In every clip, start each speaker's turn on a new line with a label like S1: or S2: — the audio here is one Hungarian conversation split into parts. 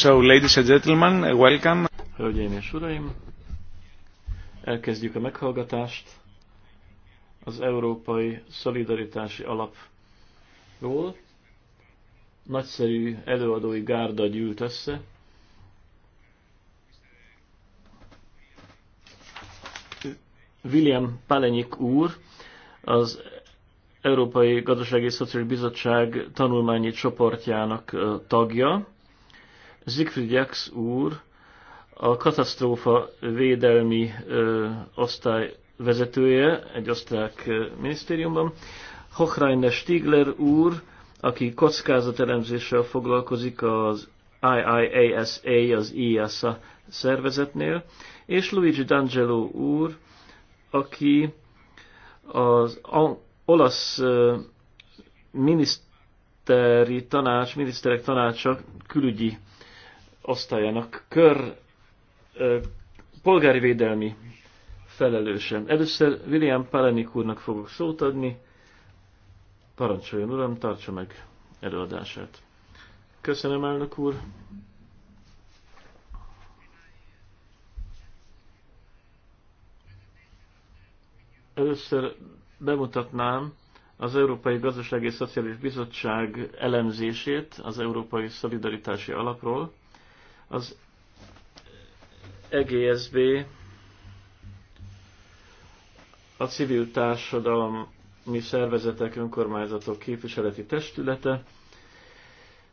S1: So, ladies and gentlemen, welcome. Hölgyeim és uraim, elkezdjük a meghallgatást az Európai Szolidaritási Alapról. Nagyszerű előadói gárda gyűlt össze. William Palenik úr, az Európai Gazdasági Szociális Bizottság tanulmányi csoportjának tagja, Siegfried Jax úr a katasztrófa védelmi ö, osztály vezetője egy osztrák ö, minisztériumban, Hochreiner Stigler úr, aki kockázatelemzéssel foglalkozik az IIASA, az IASA szervezetnél, és Luigi D'Angelo úr, aki az olasz miniszteri tanács, miniszterek tanácsa külügyi osztályának kör polgári védelmi felelősen. Először William Palenik úrnak fogok szót adni. Parancsoljon, uram, tartsa meg előadását. Köszönöm, elnök úr. Először bemutatnám az Európai Gazdasági és Szociális Bizottság elemzését az Európai Szolidaritási Alapról, az EGSB a civil társadalmi szervezetek, önkormányzatok képviseleti testülete,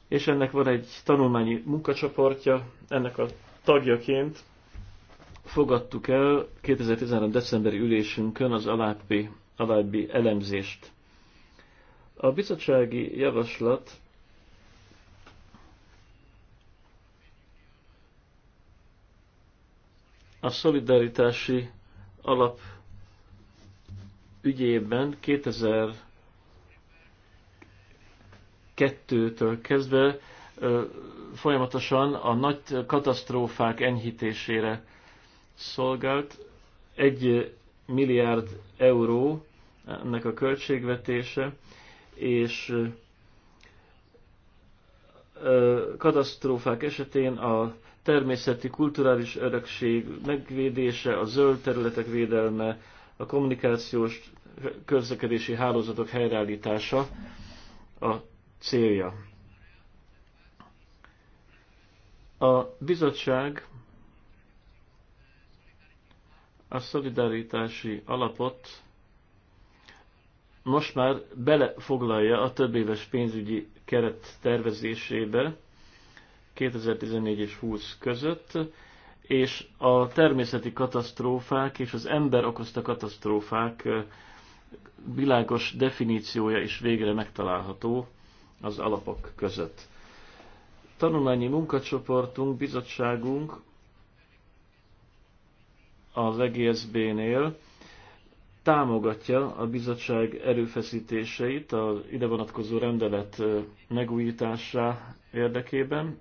S1: és ennek van egy tanulmányi munkacsoportja, ennek a tagjaként fogadtuk el 2013. decemberi ülésünkön az alábbi, alábbi elemzést. A bizottsági javaslat a szolidaritási alap ügyében 2002-től kezdve folyamatosan a nagy katasztrófák enyhítésére szolgált. Egy milliárd euró ennek a költségvetése, és katasztrófák esetén a természeti, kulturális örökség megvédése, a zöld területek védelme, a kommunikációs közlekedési hálózatok helyreállítása a célja. A bizottság a szolidaritási alapot most már belefoglalja a több éves pénzügyi keret tervezésébe, 2014 és 20 között, és a természeti katasztrófák és az ember okozta katasztrófák világos definíciója is végre megtalálható az alapok között. Tanulmányi munkacsoportunk, bizottságunk az EGSB-nél támogatja a bizottság erőfeszítéseit az ide vonatkozó rendelet megújítása érdekében,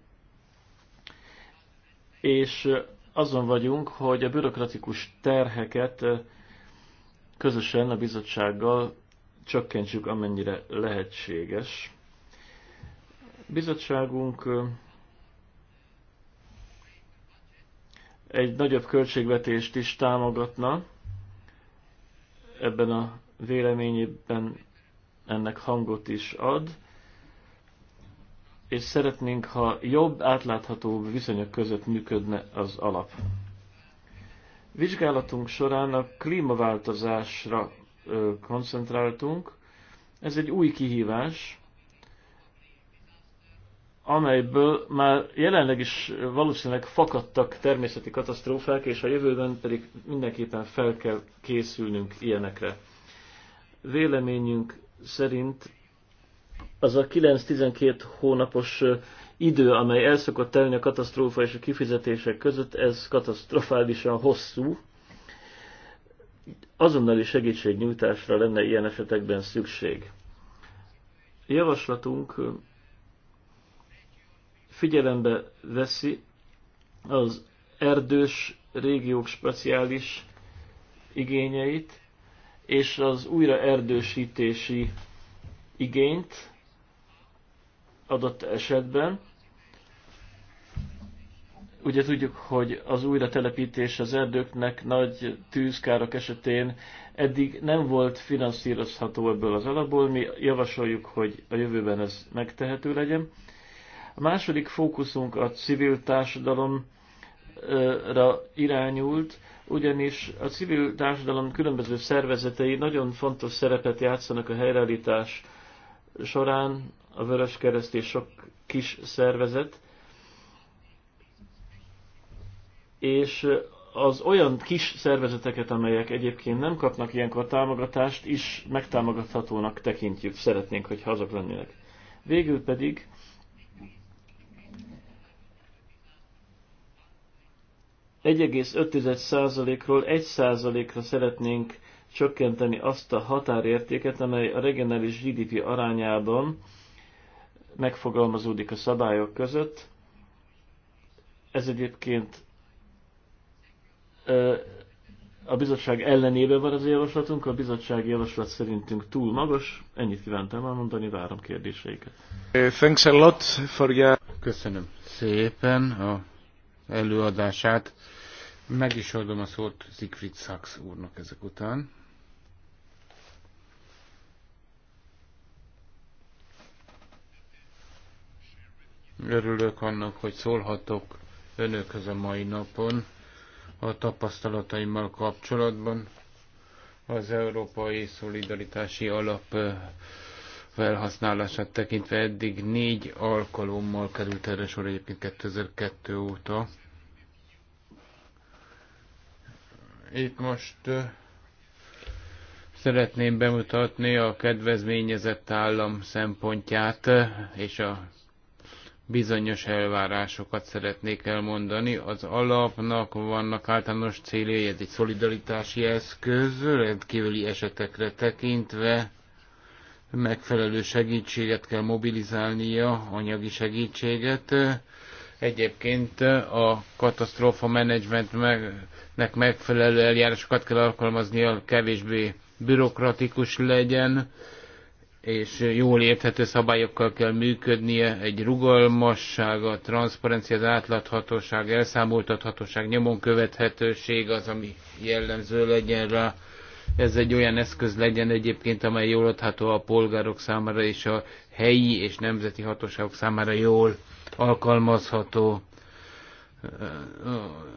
S1: és azon vagyunk, hogy a bürokratikus terheket közösen a bizottsággal csökkentsük, amennyire lehetséges. Bizottságunk egy nagyobb költségvetést is támogatna, ebben a véleményében ennek hangot is ad, és szeretnénk, ha jobb, átláthatóbb viszonyok között működne az alap. Vizsgálatunk során a klímaváltozásra koncentráltunk. Ez egy új kihívás, amelyből már jelenleg is valószínűleg fakadtak természeti katasztrófák, és a jövőben pedig mindenképpen fel kell készülnünk ilyenekre. Véleményünk szerint az a 9-12 hónapos idő, amely el szokott telni a katasztrófa és a kifizetések között, ez katasztrofálisan hosszú. Azonnali segítségnyújtásra lenne ilyen esetekben szükség. Javaslatunk figyelembe veszi az erdős régiók speciális igényeit és az újraerdősítési igényt, adott esetben. Ugye tudjuk, hogy az telepítés az erdőknek nagy tűzkárok esetén eddig nem volt finanszírozható ebből az alapból, mi javasoljuk, hogy a jövőben ez megtehető legyen. A második fókuszunk a civil társadalomra irányult, ugyanis a civil társadalom különböző szervezetei nagyon fontos szerepet játszanak a helyreállítás során, a Vörös Kereszt és sok kis szervezet, és az olyan kis szervezeteket, amelyek egyébként nem kapnak ilyenkor támogatást, is megtámogathatónak tekintjük, szeretnénk, hogy azok lennének. Végül pedig egész ról 1%-ra szeretnénk csökkenteni azt a határértéket, amely a regionális GDP arányában megfogalmazódik a szabályok között. Ez egyébként a bizottság ellenében van az a javaslatunk, a bizottsági javaslat szerintünk túl magas. Ennyit kívántam elmondani, várom kérdéseiket.
S2: Eh, thanks a lot for your... Köszönöm szépen a előadását. Meg is adom a szót Siegfried Sachs úrnak ezek után. Örülök annak, hogy szólhatok Önökhez a mai napon a tapasztalataimmal kapcsolatban. Az Európai Szolidaritási Alap felhasználását tekintve eddig négy alkalommal került erre sor egyébként 2002 óta. Itt most szeretném bemutatni a kedvezményezett állam szempontját és a bizonyos elvárásokat szeretnék elmondani. Az alapnak vannak általános céljai, ez egy szolidaritási eszköz, rendkívüli esetekre tekintve megfelelő segítséget kell mobilizálnia, anyagi segítséget. Egyébként a katasztrófa menedzsmentnek megfelelő eljárásokat kell alkalmazni, a kevésbé bürokratikus legyen, és jól érthető szabályokkal kell működnie, egy rugalmasság, a transzparencia, az átláthatóság, elszámoltathatóság, nyomon követhetőség az, ami jellemző legyen rá. Ez egy olyan eszköz legyen egyébként, amely jól adható a polgárok számára és a helyi és nemzeti hatóságok számára jól alkalmazható.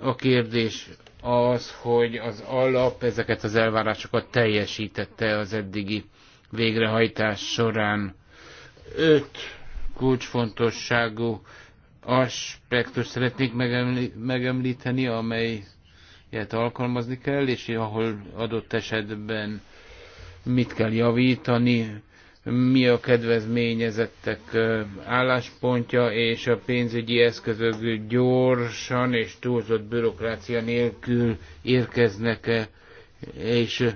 S2: A kérdés az, hogy az alap ezeket az elvárásokat teljesítette az eddigi végrehajtás során. Öt kulcsfontosságú aspektus szeretnék megemlíteni, amelyet alkalmazni kell, és ahol adott esetben mit kell javítani, mi a kedvezményezettek álláspontja, és a pénzügyi eszközök gyorsan és túlzott bürokrácia nélkül érkeznek -e, és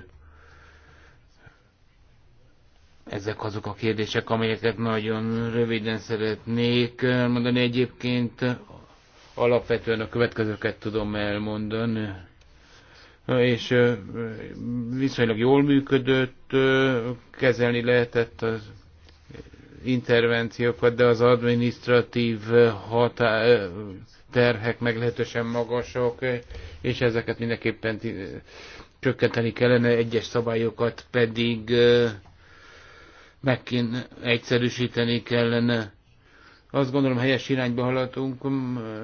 S2: ezek azok a kérdések, amelyeket nagyon röviden szeretnék mondani. Egyébként alapvetően a következőket tudom elmondani és viszonylag jól működött, kezelni lehetett az intervenciókat, de az administratív hatá- terhek meglehetősen magasok, és ezeket mindenképpen csökkenteni kellene, egyes szabályokat pedig meg kéne egyszerűsíteni kellene. Azt gondolom helyes irányba haladunk,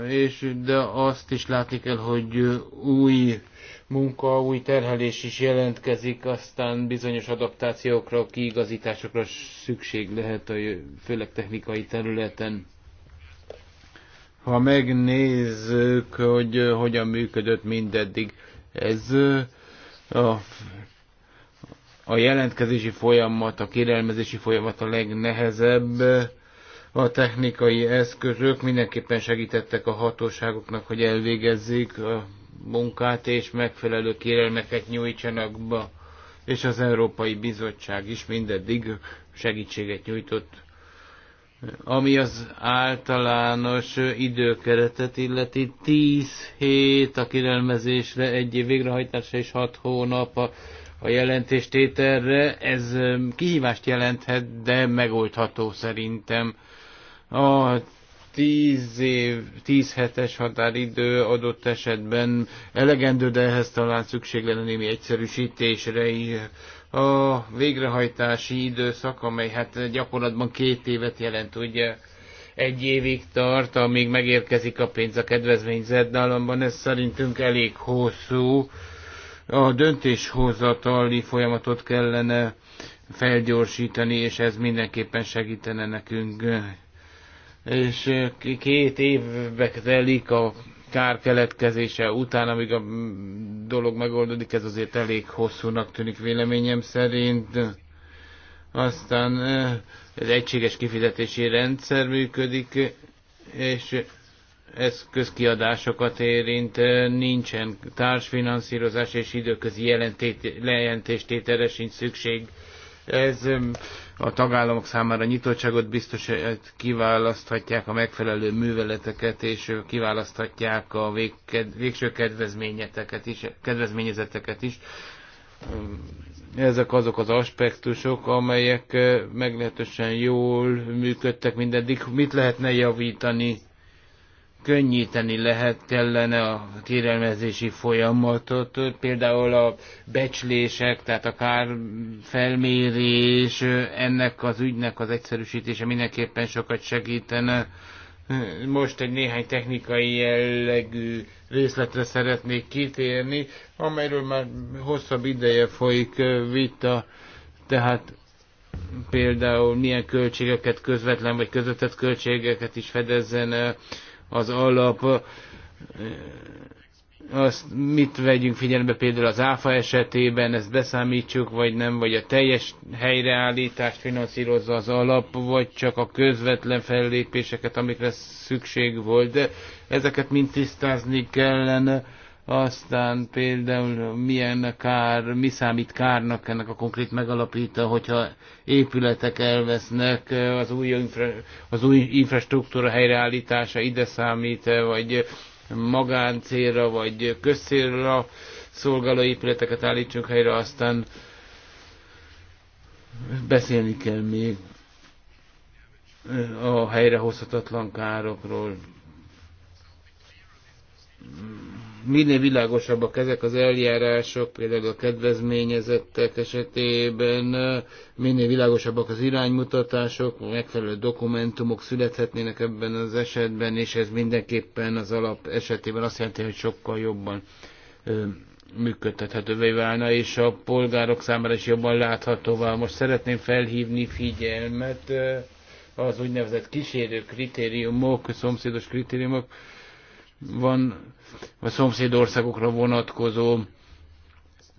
S2: és, de azt is látni kell, hogy új munka, új terhelés is jelentkezik, aztán bizonyos adaptációkra, kiigazításokra szükség lehet, a, főleg technikai területen. Ha megnézzük, hogy hogyan működött mindeddig, ez a a jelentkezési folyamat, a kérelmezési folyamat a legnehezebb. A technikai eszközök mindenképpen segítettek a hatóságoknak, hogy elvégezzék a munkát, és megfelelő kérelmeket nyújtsanak be. És az Európai Bizottság is mindeddig segítséget nyújtott ami az általános időkeretet illeti, 10 hét a kirelmezésre, egy év végrehajtásra és 6 hónap a a jelentéstételre. Ez um, kihívást jelenthet, de megoldható szerintem. A tíz év, tíz hetes határidő adott esetben elegendő, de ehhez talán szükség lenne némi egyszerűsítésre is. A végrehajtási időszak, amely hát gyakorlatban két évet jelent, ugye egy évig tart, amíg megérkezik a pénz a kedvezményzett államban, ez szerintünk elég hosszú, a döntéshozatali folyamatot kellene felgyorsítani, és ez mindenképpen segítene nekünk. És két évbe telik a kár keletkezése után, amíg a dolog megoldódik, ez azért elég hosszúnak tűnik véleményem szerint. Aztán az eh, egységes kifizetési rendszer működik, és eszközkiadásokat érint, nincsen társfinanszírozás és időközi lejelentéstételre sincs szükség. Ez a tagállamok számára nyitottságot biztos, kiválaszthatják a megfelelő műveleteket, és kiválaszthatják a végső kedvezményeteket is, kedvezményezeteket is. Ezek azok az aspektusok, amelyek meglehetősen jól működtek mindeddig. Mit lehetne javítani könnyíteni lehet kellene a kérelmezési folyamatot, például a becslések, tehát a kár felmérés, ennek az ügynek az egyszerűsítése mindenképpen sokat segítene. Most egy néhány technikai jellegű részletre szeretnék kitérni, amelyről már hosszabb ideje folyik vita, tehát például milyen költségeket közvetlen vagy közvetett költségeket is fedezzen az alap. Azt mit vegyünk figyelembe például az áfa esetében, ezt beszámítsuk, vagy nem, vagy a teljes helyreállítást finanszírozza az alap, vagy csak a közvetlen fellépéseket, amikre szükség volt, de ezeket mind tisztázni kellene aztán például milyen kár, mi számít kárnak ennek a konkrét megalapíta, hogyha épületek elvesznek, az új, infra, az új infrastruktúra helyreállítása ide számít, vagy magáncélra, vagy közcélra szolgáló épületeket állítsunk helyre, aztán beszélni kell még a helyrehozhatatlan károkról minél világosabbak ezek az eljárások, például a kedvezményezettek esetében, minél világosabbak az iránymutatások, megfelelő dokumentumok születhetnének ebben az esetben, és ez mindenképpen az alap esetében azt jelenti, hogy sokkal jobban működtethetővé válna, és a polgárok számára is jobban láthatóvá. Most szeretném felhívni figyelmet az úgynevezett kísérő kritériumok, szomszédos kritériumok, van a szomszédországokra vonatkozó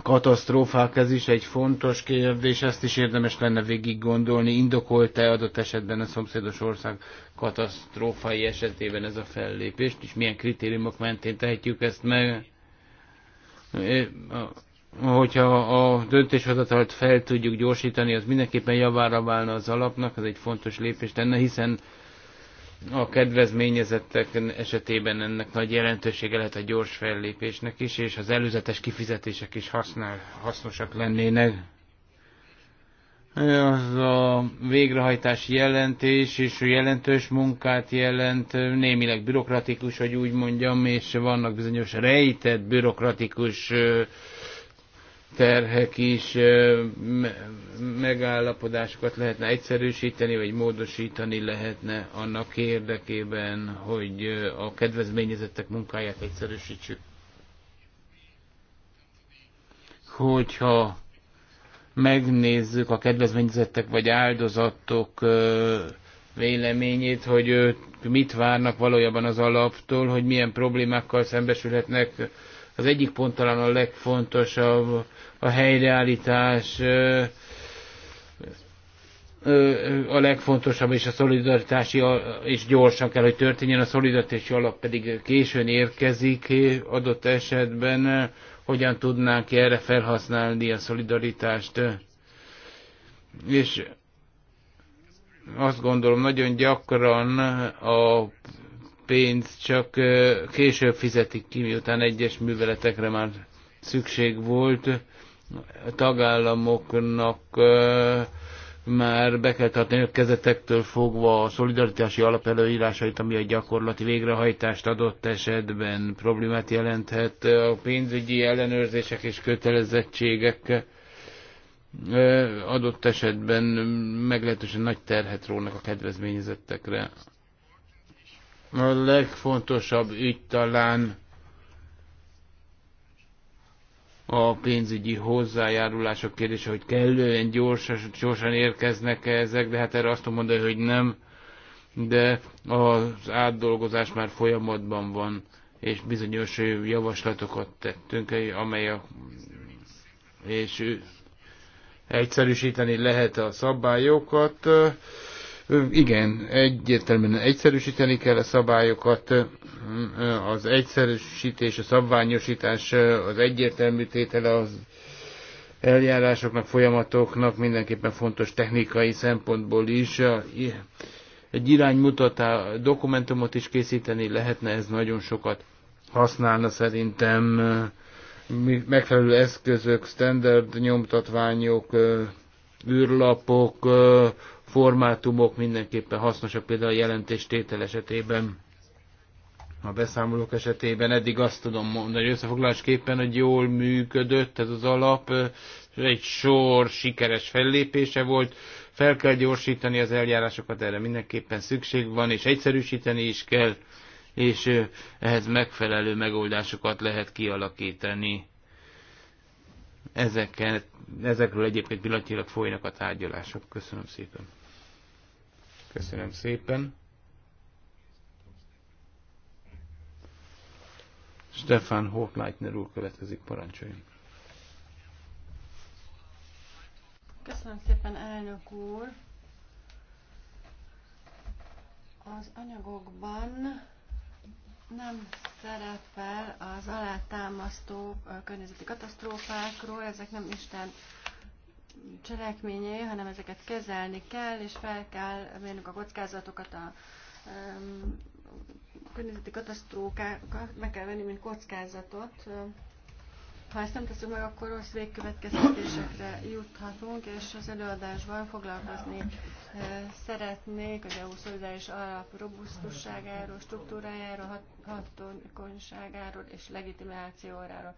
S2: katasztrófák, ez is egy fontos kérdés, ezt is érdemes lenne végig gondolni, indokolt-e adott esetben a szomszédos ország katasztrófai esetében ez a fellépést, és milyen kritériumok mentén tehetjük ezt meg. Hogyha a döntéshozatalt fel tudjuk gyorsítani, az mindenképpen javára válna az alapnak, ez egy fontos lépés lenne, hiszen a kedvezményezettek esetében ennek nagy jelentősége lehet a gyors fellépésnek is, és az előzetes kifizetések is használ, hasznosak lennének. Az a végrehajtás jelentés és jelentős munkát jelent, némileg bürokratikus, hogy úgy mondjam, és vannak bizonyos rejtett bürokratikus terhek is, megállapodásokat lehetne egyszerűsíteni, vagy módosítani lehetne annak érdekében, hogy a kedvezményezettek munkáját egyszerűsítsük. Hogyha megnézzük a kedvezményezettek vagy áldozatok véleményét, hogy mit várnak valójában az alaptól, hogy milyen problémákkal szembesülhetnek, az egyik pont talán a legfontosabb, a helyreállítás, a legfontosabb és a szolidaritási és gyorsan kell, hogy történjen, a szolidaritási alap pedig későn érkezik adott esetben, hogyan tudnánk erre felhasználni a szolidaritást. És azt gondolom, nagyon gyakran a pénz csak később fizetik ki, miután egyes műveletekre már szükség volt. A tagállamoknak már be kell tartani a kezetektől fogva a szolidaritási alapelőírásait, ami a gyakorlati végrehajtást adott esetben problémát jelenthet. A pénzügyi ellenőrzések és kötelezettségek adott esetben meglehetősen nagy terhet rónak a kedvezményezettekre. A legfontosabb ügy talán a pénzügyi hozzájárulások kérdése, hogy kellően gyorsan, gyorsan érkeznek -e ezek, de hát erre azt tudom mondani, hogy nem, de az átdolgozás már folyamatban van, és bizonyos javaslatokat tettünk, amely a, és egyszerűsíteni lehet a szabályokat, igen, egyértelműen egyszerűsíteni kell a szabályokat, az egyszerűsítés, a szabványosítás, az egyértelmű tétele az eljárásoknak, folyamatoknak mindenképpen fontos technikai szempontból is. Egy iránymutatá dokumentumot is készíteni lehetne, ez nagyon sokat használna szerintem megfelelő eszközök, standard nyomtatványok, űrlapok, formátumok mindenképpen hasznosak, például a jelentéstétel esetében, a beszámolók esetében. Eddig azt tudom mondani, hogy összefoglalásképpen, hogy jól működött ez az alap, egy sor sikeres fellépése volt, fel kell gyorsítani az eljárásokat, erre mindenképpen szükség van, és egyszerűsíteni is kell, és ehhez megfelelő megoldásokat lehet kialakítani. Ezeket, ezekről egyébként pillanatilag folynak a tárgyalások. Köszönöm szépen. Köszönöm szépen. Stefan Hochleitner úr következik, parancsoljon.
S3: Köszönöm szépen, elnök úr. Az anyagokban nem szerepel az alátámasztó környezeti katasztrófákról, ezek nem Isten cselekményei, hanem ezeket kezelni kell, és fel kell mérnünk a kockázatokat, a környezeti katasztrófákat meg kell venni, mint kockázatot. Ha ezt nem teszünk meg, akkor rossz végkövetkeztetésekre juthatunk, és az előadásban foglalkozni eh, szeretnék az EU szolidáris alap robusztusságáról, struktúrájáról, hat hatókonyságáról és legitimációráról.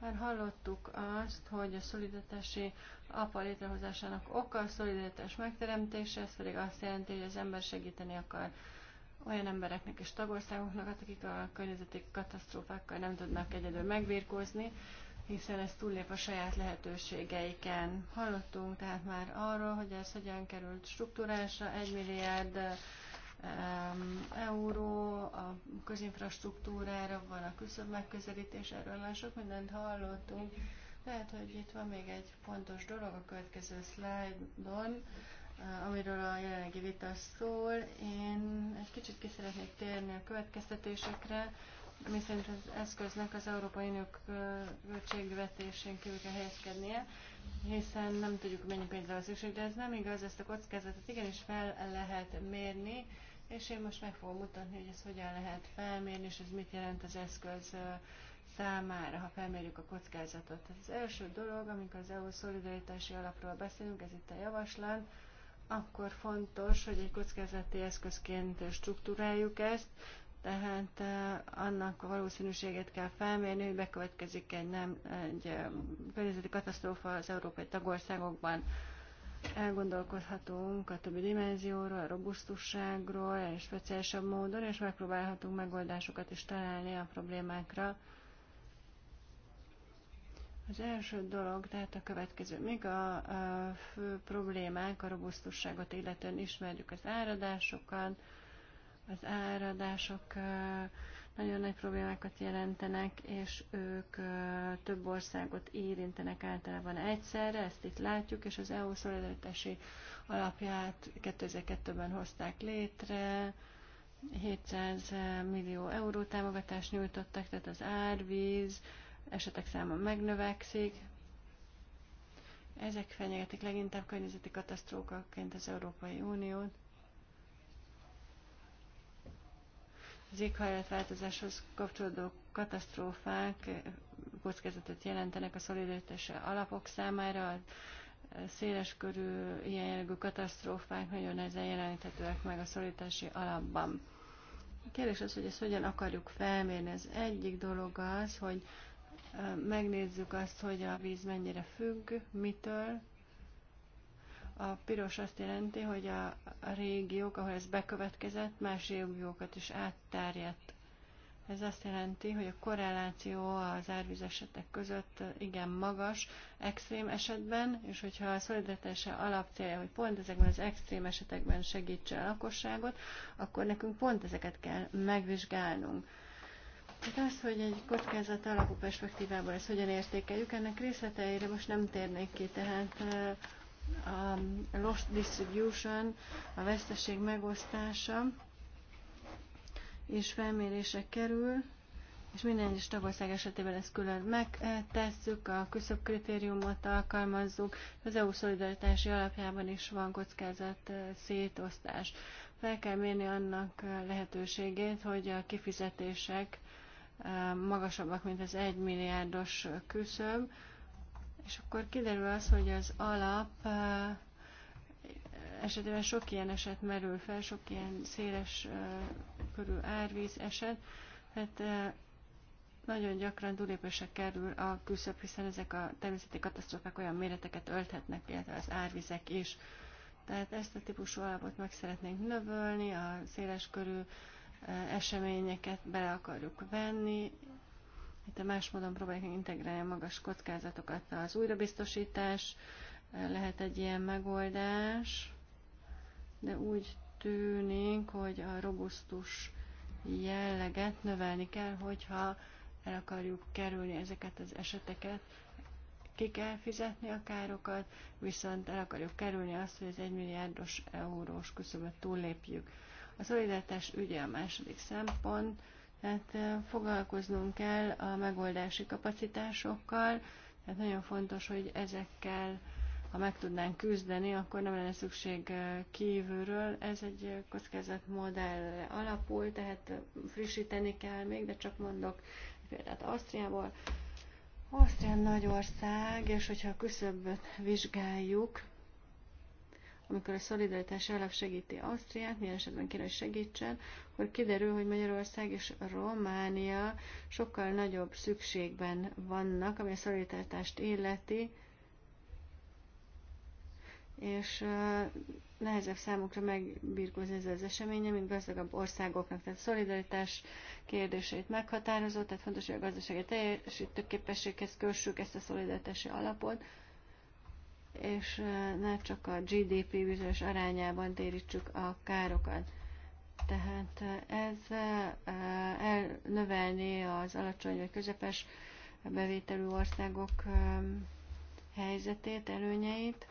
S3: Már hallottuk azt, hogy a szolidaritási apa létrehozásának oka a szolidaritás megteremtése, ez pedig azt jelenti, hogy az ember segíteni akar olyan embereknek és tagországoknak, akik a környezeti katasztrófákkal nem tudnak egyedül megbírkozni, hiszen ez túllép a saját lehetőségeiken. Hallottunk tehát már arról, hogy ez hogyan került struktúrásra, 1 milliárd euró, a közinfrastruktúrára van a küszöbb megközelítés, erről már sok mindent hallottunk. Lehet, hogy itt van még egy fontos dolog a következő szlájdon, eh, amiről a jelenlegi vita szól. Én egy kicsit ki szeretnék térni a következtetésekre, mi szerint az eszköznek az Európai Unió költségvetésén kívül kell helyezkednie, hiszen nem tudjuk mennyi pénzre van szükség, de ez nem igaz, ezt a kockázatot igenis fel lehet mérni, és én most meg fogom mutatni, hogy ezt hogyan lehet felmérni, és ez mit jelent az eszköz számára, ha felmérjük a kockázatot. Tehát az első dolog, amikor az EU szolidaritási alapról beszélünk, ez itt a javaslat, akkor fontos, hogy egy kockázati eszközként struktúráljuk ezt, tehát annak a valószínűséget kell felmérni, hogy bekövetkezik egy, nem, egy környezeti katasztrófa az európai tagországokban elgondolkodhatunk a többi dimenzióról, a robusztusságról, egy speciálisabb módon, és megpróbálhatunk megoldásokat is találni a problémákra. Az első dolog, tehát a következő. Még a, a fő problémák a robusztusságot illetően ismerjük az áradásokat, az áradások nagyon nagy problémákat jelentenek, és ők több országot érintenek általában egyszerre, ezt itt látjuk, és az EU szolidaritási alapját 2002-ben hozták létre, 700 millió euró támogatást nyújtottak, tehát az árvíz esetek száma megnövekszik. Ezek fenyegetik leginkább környezeti katasztrófaként az Európai Uniót. Az éghajlatváltozáshoz kapcsolódó katasztrófák kockázatot jelentenek a szolidaritás alapok számára, a széles körű ilyen jellegű katasztrófák nagyon nehezen jeleníthetőek meg a szolidaritási alapban. A kérdés az, hogy ezt hogyan akarjuk felmérni. Az egyik dolog az, hogy megnézzük azt, hogy a víz mennyire függ, mitől, a piros azt jelenti, hogy a, a régiók, ahol ez bekövetkezett, más régiókat is átterjedt. Ez azt jelenti, hogy a korreláció az esetek között igen magas extrém esetben, és hogyha a szolidaritása alapcélja, hogy pont ezekben az extrém esetekben segítse a lakosságot, akkor nekünk pont ezeket kell megvizsgálnunk. Tehát az, hogy egy kockázat alapú perspektívából ezt hogyan értékeljük, ennek részleteire most nem térnék ki, tehát a loss distribution, a veszteség megosztása és felmérésre kerül, és minden egyes tagország esetében ezt külön megtesszük, a küszöbb kritériumot alkalmazzuk, az EU szolidaritási alapjában is van kockázat szétosztás. Fel kell mérni annak lehetőségét, hogy a kifizetések magasabbak, mint az 1 milliárdos küszöb, és akkor kiderül az, hogy az alap eh, esetében sok ilyen eset merül fel, sok ilyen széles eh, körül árvíz eset, tehát eh, nagyon gyakran túlépése kerül a küszöb, hiszen ezek a természeti katasztrófák olyan méreteket ölthetnek, illetve az árvizek is. Tehát ezt a típusú alapot meg szeretnénk növölni, a széles körű eseményeket bele akarjuk venni, itt a más módon próbálják integrálni magas kockázatokat. Az újrabiztosítás lehet egy ilyen megoldás, de úgy tűnik, hogy a robusztus jelleget növelni kell, hogyha el akarjuk kerülni ezeket az eseteket, ki kell fizetni a károkat, viszont el akarjuk kerülni azt, hogy az 1 milliárdos eurós küszöböt túllépjük. A szolidaritás ügye a második szempont, tehát foglalkoznunk kell a megoldási kapacitásokkal, tehát nagyon fontos, hogy ezekkel, ha meg tudnánk küzdeni, akkor nem lenne szükség kívülről. Ez egy kockázatmodell alapul, tehát frissíteni kell még, de csak mondok példát Ausztriából. Ausztrián nagy ország, és hogyha a küszöböt vizsgáljuk, amikor a szolidaritás alap segíti Ausztriát, milyen esetben kéne, hogy segítsen, akkor kiderül, hogy Magyarország és Románia sokkal nagyobb szükségben vannak, ami a szolidaritást illeti, és nehezebb számukra megbírkozni ezzel az eseménye, mint gazdagabb országoknak. Tehát szolidaritás kérdéseit meghatározott, tehát fontos, hogy a gazdasági teljesítőképességhez kössük ezt a szolidaritási alapot, és ne csak a GDP bizonyos arányában térítsük a károkat. Tehát ez elnövelné az alacsony vagy közepes bevételű országok helyzetét, előnyeit.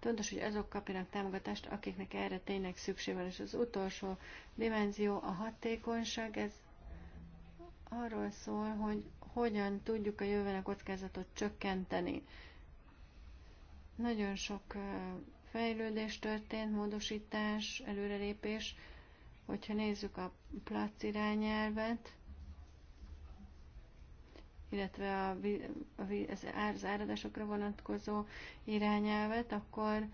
S3: Fontos, hogy azok kapjanak támogatást, akiknek erre tényleg szükség van. És az utolsó dimenzió a hatékonyság, ez arról szól, hogy hogyan tudjuk a jövőben a kockázatot csökkenteni. Nagyon sok fejlődés történt, módosítás, előrelépés. Hogyha nézzük a plac irányelvet, illetve a, a, az áradásokra vonatkozó irányelvet, akkor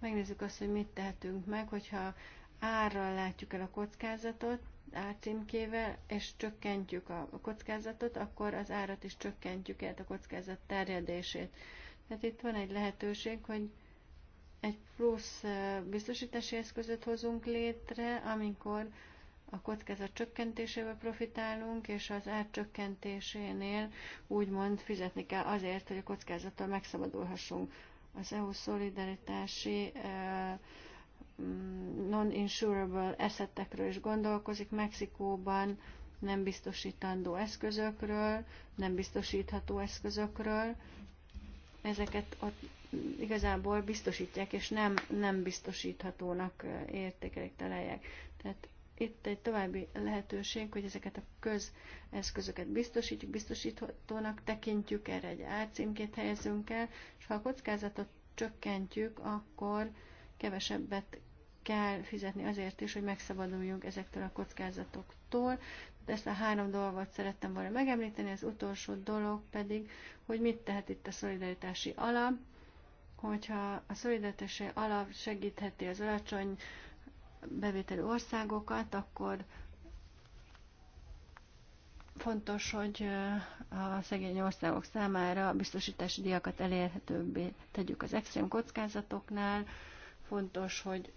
S3: megnézzük azt, hogy mit tehetünk meg, hogyha árral látjuk el a kockázatot, árcímkével, és csökkentjük a kockázatot, akkor az árat is csökkentjük, el a kockázat terjedését. Tehát itt van egy lehetőség, hogy egy plusz biztosítási eszközöt hozunk létre, amikor a kockázat csökkentésével profitálunk, és az ár csökkentésénél úgymond fizetni kell azért, hogy a kockázattal megszabadulhassunk. Az EU szolidaritási mm, non-insurable eszettekről is gondolkozik Mexikóban, nem biztosítandó eszközökről, nem biztosítható eszközökről, ezeket ott igazából biztosítják, és nem, nem biztosíthatónak értékelik találják. Tehát itt egy további lehetőség, hogy ezeket a közeszközöket biztosítjuk, biztosíthatónak tekintjük, erre egy árcímkét helyezünk el, és ha a kockázatot csökkentjük, akkor kevesebbet kell fizetni azért is, hogy megszabaduljunk ezektől a kockázatoktól, ezt a három dolgot szerettem volna megemlíteni, az utolsó dolog pedig, hogy mit tehet itt a szolidaritási alap, hogyha a szolidaritási alap segítheti az alacsony bevételi országokat, akkor fontos, hogy a szegény országok számára a biztosítási díjakat elérhetőbbé tegyük az extrém kockázatoknál. Fontos, hogy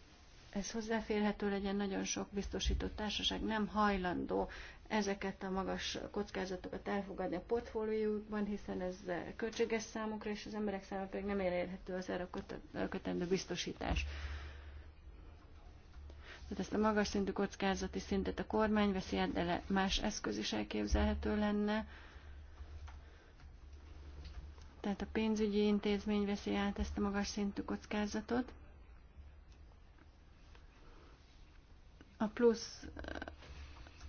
S3: ez hozzáférhető legyen, nagyon sok biztosított társaság nem hajlandó ezeket a magas kockázatokat elfogadni a portfóliójukban, hiszen ez költséges számukra, és az emberek számára pedig nem elérhető az erre kötendő biztosítás. Tehát ezt a magas szintű kockázati szintet a kormány veszi át, de más eszköz is elképzelhető lenne. Tehát a pénzügyi intézmény veszi át ezt a magas szintű kockázatot. A plusz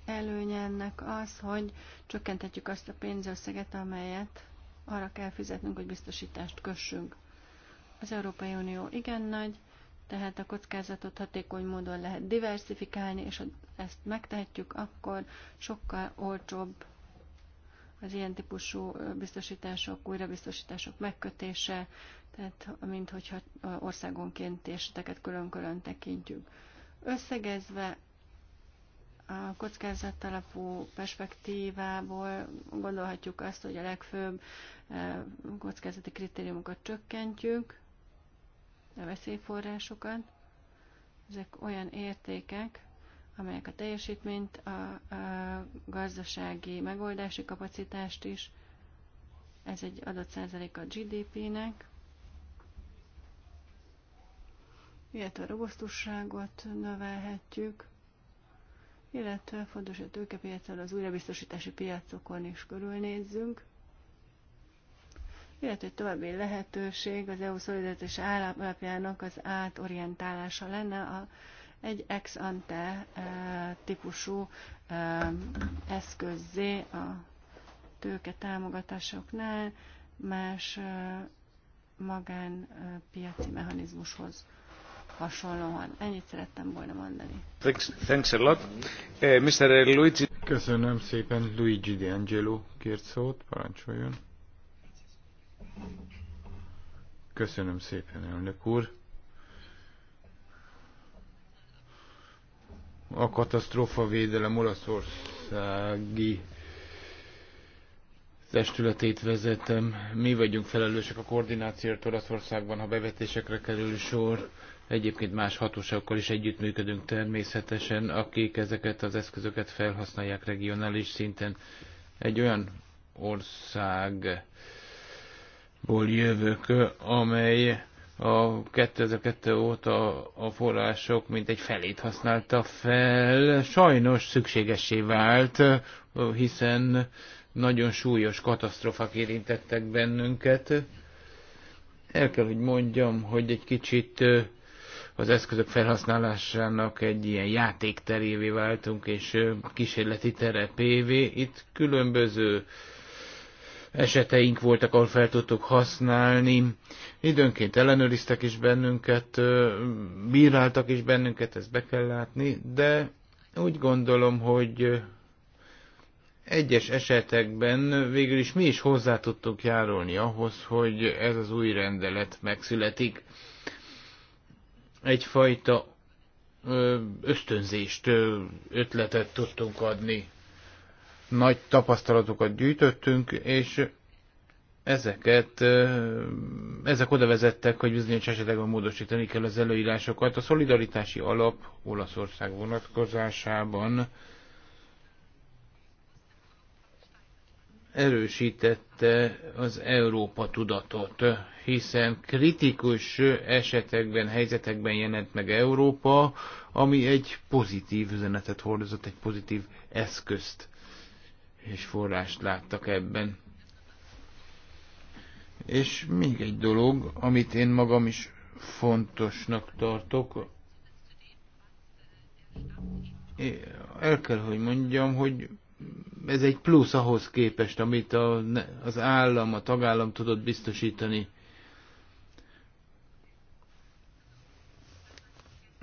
S3: előnye ennek az, hogy csökkentetjük azt a pénzösszeget, amelyet arra kell fizetnünk, hogy biztosítást kössünk. Az Európai Unió igen nagy, tehát a kockázatot hatékony módon lehet diversifikálni, és ha ezt megtehetjük, akkor sokkal olcsóbb az ilyen típusú biztosítások, újrabiztosítások megkötése, tehát mint hogyha országonként térseteket külön-külön tekintjük. Összegezve a kockázattalapú perspektívából gondolhatjuk azt, hogy a legfőbb eh, kockázati kritériumokat csökkentjük, a veszélyforrásokat. Ezek olyan értékek, amelyek a teljesítményt, a, a gazdasági megoldási kapacitást is, ez egy adott százalék a GDP-nek, illetve a robosztusságot növelhetjük, illetve fontos a tőkepiacon, az újrabiztosítási piacokon is körülnézzünk, illetve egy további lehetőség az EU szolidaritás alapjának az átorientálása lenne a, egy ex ante e, típusú e, eszközzé a tőke támogatásoknál más e, magánpiaci mechanizmushoz hasonlóan. Ennyit szerettem volna mondani.
S2: Thanks, thanks a lot. Uh, eh, Mr. Eh, Luigi. Köszönöm szépen. Luigi Di Angelo kért szót. Parancsoljon. Köszönöm szépen, elnök úr. A katasztrófa védelem olaszországi testületét vezetem. Mi vagyunk felelősek a koordinációért Olaszországban, ha bevetésekre kerül sor. Egyébként más hatóságokkal is együttműködünk természetesen, akik ezeket az eszközöket felhasználják regionális szinten. Egy olyan országból jövök, amely a 2002 óta a források mint egy felét használta fel. Sajnos szükségessé vált, hiszen nagyon súlyos katasztrofák érintettek bennünket. El kell, hogy mondjam, hogy egy kicsit az eszközök felhasználásának egy ilyen játékterévé váltunk, és kísérleti terepévé. Itt különböző eseteink voltak, ahol fel tudtuk használni. Időnként ellenőriztek is bennünket, bíráltak is bennünket, ezt be kell látni, de úgy gondolom, hogy egyes esetekben végül is mi is hozzá tudtunk járulni ahhoz, hogy ez az új rendelet megszületik egyfajta ösztönzést, ötletet tudtunk adni. Nagy tapasztalatokat gyűjtöttünk, és ezeket, ezek oda vezettek, hogy bizonyos esetekben módosítani kell az előírásokat. A szolidaritási alap Olaszország vonatkozásában erősítette az Európa tudatot, hiszen kritikus esetekben, helyzetekben jelent meg Európa, ami egy pozitív üzenetet hordozott, egy pozitív eszközt és forrást láttak ebben. És még egy dolog, amit én magam is fontosnak tartok, el kell, hogy mondjam, hogy ez egy plusz ahhoz képest, amit a, az állam, a tagállam tudott biztosítani.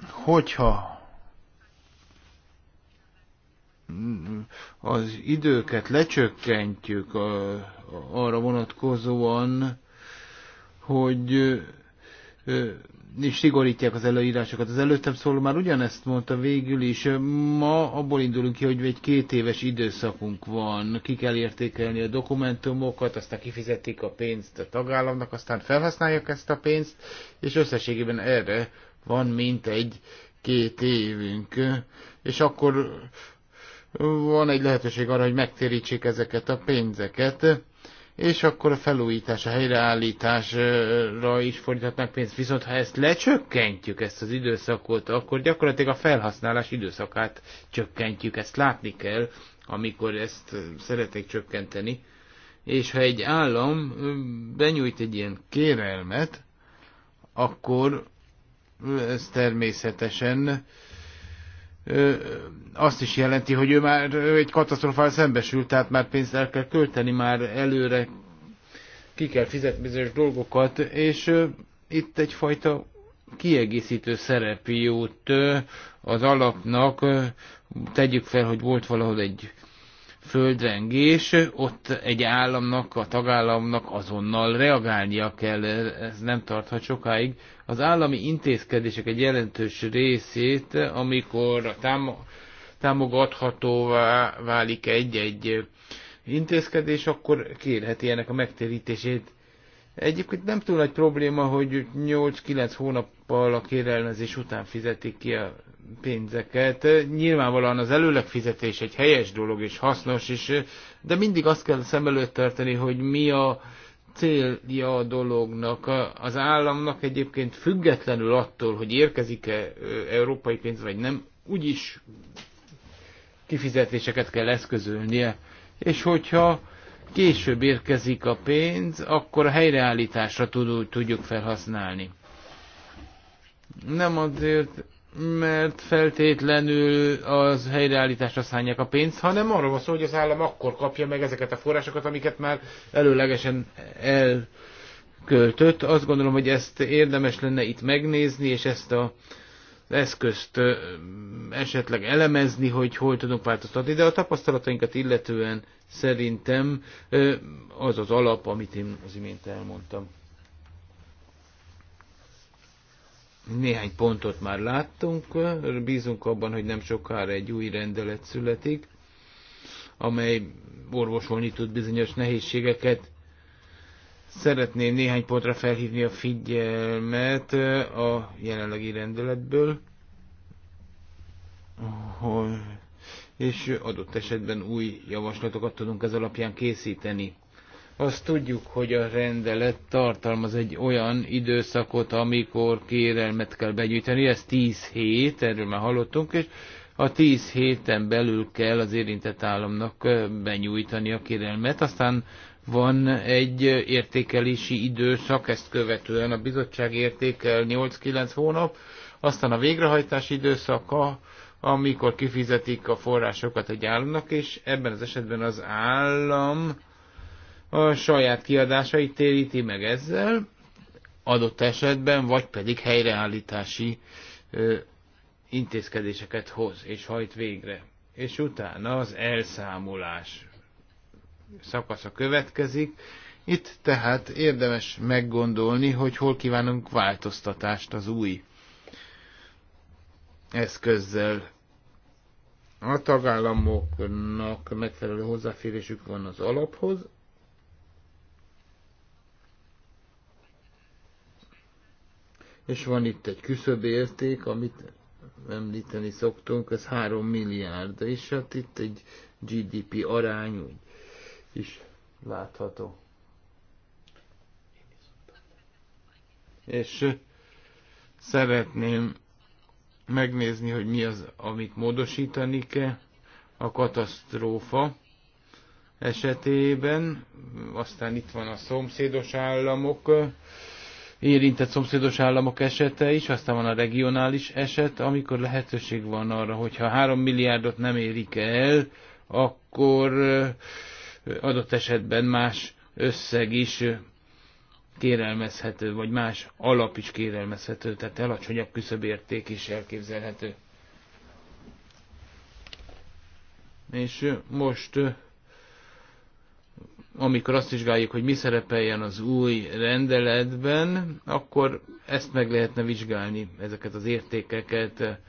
S2: hogyha az időket lecsökkentjük arra vonatkozóan, hogy és szigorítják az előírásokat. Az előttem szóló már ugyanezt mondta végül is. Ma abból indulunk ki, hogy egy két éves időszakunk van. Ki kell értékelni a dokumentumokat, aztán kifizetik a pénzt a tagállamnak, aztán felhasználják ezt a pénzt, és összességében erre van mint egy két évünk, és akkor van egy lehetőség arra, hogy megtérítsék ezeket a pénzeket, és akkor a felújítás, a helyreállításra is fordíthatnak pénzt. Viszont ha ezt lecsökkentjük, ezt az időszakot, akkor gyakorlatilag a felhasználás időszakát csökkentjük. Ezt látni kell, amikor ezt szeretnék csökkenteni. És ha egy állam benyújt egy ilyen kérelmet, akkor ez természetesen azt is jelenti, hogy ő már egy katasztrofál szembesült, tehát már pénzt el kell költeni, már előre ki kell fizetni bizonyos dolgokat, és itt egyfajta kiegészítő szerep jut az alapnak. Tegyük fel, hogy volt valahol egy földrengés, ott egy államnak, a tagállamnak azonnal reagálnia kell, ez nem tarthat sokáig. Az állami intézkedések egy jelentős részét, amikor a támogathatóvá válik egy-egy intézkedés, akkor kérheti ennek a megtérítését. Egyébként nem túl nagy probléma, hogy 8-9 hónappal a kérelmezés után fizetik ki a pénzeket. Nyilvánvalóan az előleg fizetés egy helyes dolog és hasznos is, de mindig azt kell szem előtt tartani, hogy mi a célja a dolognak. Az államnak egyébként függetlenül attól, hogy érkezik-e európai pénz vagy nem, úgyis kifizetéseket kell eszközölnie. És hogyha később érkezik a pénz, akkor a helyreállításra tudjuk felhasználni. Nem azért mert feltétlenül az helyreállításra szállják a pénzt, hanem arról van szó, hogy az állam akkor kapja meg ezeket a forrásokat, amiket már előlegesen elköltött. Azt gondolom, hogy ezt érdemes lenne itt megnézni, és ezt a eszközt esetleg elemezni, hogy hol tudunk változtatni, de a tapasztalatainkat illetően szerintem az az alap, amit én az imént elmondtam. Néhány pontot már láttunk, bízunk abban, hogy nem sokára egy új rendelet születik, amely orvosolni tud bizonyos nehézségeket. Szeretném néhány pontra felhívni a figyelmet a jelenlegi rendeletből, és adott esetben új javaslatokat tudunk ez alapján készíteni. Azt tudjuk, hogy a rendelet tartalmaz egy olyan időszakot, amikor kérelmet kell begyűjteni, ez 10 hét, erről már hallottunk, és a 10 héten belül kell az érintett államnak benyújtani a kérelmet, aztán van egy értékelési időszak, ezt követően a bizottság értékel 8-9 hónap, aztán a végrehajtási időszaka, amikor kifizetik a forrásokat egy államnak, és ebben az esetben az állam a saját kiadásait téríti meg ezzel, adott esetben, vagy pedig helyreállítási ö, intézkedéseket hoz és hajt végre. És utána az elszámolás szakasza következik. Itt tehát érdemes meggondolni, hogy hol kívánunk változtatást az új eszközzel. A tagállamoknak megfelelő hozzáférésük van az alaphoz, és van itt egy küszöbérték, amit említeni szoktunk, ez 3 milliárd, és hát itt egy GDP arány is látható. És szeretném megnézni, hogy mi az, amit módosítani kell a katasztrófa esetében. Aztán itt van a szomszédos államok érintett szomszédos államok esete is, aztán van a regionális eset, amikor lehetőség van arra, hogyha 3 milliárdot nem érik el, akkor eh, adott esetben más összeg is eh, kérelmezhető, vagy más alap is kérelmezhető, tehát alacsonyabb küszöbérték is elképzelhető. És eh, most amikor azt vizsgáljuk, hogy mi szerepeljen az új rendeletben, akkor ezt meg lehetne vizsgálni, ezeket az értékeket.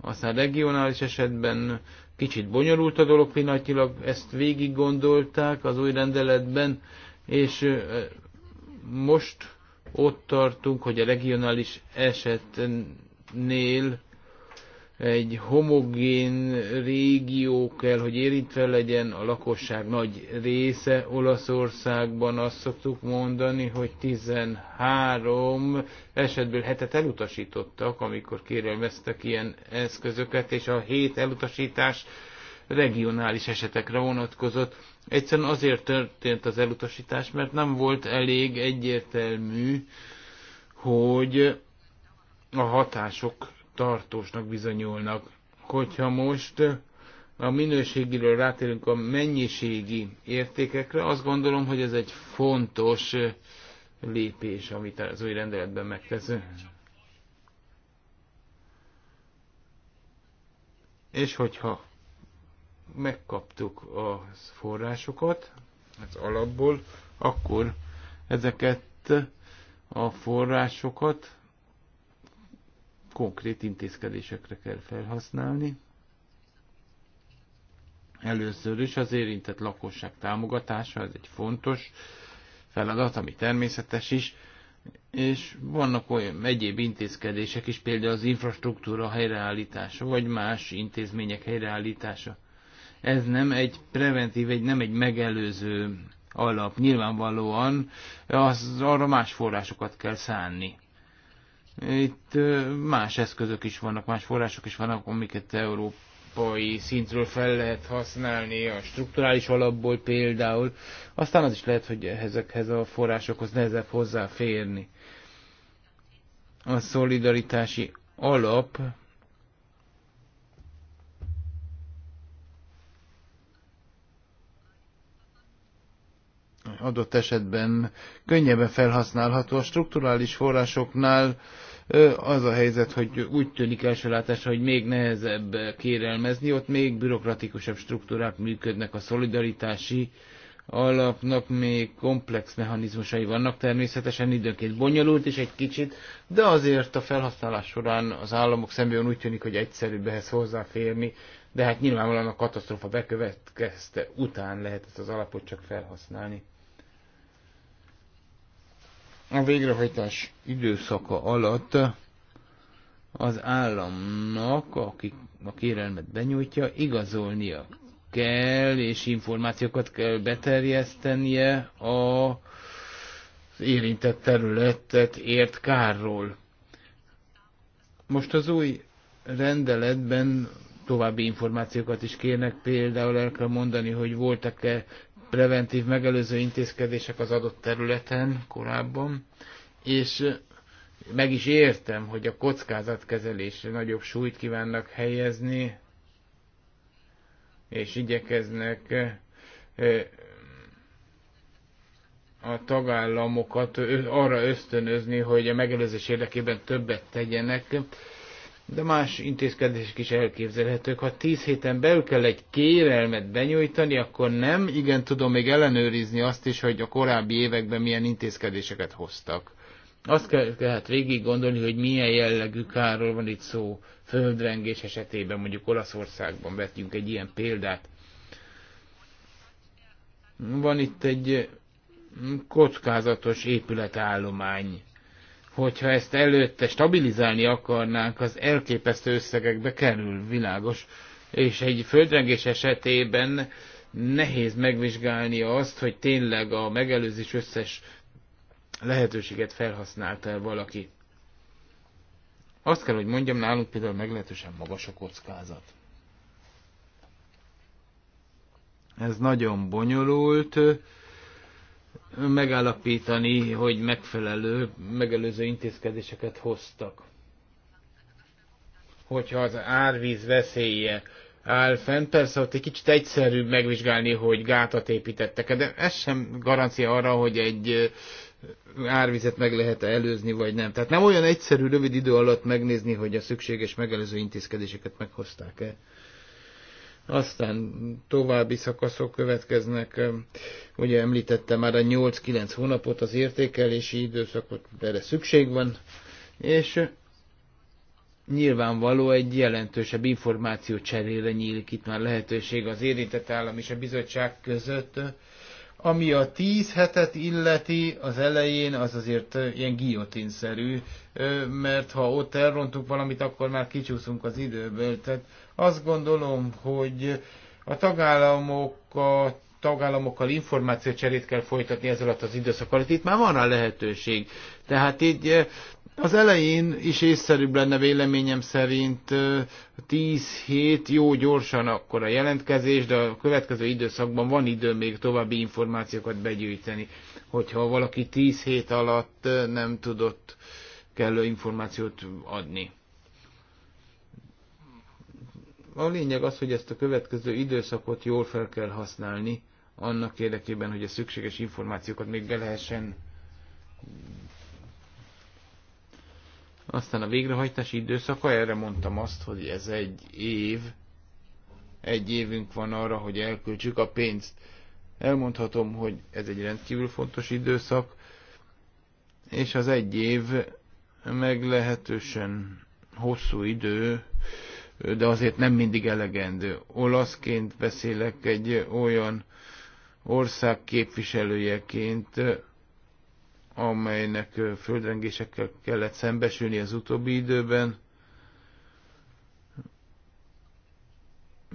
S2: Aztán regionális esetben kicsit bonyolult a dolog pillanatilag, ezt végig gondolták az új rendeletben, és most ott tartunk, hogy a regionális esetnél egy homogén régió kell, hogy érintve legyen a lakosság nagy része. Olaszországban azt szoktuk mondani, hogy 13 esetből hetet elutasítottak, amikor kérelmeztek ilyen eszközöket, és a hét elutasítás regionális esetekre vonatkozott. Egyszerűen azért történt az elutasítás, mert nem volt elég egyértelmű, hogy a hatások tartósnak bizonyulnak. Hogyha most a minőségiről rátérünk a mennyiségi értékekre, azt gondolom, hogy ez egy fontos lépés, amit az új rendeletben megteszünk. És hogyha megkaptuk a forrásokat az alapból, akkor ezeket a forrásokat konkrét intézkedésekre kell felhasználni. Először is az érintett lakosság támogatása, ez egy fontos feladat, ami természetes is, és vannak olyan egyéb intézkedések is, például az infrastruktúra helyreállítása, vagy más intézmények helyreállítása. Ez nem egy preventív, egy, nem egy megelőző alap. Nyilvánvalóan az, arra más forrásokat kell szánni. Itt más eszközök is vannak, más források is vannak, amiket európai szintről fel lehet használni, a strukturális alapból például. Aztán az is lehet, hogy ezekhez a forrásokhoz nehezebb hozzáférni. A szolidaritási alap adott esetben könnyebben felhasználható. A strukturális forrásoknál az a helyzet, hogy úgy tűnik első látásra, hogy még nehezebb kérelmezni, ott még bürokratikusabb struktúrák működnek, a szolidaritási alapnak még komplex mechanizmusai vannak, természetesen időnként bonyolult is egy kicsit, de azért a felhasználás során az államok szemben úgy tűnik, hogy egyszerűbb ehhez hozzáférni, de hát nyilvánvalóan a katasztrófa bekövetkezte, után lehet ezt az alapot csak felhasználni a végrehajtás időszaka alatt az államnak, aki a kérelmet benyújtja, igazolnia kell, és információkat kell beterjesztenie a érintett területet ért kárról. Most az új rendeletben további információkat is kérnek, például el kell mondani, hogy voltak-e preventív megelőző intézkedések az adott területen korábban, és meg is értem, hogy a kockázatkezelésre nagyobb súlyt kívánnak helyezni, és igyekeznek a tagállamokat arra ösztönözni, hogy a megelőzés érdekében többet tegyenek de más intézkedések is elképzelhetők. Ha tíz héten belül kell egy kérelmet benyújtani, akkor nem igen tudom még ellenőrizni azt is, hogy a korábbi években milyen intézkedéseket hoztak. Azt kell tehát végig gondolni, hogy milyen jellegű kárról van itt szó földrengés esetében, mondjuk Olaszországban vetjünk egy ilyen példát. Van itt egy kockázatos épületállomány hogyha ezt előtte stabilizálni akarnánk, az elképesztő összegekbe kerül, világos. És egy földrengés esetében nehéz megvizsgálni azt, hogy tényleg a megelőzés összes lehetőséget felhasználta el valaki. Azt kell, hogy mondjam, nálunk például meglehetősen magas a kockázat. Ez nagyon bonyolult megállapítani, hogy megfelelő, megelőző intézkedéseket hoztak. Hogyha az árvíz veszélye áll fent, persze ott egy kicsit egyszerűbb megvizsgálni, hogy gátat építettek -e, de ez sem garancia arra, hogy egy árvizet meg lehet -e előzni, vagy nem. Tehát nem olyan egyszerű rövid idő alatt megnézni, hogy a szükséges megelőző intézkedéseket meghozták-e. Aztán további szakaszok következnek, ugye említettem már a 8-9 hónapot, az értékelési időszakot, erre szükség van, és nyilvánvaló egy jelentősebb információ cserére nyílik itt már lehetőség az érintett állam és a bizottság között, ami a tíz hetet illeti, az elején az azért ilyen szerű, mert ha ott elrontunk valamit, akkor már kicsúszunk az időből. Tehát azt gondolom, hogy a a tagállamokkal információcserét kell folytatni ezzel alatt az időszak alatt. Itt már van a lehetőség. Tehát így az elején is észszerűbb lenne véleményem szerint 10 hét, jó gyorsan akkor a jelentkezés, de a következő időszakban van idő még további információkat begyűjteni, hogyha valaki 10 hét alatt nem tudott kellő információt adni. A lényeg az, hogy ezt a következő időszakot jól fel kell használni, annak érdekében, hogy a szükséges információkat még be lehessen aztán a végrehajtási időszaka, erre mondtam azt, hogy ez egy év, egy évünk van arra, hogy elköltsük a pénzt. Elmondhatom, hogy ez egy rendkívül fontos időszak, és az egy év meglehetősen hosszú idő, de azért nem mindig elegendő. Olaszként beszélek egy olyan ország képviselőjeként, amelynek földrengésekkel kellett szembesülni az utóbbi időben.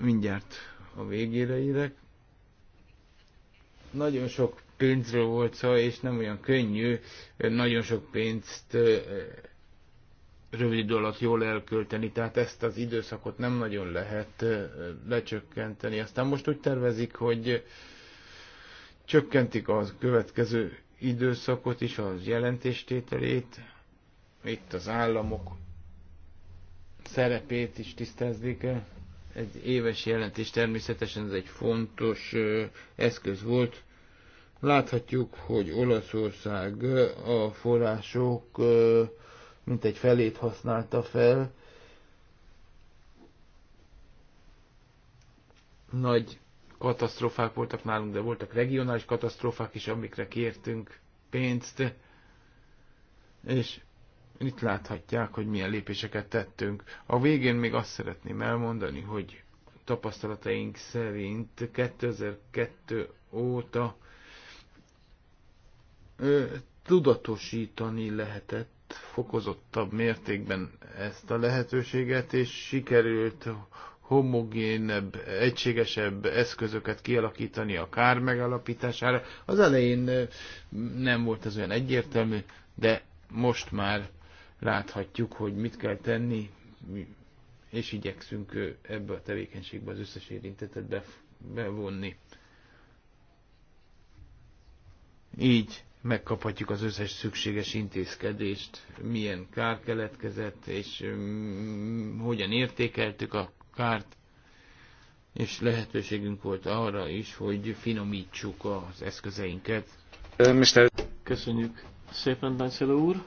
S2: Mindjárt a végére érek. Nagyon sok pénzről volt szó, és nem olyan könnyű nagyon sok pénzt rövid idő alatt jól elkölteni, tehát ezt az időszakot nem nagyon lehet lecsökkenteni. Aztán most úgy tervezik, hogy csökkentik a következő időszakot is, az jelentéstételét, itt az államok szerepét is tisztázzék el. Egy éves jelentés természetesen ez egy fontos eszköz volt. Láthatjuk, hogy Olaszország a források mint egy felét használta fel. Nagy katasztrófák voltak nálunk, de voltak regionális katasztrófák is, amikre kértünk pénzt, és itt láthatják, hogy milyen lépéseket tettünk. A végén még azt szeretném elmondani, hogy tapasztalataink szerint 2002 óta ö, tudatosítani lehetett fokozottabb mértékben ezt a lehetőséget, és sikerült homogénebb, egységesebb eszközöket kialakítani a kár megalapítására. Az elején nem volt ez olyan egyértelmű, de most már láthatjuk, hogy mit kell tenni, és igyekszünk ebbe a tevékenységbe az összes érintetet bevonni. Így megkaphatjuk az összes szükséges intézkedést, milyen kár keletkezett, és mm, hogyan értékeltük a kárt, és lehetőségünk volt arra is, hogy
S1: finomítsuk az eszközeinket. Mr. Köszönjük szépen, Bencelő úr!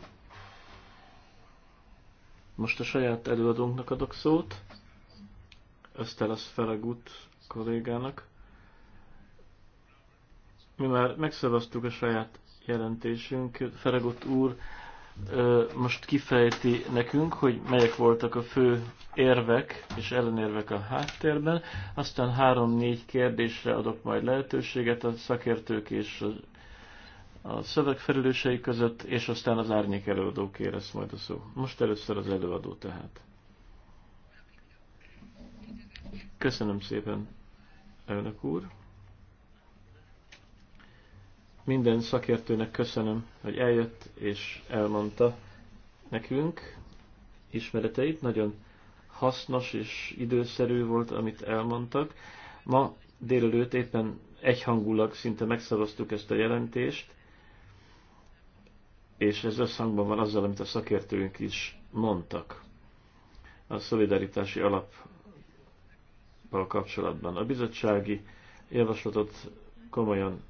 S1: Most a saját előadónknak adok szót, Ösztelasz Felegut kollégának. Mi már megszavaztuk a saját jelentésünk. Feregott úr most kifejti nekünk, hogy melyek voltak a fő érvek és ellenérvek a háttérben, aztán három-négy kérdésre adok majd lehetőséget a szakértők és a szövegfelelősei között, és aztán az árnyék előadó kérdez majd a szó. Most először az előadó tehát. Köszönöm szépen, elnök úr. Minden szakértőnek köszönöm, hogy eljött és elmondta nekünk ismereteit. Nagyon hasznos és időszerű volt, amit elmondtak. Ma délelőtt éppen egyhangulag szinte megszavaztuk ezt a jelentést, és ez összhangban van azzal, amit a szakértőink is mondtak a szolidaritási alappal kapcsolatban. A bizottsági javaslatot komolyan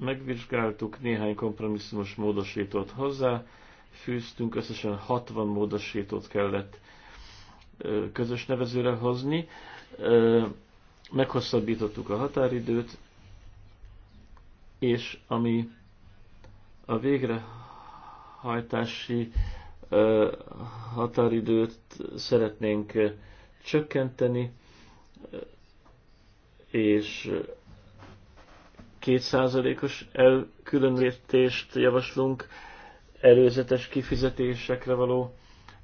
S1: megvizsgáltuk, néhány kompromisszumos módosítót hozzá, fűztünk, összesen 60 módosítót kellett közös nevezőre hozni, meghosszabbítottuk a határidőt, és ami a végrehajtási határidőt szeretnénk csökkenteni, és kétszázalékos elkülönítést javaslunk, előzetes kifizetésekre való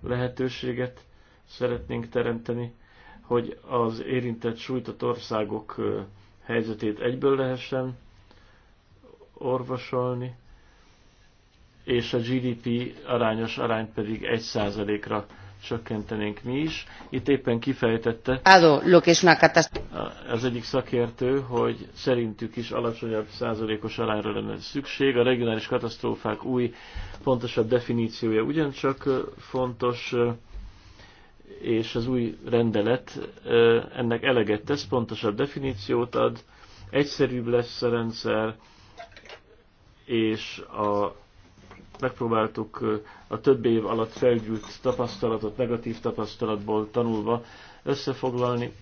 S1: lehetőséget szeretnénk teremteni, hogy az érintett sújtott országok helyzetét egyből lehessen orvosolni, és a GDP arányos arányt pedig 1%-ra csökkentenénk mi is. Itt éppen kifejtette az egyik szakértő, hogy szerintük is alacsonyabb százalékos arányra lenne szükség. A regionális katasztrófák új, pontosabb definíciója ugyancsak fontos, és az új rendelet ennek eleget tesz, pontosabb definíciót ad, egyszerűbb lesz a rendszer, és a megpróbáltuk a több év alatt felgyűlt tapasztalatot, negatív tapasztalatból tanulva összefoglalni.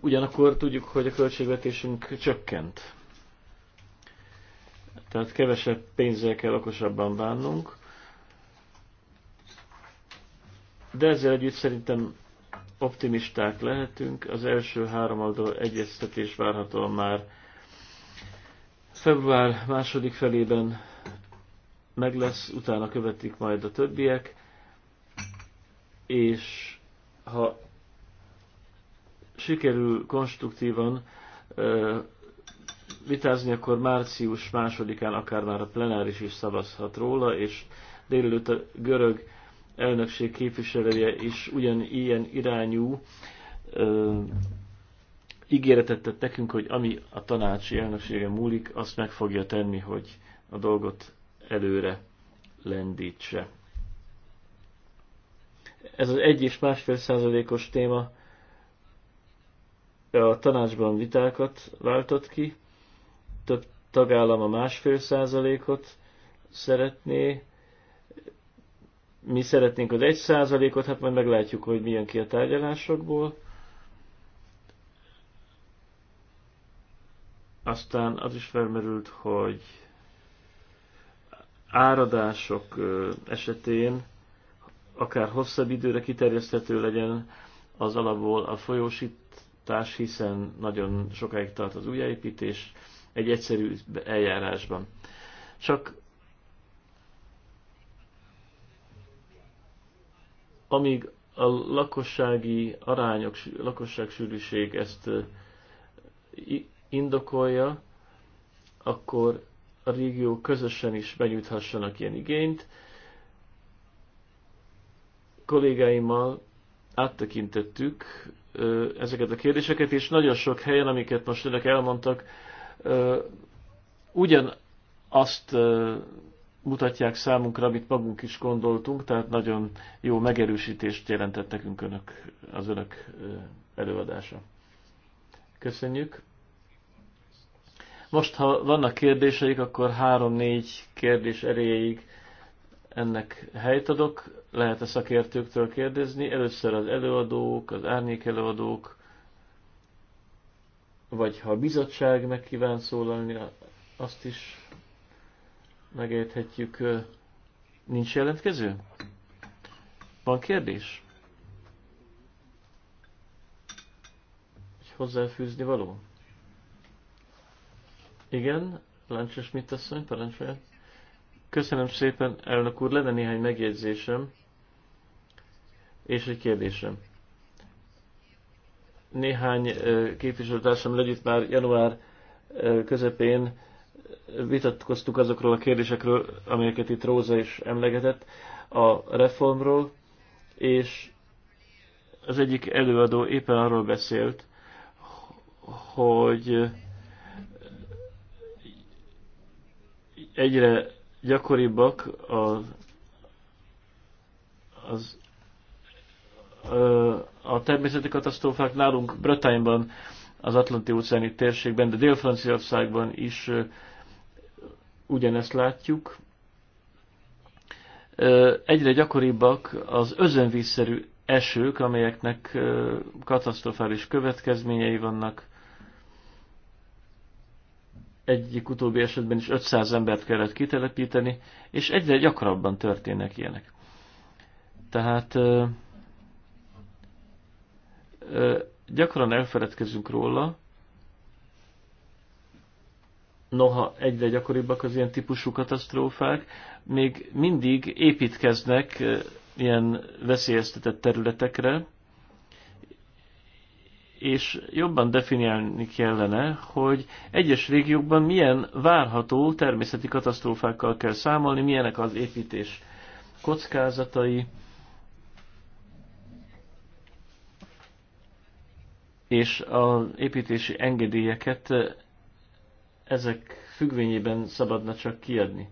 S1: Ugyanakkor tudjuk, hogy a költségvetésünk csökkent. Tehát kevesebb pénzzel kell okosabban bánnunk. De ezzel együtt szerintem optimisták lehetünk. Az első három oldal egyeztetés várhatóan már február második felében meg lesz, utána követik majd a többiek, és ha sikerül konstruktívan ö, vitázni, akkor március másodikán akár már a plenáris is szavazhat róla, és délelőtt a görög elnökség képviselője is ugyanilyen irányú ö, ígéretet tett nekünk, hogy ami a tanácsi elnöksége múlik, azt meg fogja tenni, hogy a dolgot előre lendítse. Ez az egy és másfél százalékos téma a tanácsban vitákat váltott ki, több tagállam a másfél százalékot szeretné, mi szeretnénk az egy százalékot, hát majd meglátjuk, hogy milyen ki a tárgyalásokból. Aztán az is felmerült, hogy áradások esetén akár hosszabb időre kiterjeszthető legyen az alapból a folyósítás, hiszen nagyon sokáig tart az újjáépítés egy egyszerű eljárásban. Csak amíg a lakossági arányok, lakosságsűrűség ezt indokolja, akkor a régió közösen is benyújthassanak ilyen igényt. Kollégáimmal áttekintettük ezeket a kérdéseket, és nagyon sok helyen, amiket most önök elmondtak, azt mutatják számunkra, amit magunk is gondoltunk, tehát nagyon jó megerősítést jelentett nekünk önök, az önök előadása. Köszönjük! Most, ha vannak kérdéseik, akkor három-négy kérdés erejéig ennek helyt adok. Lehet a szakértőktől kérdezni. Először az előadók, az árnyék előadók, vagy ha a bizottság meg kíván szólalni, azt is megérthetjük. Nincs jelentkező? Van kérdés? hozzáfűzni való? Igen, Láncsos mit asszony, parancsolja. Köszönöm szépen, elnök úr, lenne néhány megjegyzésem és egy kérdésem. Néhány képviselőtársam együtt már január közepén vitatkoztuk azokról a kérdésekről, amelyeket itt Róza is emlegetett, a reformról, és az egyik előadó éppen arról beszélt, hogy egyre gyakoribbak az, az a természeti katasztrófák nálunk Bretányban, az atlanti óceáni térségben, de Dél-Franciaországban is ugyanezt látjuk. Egyre gyakoribbak az özönvízszerű esők, amelyeknek katasztrofális következményei vannak egyik utóbbi esetben is 500 embert kellett kitelepíteni, és egyre gyakrabban történnek ilyenek. Tehát ö, ö, gyakran elfeledkezünk róla, noha egyre gyakoribbak az ilyen típusú katasztrófák, még mindig építkeznek ilyen veszélyeztetett területekre, és jobban definiálni kellene, hogy egyes régiókban milyen várható természeti katasztrófákkal kell számolni, milyenek az építés kockázatai, és az építési engedélyeket ezek függvényében szabadna csak kiadni.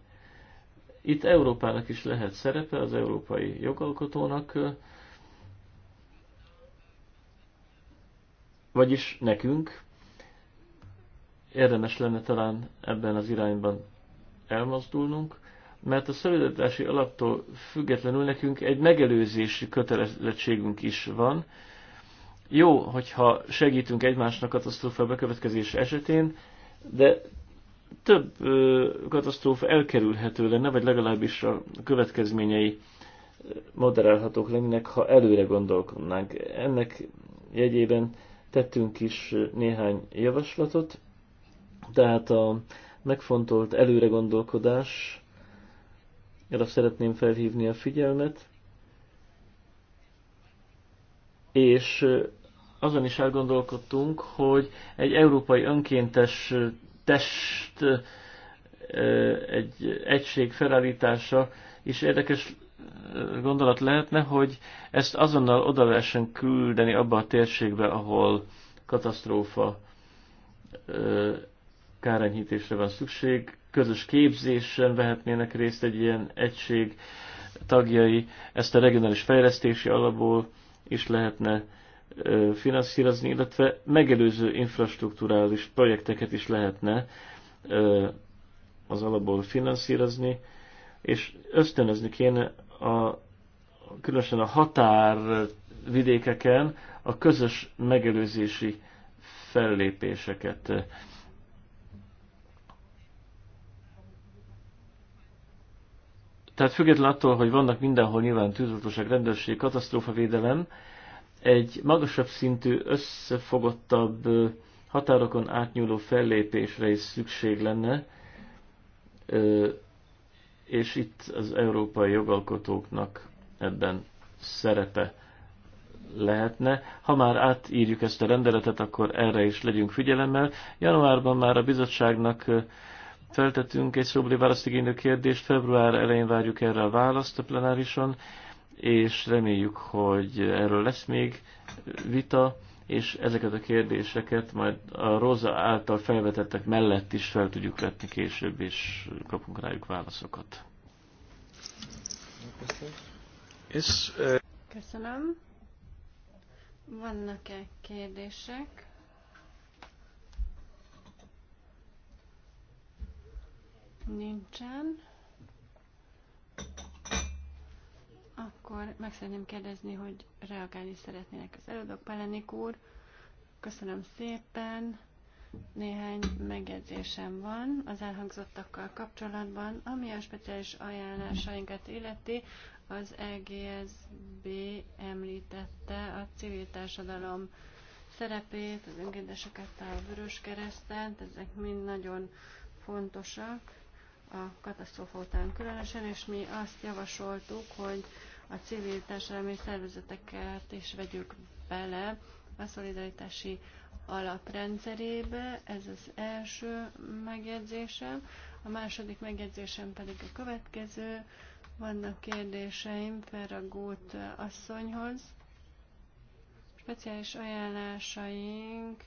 S1: Itt Európának is lehet szerepe, az európai jogalkotónak, Vagyis nekünk érdemes lenne talán ebben az irányban elmozdulnunk, mert a szolidaritási alaptól függetlenül nekünk egy megelőzési kötelezettségünk is van. Jó, hogyha segítünk egymásnak katasztrófa bekövetkezés esetén, de több katasztrófa elkerülhető lenne, vagy legalábbis a következményei moderálhatók lennének, ha előre gondolkodnánk. Ennek jegyében tettünk is néhány javaslatot, tehát a megfontolt előre gondolkodás, erre szeretném felhívni a figyelmet, és azon is elgondolkodtunk, hogy egy európai önkéntes test, egy egység felállítása is érdekes gondolat lehetne, hogy ezt azonnal oda lehessen küldeni abba a térségbe, ahol katasztrófa kárenyhítésre van szükség, közös képzésen vehetnének részt egy ilyen egység tagjai, ezt a regionális fejlesztési alapból is lehetne finanszírozni, illetve megelőző infrastruktúrális projekteket is lehetne az alapból finanszírozni, és ösztönözni kéne a, különösen a határvidékeken a közös megelőzési fellépéseket. Tehát független attól, hogy vannak mindenhol nyilván tűzoltóság, rendőrség, katasztrófavédelem, egy magasabb szintű, összefogottabb, határokon átnyúló fellépésre is szükség lenne, és itt az európai jogalkotóknak ebben szerepe lehetne. Ha már átírjuk ezt a rendeletet, akkor erre is legyünk figyelemmel. Januárban már a bizottságnak feltettünk egy szóbeli választigénylő kérdést, február elején várjuk erre a választ a plenárison, és reméljük, hogy erről lesz még vita és ezeket a kérdéseket majd a Roza által felvetettek mellett is fel tudjuk vetni később, és kapunk rájuk válaszokat.
S3: Köszönöm. Vannak-e kérdések? Nincsen akkor meg szeretném kérdezni, hogy reagálni szeretnének az előadók. Pelenik úr, köszönöm szépen. Néhány megjegyzésem van az elhangzottakkal kapcsolatban, ami a speciális ajánlásainkat illeti. Az EGSB említette a civil társadalom szerepét, az önkénteseket a Vörös Kereszten, ezek mind nagyon fontosak a katasztrófa után különösen, és mi azt javasoltuk, hogy a civil társadalmi szervezeteket is vegyük bele a szolidaritási alaprendszerébe. Ez az első megjegyzésem. A második megjegyzésem pedig a következő. Vannak kérdéseim Ferragót asszonyhoz. Speciális ajánlásaink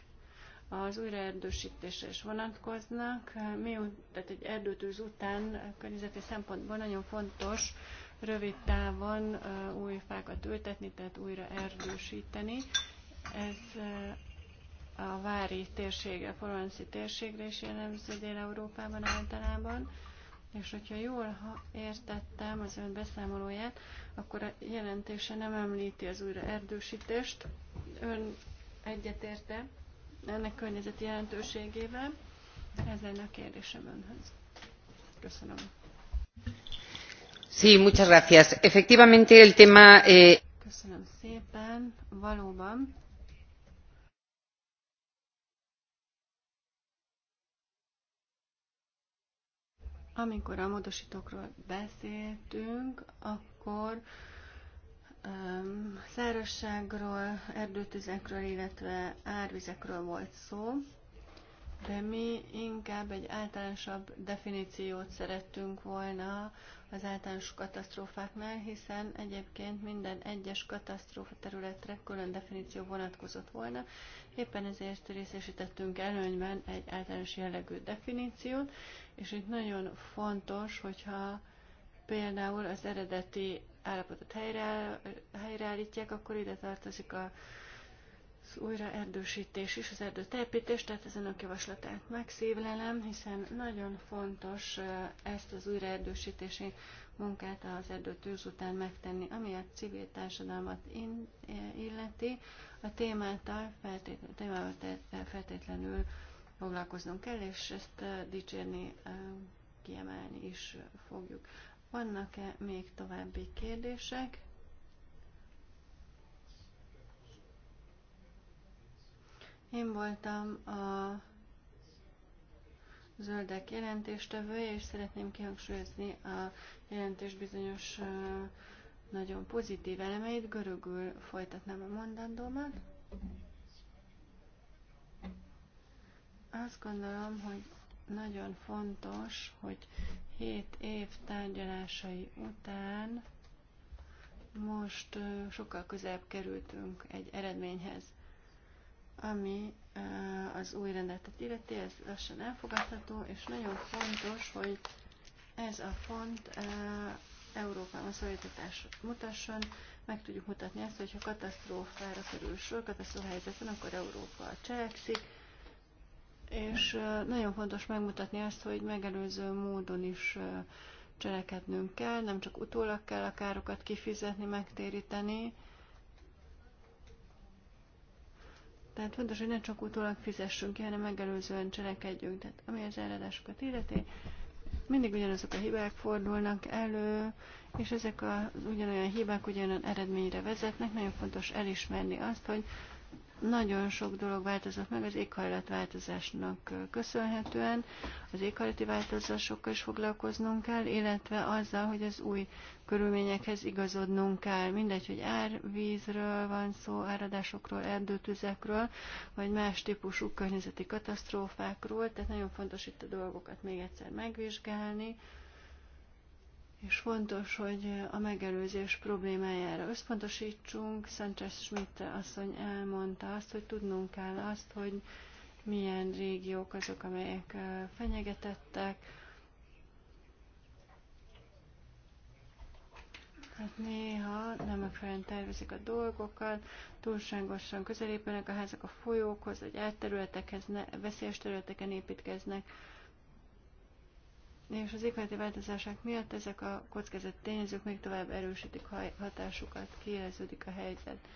S3: az újraerdősítésre is vonatkoznak. Mi, tehát egy erdőtűz után környezeti szempontból nagyon fontos rövid távon új fákat ültetni, tehát újra erdősíteni. Ez a vári a florenci térségre is jellemző Dél-Európában általában. És hogyha jól értettem az ön beszámolóját, akkor a jelentése nem említi az újra erdősítést. Ön egyetérte ennek környezeti jelentőségével. Ez lenne a kérdésem önhöz. Köszönöm. Sí, muchas gracias. Efectivamente el tema... Eh... Köszönöm szépen. Valóban amikor a módosítókról beszéltünk, akkor szárasságról, erdőtüzekről, illetve árvizekről volt szó, de mi inkább egy általánosabb definíciót szerettünk volna az általános katasztrófáknál, hiszen egyébként minden egyes katasztrófa területre külön definíció vonatkozott volna, éppen ezért részesítettünk előnyben egy általános jellegű definíciót, és itt nagyon fontos, hogyha például az eredeti állapotot helyre, helyreállítják, akkor ide tartozik a, az újraerdősítés is, az erdőtelepítés, tehát az önök javaslatát megszívlelem, hiszen nagyon fontos ezt az erdősítési munkát az erdőtűz után megtenni, ami a civil társadalmat in, illeti. A témáltal feltétlenül, témával feltétlenül foglalkoznunk kell, és ezt dicsérni, kiemelni is fogjuk. Vannak-e még további kérdések? Én voltam a zöldek jelentéstevője, és szeretném kihangsúlyozni a jelentés bizonyos nagyon pozitív elemeit. Görögül folytatnám a mondandómat. Azt gondolom, hogy nagyon fontos, hogy 7 év tárgyalásai után most sokkal közelebb kerültünk egy eredményhez, ami az új rendeletet illeti, ez lassan elfogadható, és nagyon fontos, hogy ez a font Európában szolidaritás mutasson, meg tudjuk mutatni azt, hogy ha katasztrófára kerül sor, katasztrófa helyzet van, akkor Európa cselekszik, és nagyon fontos megmutatni azt, hogy megelőző módon is cselekednünk kell, nem csak utólag kell a károkat kifizetni, megtéríteni. Tehát fontos, hogy ne csak utólag fizessünk ki, hanem megelőzően cselekedjünk. Tehát ami az eladásokat illeti, mindig ugyanazok a hibák fordulnak elő, és ezek a ugyanolyan hibák ugyanolyan eredményre vezetnek. Nagyon fontos elismerni azt, hogy nagyon sok dolog változott meg az éghajlatváltozásnak köszönhetően. Az éghajlati változásokkal is foglalkoznunk kell, illetve azzal, hogy az új körülményekhez igazodnunk kell. Mindegy, hogy árvízről van szó, áradásokról, erdőtüzekről, vagy más típusú környezeti katasztrófákról, tehát nagyon fontos itt a dolgokat még egyszer megvizsgálni és fontos, hogy a megelőzés problémájára összpontosítsunk. Sanchez Schmidt asszony elmondta azt, hogy tudnunk kell azt, hogy milyen régiók azok, amelyek fenyegetettek. Hát néha nem megfelelően tervezik a dolgokat, túlságosan közelépülnek a házak a folyókhoz, vagy átterületekhez, veszélyes területeken építkeznek és az éghajlati változások miatt ezek a kockázat tényezők még tovább erősítik hatásukat, kiéleződik a helyzet.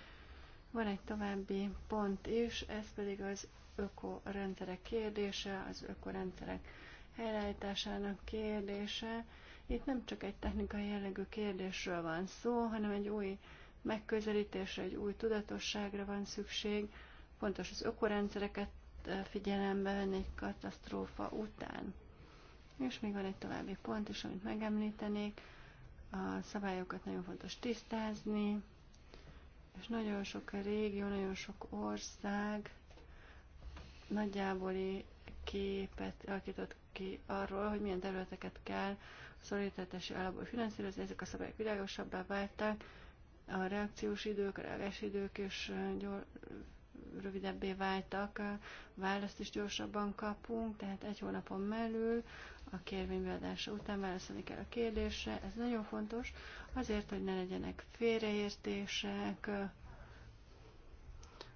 S3: Van egy további pont is, ez pedig az ökorendszerek kérdése, az ökorendszerek helyreállításának kérdése. Itt nem csak egy technikai jellegű kérdésről van szó, hanem egy új megközelítésre, egy új tudatosságra van szükség, pontos az ökorendszereket eh, figyelembe venni egy katasztrófa után. És még van egy további pont is, amit megemlítenék. A szabályokat nagyon fontos tisztázni, és nagyon sok régió, nagyon sok ország nagyjából képet alakított ki arról, hogy milyen területeket kell a szolidaritási alapból finanszírozni, ezek a szabályok világosabbá váltak, a reakciós idők, a reagási idők is gyors, rövidebbé váltak, választ is gyorsabban kapunk, tehát egy hónapon belül a kérvény beadása után válaszolni kell a kérdésre. Ez nagyon fontos, azért, hogy ne legyenek félreértések,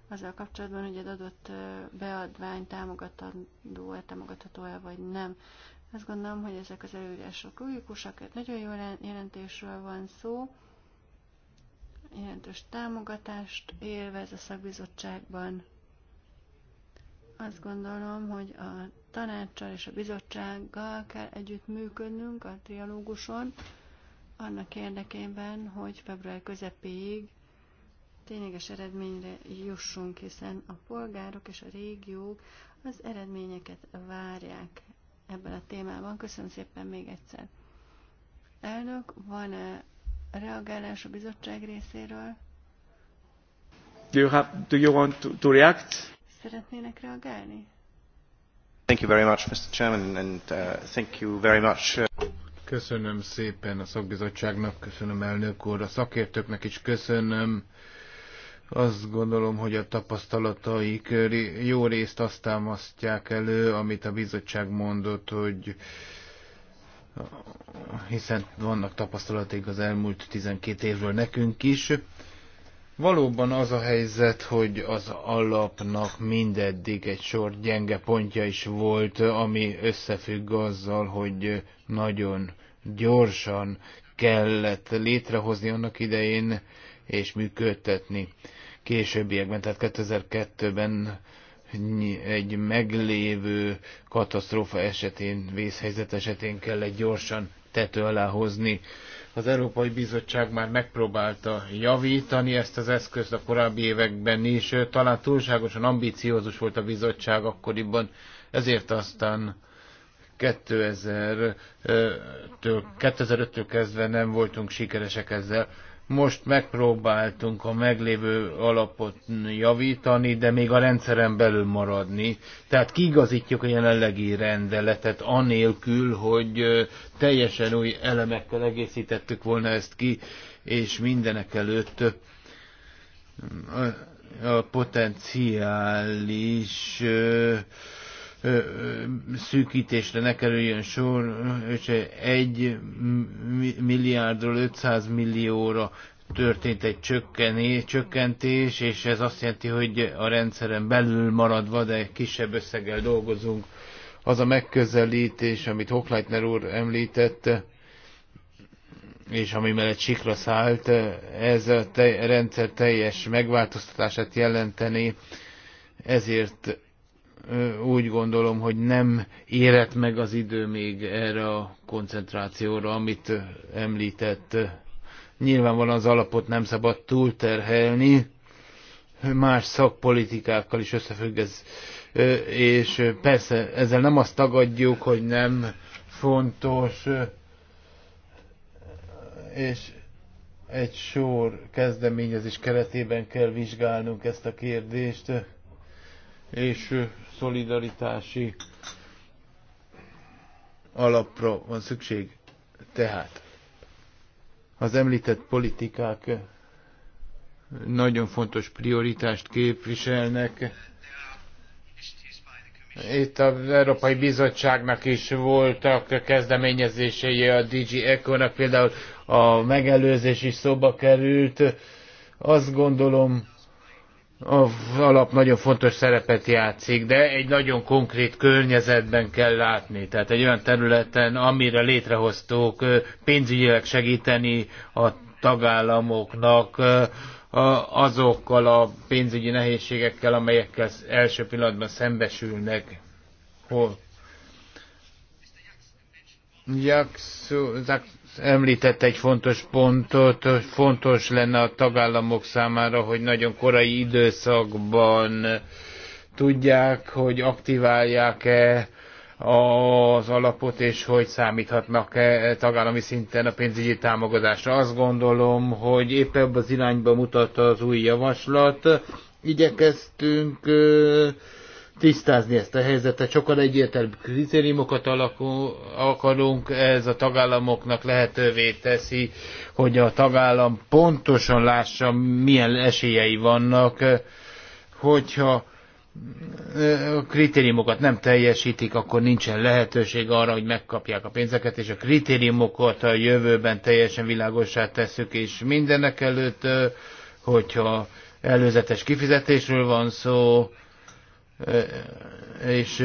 S3: azzal kapcsolatban, hogy egy adott beadvány támogatandó-e, támogatható-e, vagy nem. Azt gondolom, hogy ezek az előírások logikusak, nagyon jó jelentésről van szó, jelentős támogatást élvez a szakbizottságban. Azt gondolom, hogy a tanácssal és a bizottsággal kell együtt működnünk a trialóguson, annak érdekében, hogy február közepéig tényleges eredményre jussunk, hiszen a polgárok és a régiók az eredményeket várják ebben a témában. Köszönöm szépen még egyszer. Elnök, van-e reagálás a bizottság részéről?
S1: Do you, have, do you want to, to react?
S3: Szeretnének reagálni? Thank you very much, Mr. Chairman, and uh, thank you very much. Uh,
S2: köszönöm szépen a szakbizottságnak, köszönöm elnök úr, a szakértőknek is köszönöm. Azt gondolom, hogy a tapasztalataik jó részt azt támasztják elő, amit a bizottság mondott, hogy hiszen vannak tapasztalatok az elmúlt 12 évről nekünk is. Valóban az a helyzet, hogy az alapnak mindeddig egy sor gyenge pontja is volt, ami összefügg azzal, hogy nagyon gyorsan kellett létrehozni annak idején és működtetni későbbiekben, tehát 2002-ben egy meglévő katasztrófa esetén, vészhelyzet esetén kell egy gyorsan tető alá hozni. Az Európai Bizottság már megpróbálta javítani ezt az eszközt a korábbi években is, talán túlságosan ambiciózus volt a bizottság akkoriban, ezért aztán 2000-től, 2005-től kezdve nem voltunk sikeresek ezzel. Most megpróbáltunk a meglévő alapot javítani, de még a rendszeren belül maradni. Tehát kiigazítjuk a jelenlegi rendeletet anélkül, hogy teljesen új elemekkel egészítettük volna ezt ki, és mindenek előtt a potenciális szűkítésre ne kerüljön sor, és egy milliárdról 500 millióra történt egy csökkené, csökkentés, és ez azt jelenti, hogy a rendszeren belül maradva, de kisebb összeggel dolgozunk. Az a megközelítés, amit Hochleitner úr említette, és ami mellett sikra szállt, ez a te rendszer teljes megváltoztatását jelenteni, ezért úgy gondolom, hogy nem érett meg az idő még erre a koncentrációra, amit említett. Nyilvánvalóan az alapot nem szabad túlterhelni, más szakpolitikákkal is összefügg ez. És persze ezzel nem azt tagadjuk, hogy nem fontos, és egy sor kezdeményezés keretében kell vizsgálnunk ezt a kérdést, és szolidaritási alapra van szükség. Tehát az említett politikák nagyon fontos prioritást képviselnek. Itt az Európai Bizottságnak is voltak kezdeményezései, a DG Eco-nak például a megelőzés is szóba került. Azt gondolom, a alap nagyon fontos szerepet játszik, de egy nagyon konkrét környezetben kell látni. Tehát egy olyan területen, amire létrehoztuk pénzügyileg segíteni a tagállamoknak azokkal a pénzügyi nehézségekkel, amelyekkel első pillanatban szembesülnek. Hol? Jaksu, említett egy fontos pontot, hogy fontos lenne a tagállamok számára, hogy nagyon korai időszakban tudják, hogy aktiválják-e az alapot, és hogy számíthatnak-e tagállami szinten a pénzügyi támogatásra. Azt gondolom, hogy épp ebbe az irányba mutat az új javaslat. Igyekeztünk tisztázni ezt a helyzetet. Sokan egyértelmű kritériumokat alakul, akarunk, ez a tagállamoknak lehetővé teszi, hogy a tagállam pontosan lássa, milyen esélyei vannak, hogyha a kritériumokat nem teljesítik, akkor nincsen lehetőség arra, hogy megkapják a pénzeket, és a kritériumokat a jövőben teljesen világosá tesszük, és mindenek előtt, hogyha előzetes kifizetésről van szó, és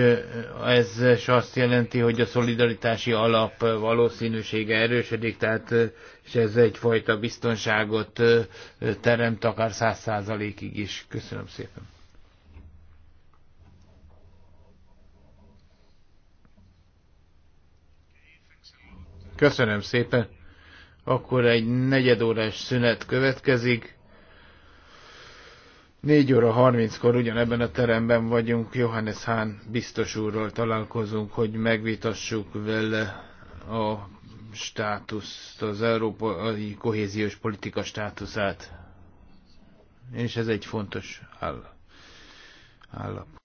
S2: ez is azt jelenti, hogy a szolidaritási alap valószínűsége erősödik, tehát és ez egyfajta biztonságot teremt akár száz százalékig is. Köszönöm szépen. Köszönöm szépen. Akkor egy negyedórás szünet következik. 4 óra 30-kor ugyanebben a teremben vagyunk, Johannes Hán biztos úrral találkozunk, hogy megvitassuk vele a státuszt, az európai kohéziós politika státuszát. És ez egy fontos állap.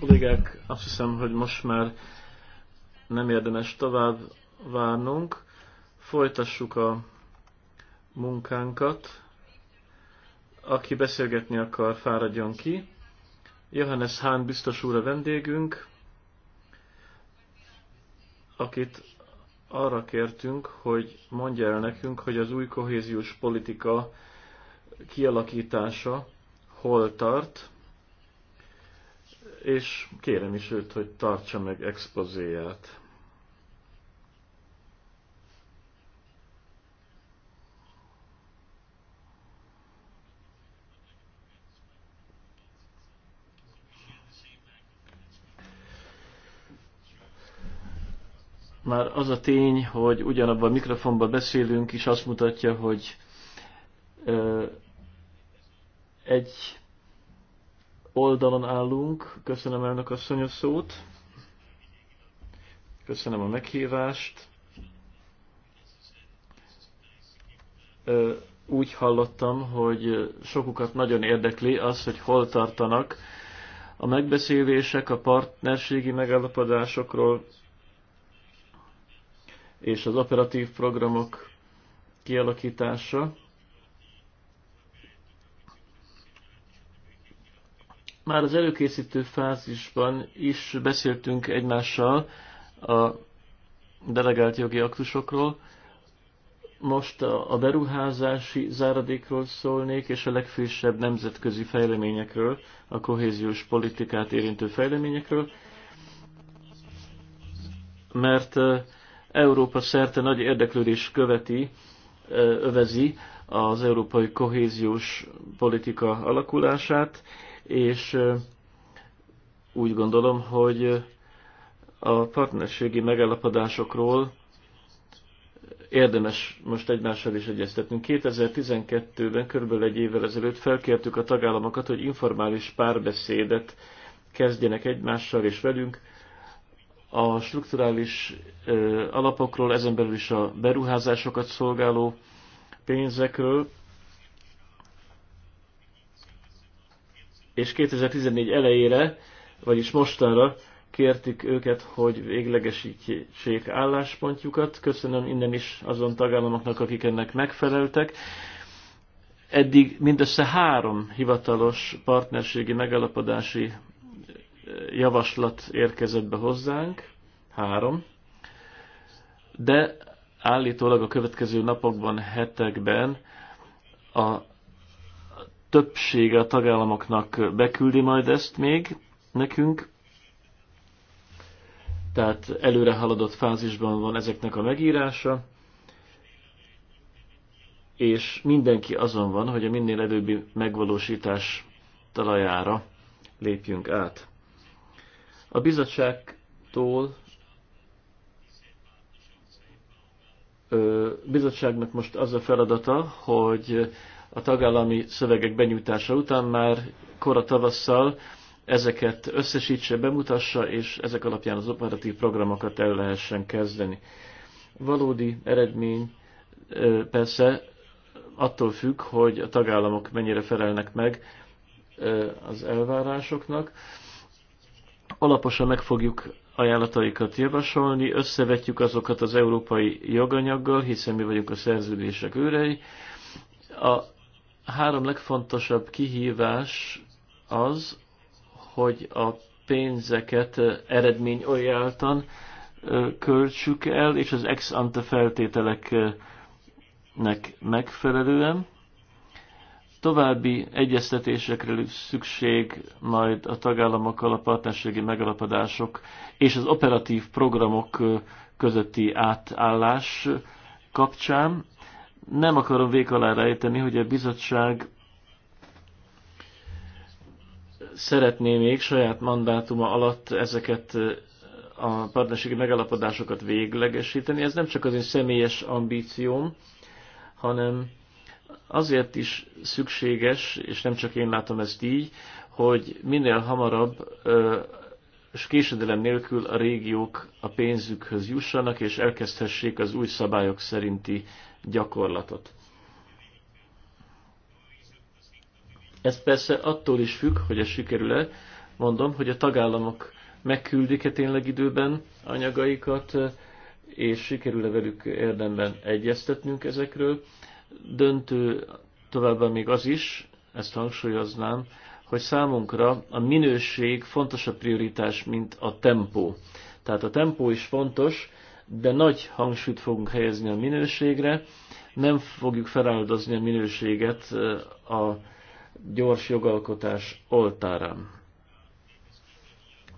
S1: Kollégák, azt hiszem, hogy most már nem érdemes tovább várnunk. Folytassuk a munkánkat. Aki beszélgetni akar, fáradjon ki. Johannes Hán biztos úr a vendégünk, akit arra kértünk, hogy mondja el nekünk, hogy az új kohéziós politika kialakítása hol tart, és kérem is őt, hogy tartsa meg expozéját. már az a tény, hogy ugyanabban a mikrofonban beszélünk is azt mutatja, hogy egy oldalon állunk. Köszönöm elnök a szót. Köszönöm a meghívást. Úgy hallottam, hogy sokukat nagyon érdekli az, hogy hol tartanak a megbeszélések a partnerségi megállapodásokról és az operatív programok kialakítása. már az előkészítő fázisban is beszéltünk egymással a delegált jogi aktusokról. Most a beruházási záradékról szólnék, és a legfrissebb nemzetközi fejleményekről, a kohéziós politikát érintő fejleményekről, mert Európa szerte nagy érdeklődés követi, övezi az európai kohéziós politika alakulását, és úgy gondolom, hogy a partnerségi megállapodásokról érdemes most egymással is egyeztetni. 2012-ben, körülbelül egy évvel ezelőtt felkértük a tagállamokat, hogy informális párbeszédet kezdjenek egymással és velünk a strukturális alapokról, ezen belül is a beruházásokat szolgáló pénzekről, és 2014 elejére, vagyis mostanra kértik őket, hogy véglegesítsék álláspontjukat. Köszönöm innen is azon tagállamoknak, akik ennek megfeleltek. Eddig mindössze három hivatalos partnerségi megalapodási eh, javaslat érkezett be hozzánk, három, de állítólag a következő napokban, hetekben a többsége a tagállamoknak beküldi majd ezt még nekünk, tehát előre haladott fázisban van ezeknek a megírása, és mindenki azon van, hogy a minél előbbi megvalósítás talajára lépjünk át. A bizottságtól bizottságnak most az a feladata, hogy a tagállami szövegek benyújtása után már kora tavasszal ezeket összesítse, bemutassa, és ezek alapján az operatív programokat el lehessen kezdeni. Valódi eredmény persze attól függ, hogy a tagállamok mennyire felelnek meg az elvárásoknak. Alaposan meg fogjuk ajánlataikat javasolni, összevetjük azokat az európai joganyaggal, hiszen mi vagyunk a szerződések őrei. A három legfontosabb kihívás az, hogy a pénzeket eredmény olyáltan költsük el, és az ex ante feltételeknek megfelelően. További egyeztetésekre szükség majd a tagállamokkal a partnerségi megalapodások és az operatív programok közötti átállás kapcsán nem akarom vék alá rejteni, hogy a bizottság szeretné még saját mandátuma alatt ezeket a partnerségi megállapodásokat véglegesíteni. Ez nem csak az én személyes ambícióm, hanem azért is szükséges, és nem csak én látom ezt így, hogy minél hamarabb és késedelem nélkül a régiók a pénzükhöz jussanak, és elkezdhessék az új szabályok szerinti gyakorlatot. Ez persze attól is függ, hogy ez sikerül-e, mondom, hogy a tagállamok megküldik-e tényleg időben anyagaikat, és sikerül-e velük érdemben egyeztetnünk ezekről. Döntő továbbá még az is, ezt hangsúlyoznám, hogy számunkra a minőség fontosabb prioritás, mint a tempó. Tehát a tempó is fontos, de nagy hangsúlyt fogunk helyezni a minőségre, nem fogjuk feláldozni a minőséget a gyors jogalkotás oltárán.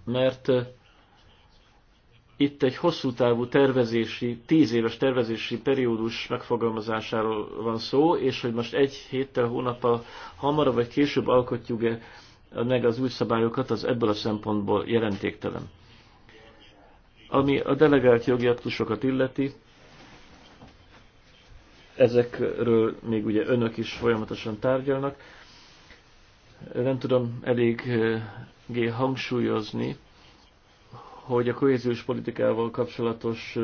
S1: Mert itt egy hosszú távú tervezési, tíz éves tervezési periódus megfogalmazásáról van szó, és hogy most egy héttel, hónappal hamarabb vagy később alkotjuk-e meg az új szabályokat, az ebből a szempontból jelentéktelen. Ami a delegált jogi aktusokat illeti, ezekről még ugye önök is folyamatosan tárgyalnak. Nem tudom eléggé hangsúlyozni, hogy a kohéziós politikával kapcsolatos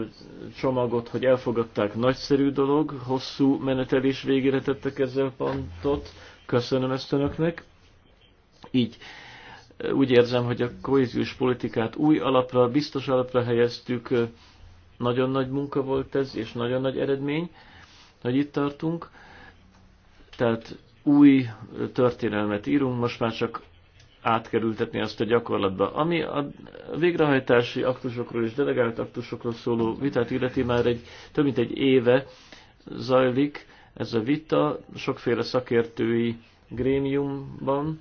S1: csomagot, hogy elfogadták, nagyszerű dolog, hosszú menetelés végére tettek ezzel pontot, köszönöm ezt önöknek. Így úgy érzem, hogy a kohéziós politikát új alapra, biztos alapra helyeztük, nagyon nagy munka volt ez, és nagyon nagy eredmény, hogy itt tartunk. Tehát új történelmet írunk, most már csak átkerültetni azt a gyakorlatba. Ami a végrehajtási aktusokról és delegált aktusokról szóló vitát illeti már egy, több mint egy éve zajlik ez a vita, sokféle szakértői grémiumban,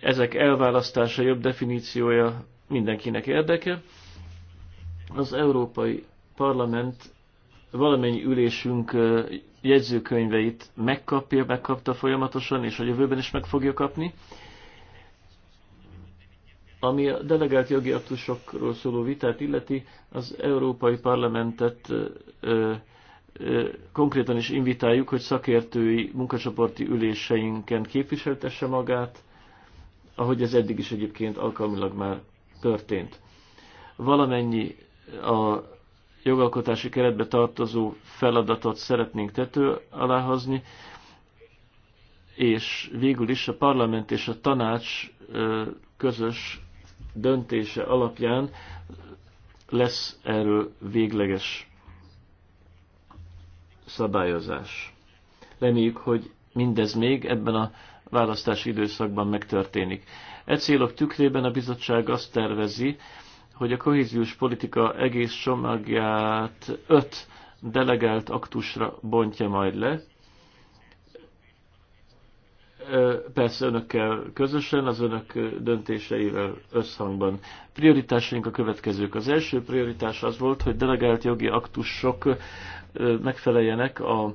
S1: ezek elválasztása, jobb definíciója mindenkinek érdeke. Az Európai Parlament valamennyi ülésünk jegyzőkönyveit megkapja, megkapta folyamatosan, és a jövőben is meg fogja kapni. Ami a delegált jogi aktusokról szóló vitát illeti, az Európai Parlamentet ö, ö, konkrétan is invitáljuk, hogy szakértői munkacsoporti üléseinken képviseltesse magát, ahogy ez eddig is egyébként alkalmilag már történt. Valamennyi a jogalkotási keretbe tartozó feladatot szeretnénk tető aláhozni, és végül is a parlament és a tanács közös döntése alapján lesz erről végleges szabályozás. Reméljük, hogy mindez még ebben a választási időszakban megtörténik. E célok tükrében a bizottság azt tervezi, hogy a kohéziós politika egész csomagját öt delegált aktusra bontja majd le. Persze önökkel közösen, az önök döntéseivel összhangban. Prioritásaink a következők. Az első prioritás az volt, hogy delegált jogi aktusok megfeleljenek a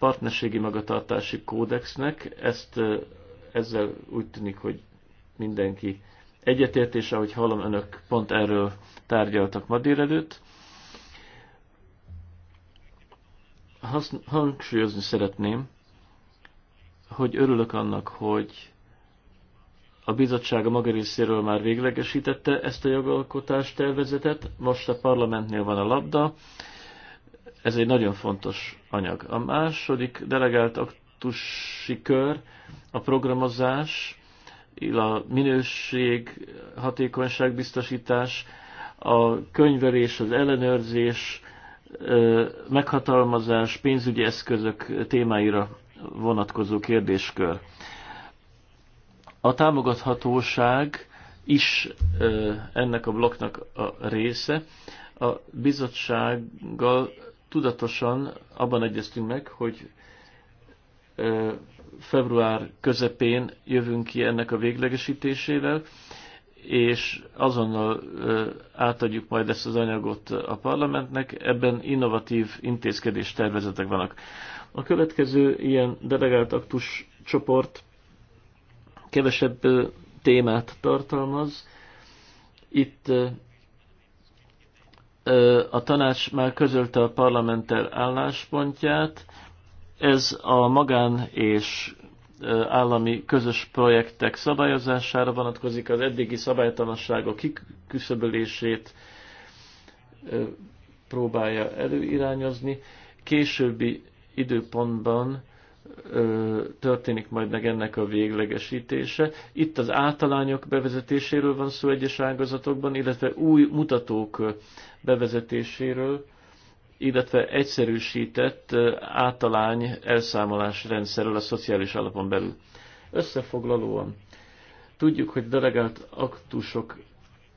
S1: partnerségi magatartási kódexnek. Ezt ezzel úgy tűnik, hogy mindenki egyetértés, ahogy hallom, önök pont erről tárgyaltak ma délelőtt. Hangsúlyozni szeretném, hogy örülök annak, hogy a bizottság a maga részéről már véglegesítette ezt a jogalkotás tervezetet, most a parlamentnél van a labda, ez egy nagyon fontos anyag. A második delegált aktusi kör a programozás, a minőség, hatékonyság biztosítás, a könyvelés, az ellenőrzés, meghatalmazás, pénzügyi eszközök témáira vonatkozó kérdéskör. A támogathatóság is ennek a blokknak a része. A bizottsággal tudatosan abban egyeztünk meg, hogy február közepén jövünk ki ennek a véglegesítésével, és azonnal átadjuk majd ezt az anyagot a parlamentnek, ebben innovatív intézkedés tervezetek vannak. A következő ilyen delegált aktus csoport kevesebb témát tartalmaz. Itt a tanács már közölte a parlamenttel álláspontját. Ez a magán és állami közös projektek szabályozására vonatkozik, az eddigi szabálytalanságok kiküszöbölését próbálja előirányozni. Későbbi időpontban történik majd meg ennek a véglegesítése. Itt az általányok bevezetéséről van szó egyes ágazatokban, illetve új mutatók bevezetéséről, illetve egyszerűsített általány elszámolás rendszerről a szociális alapon belül. Összefoglalóan, tudjuk, hogy delegált aktusok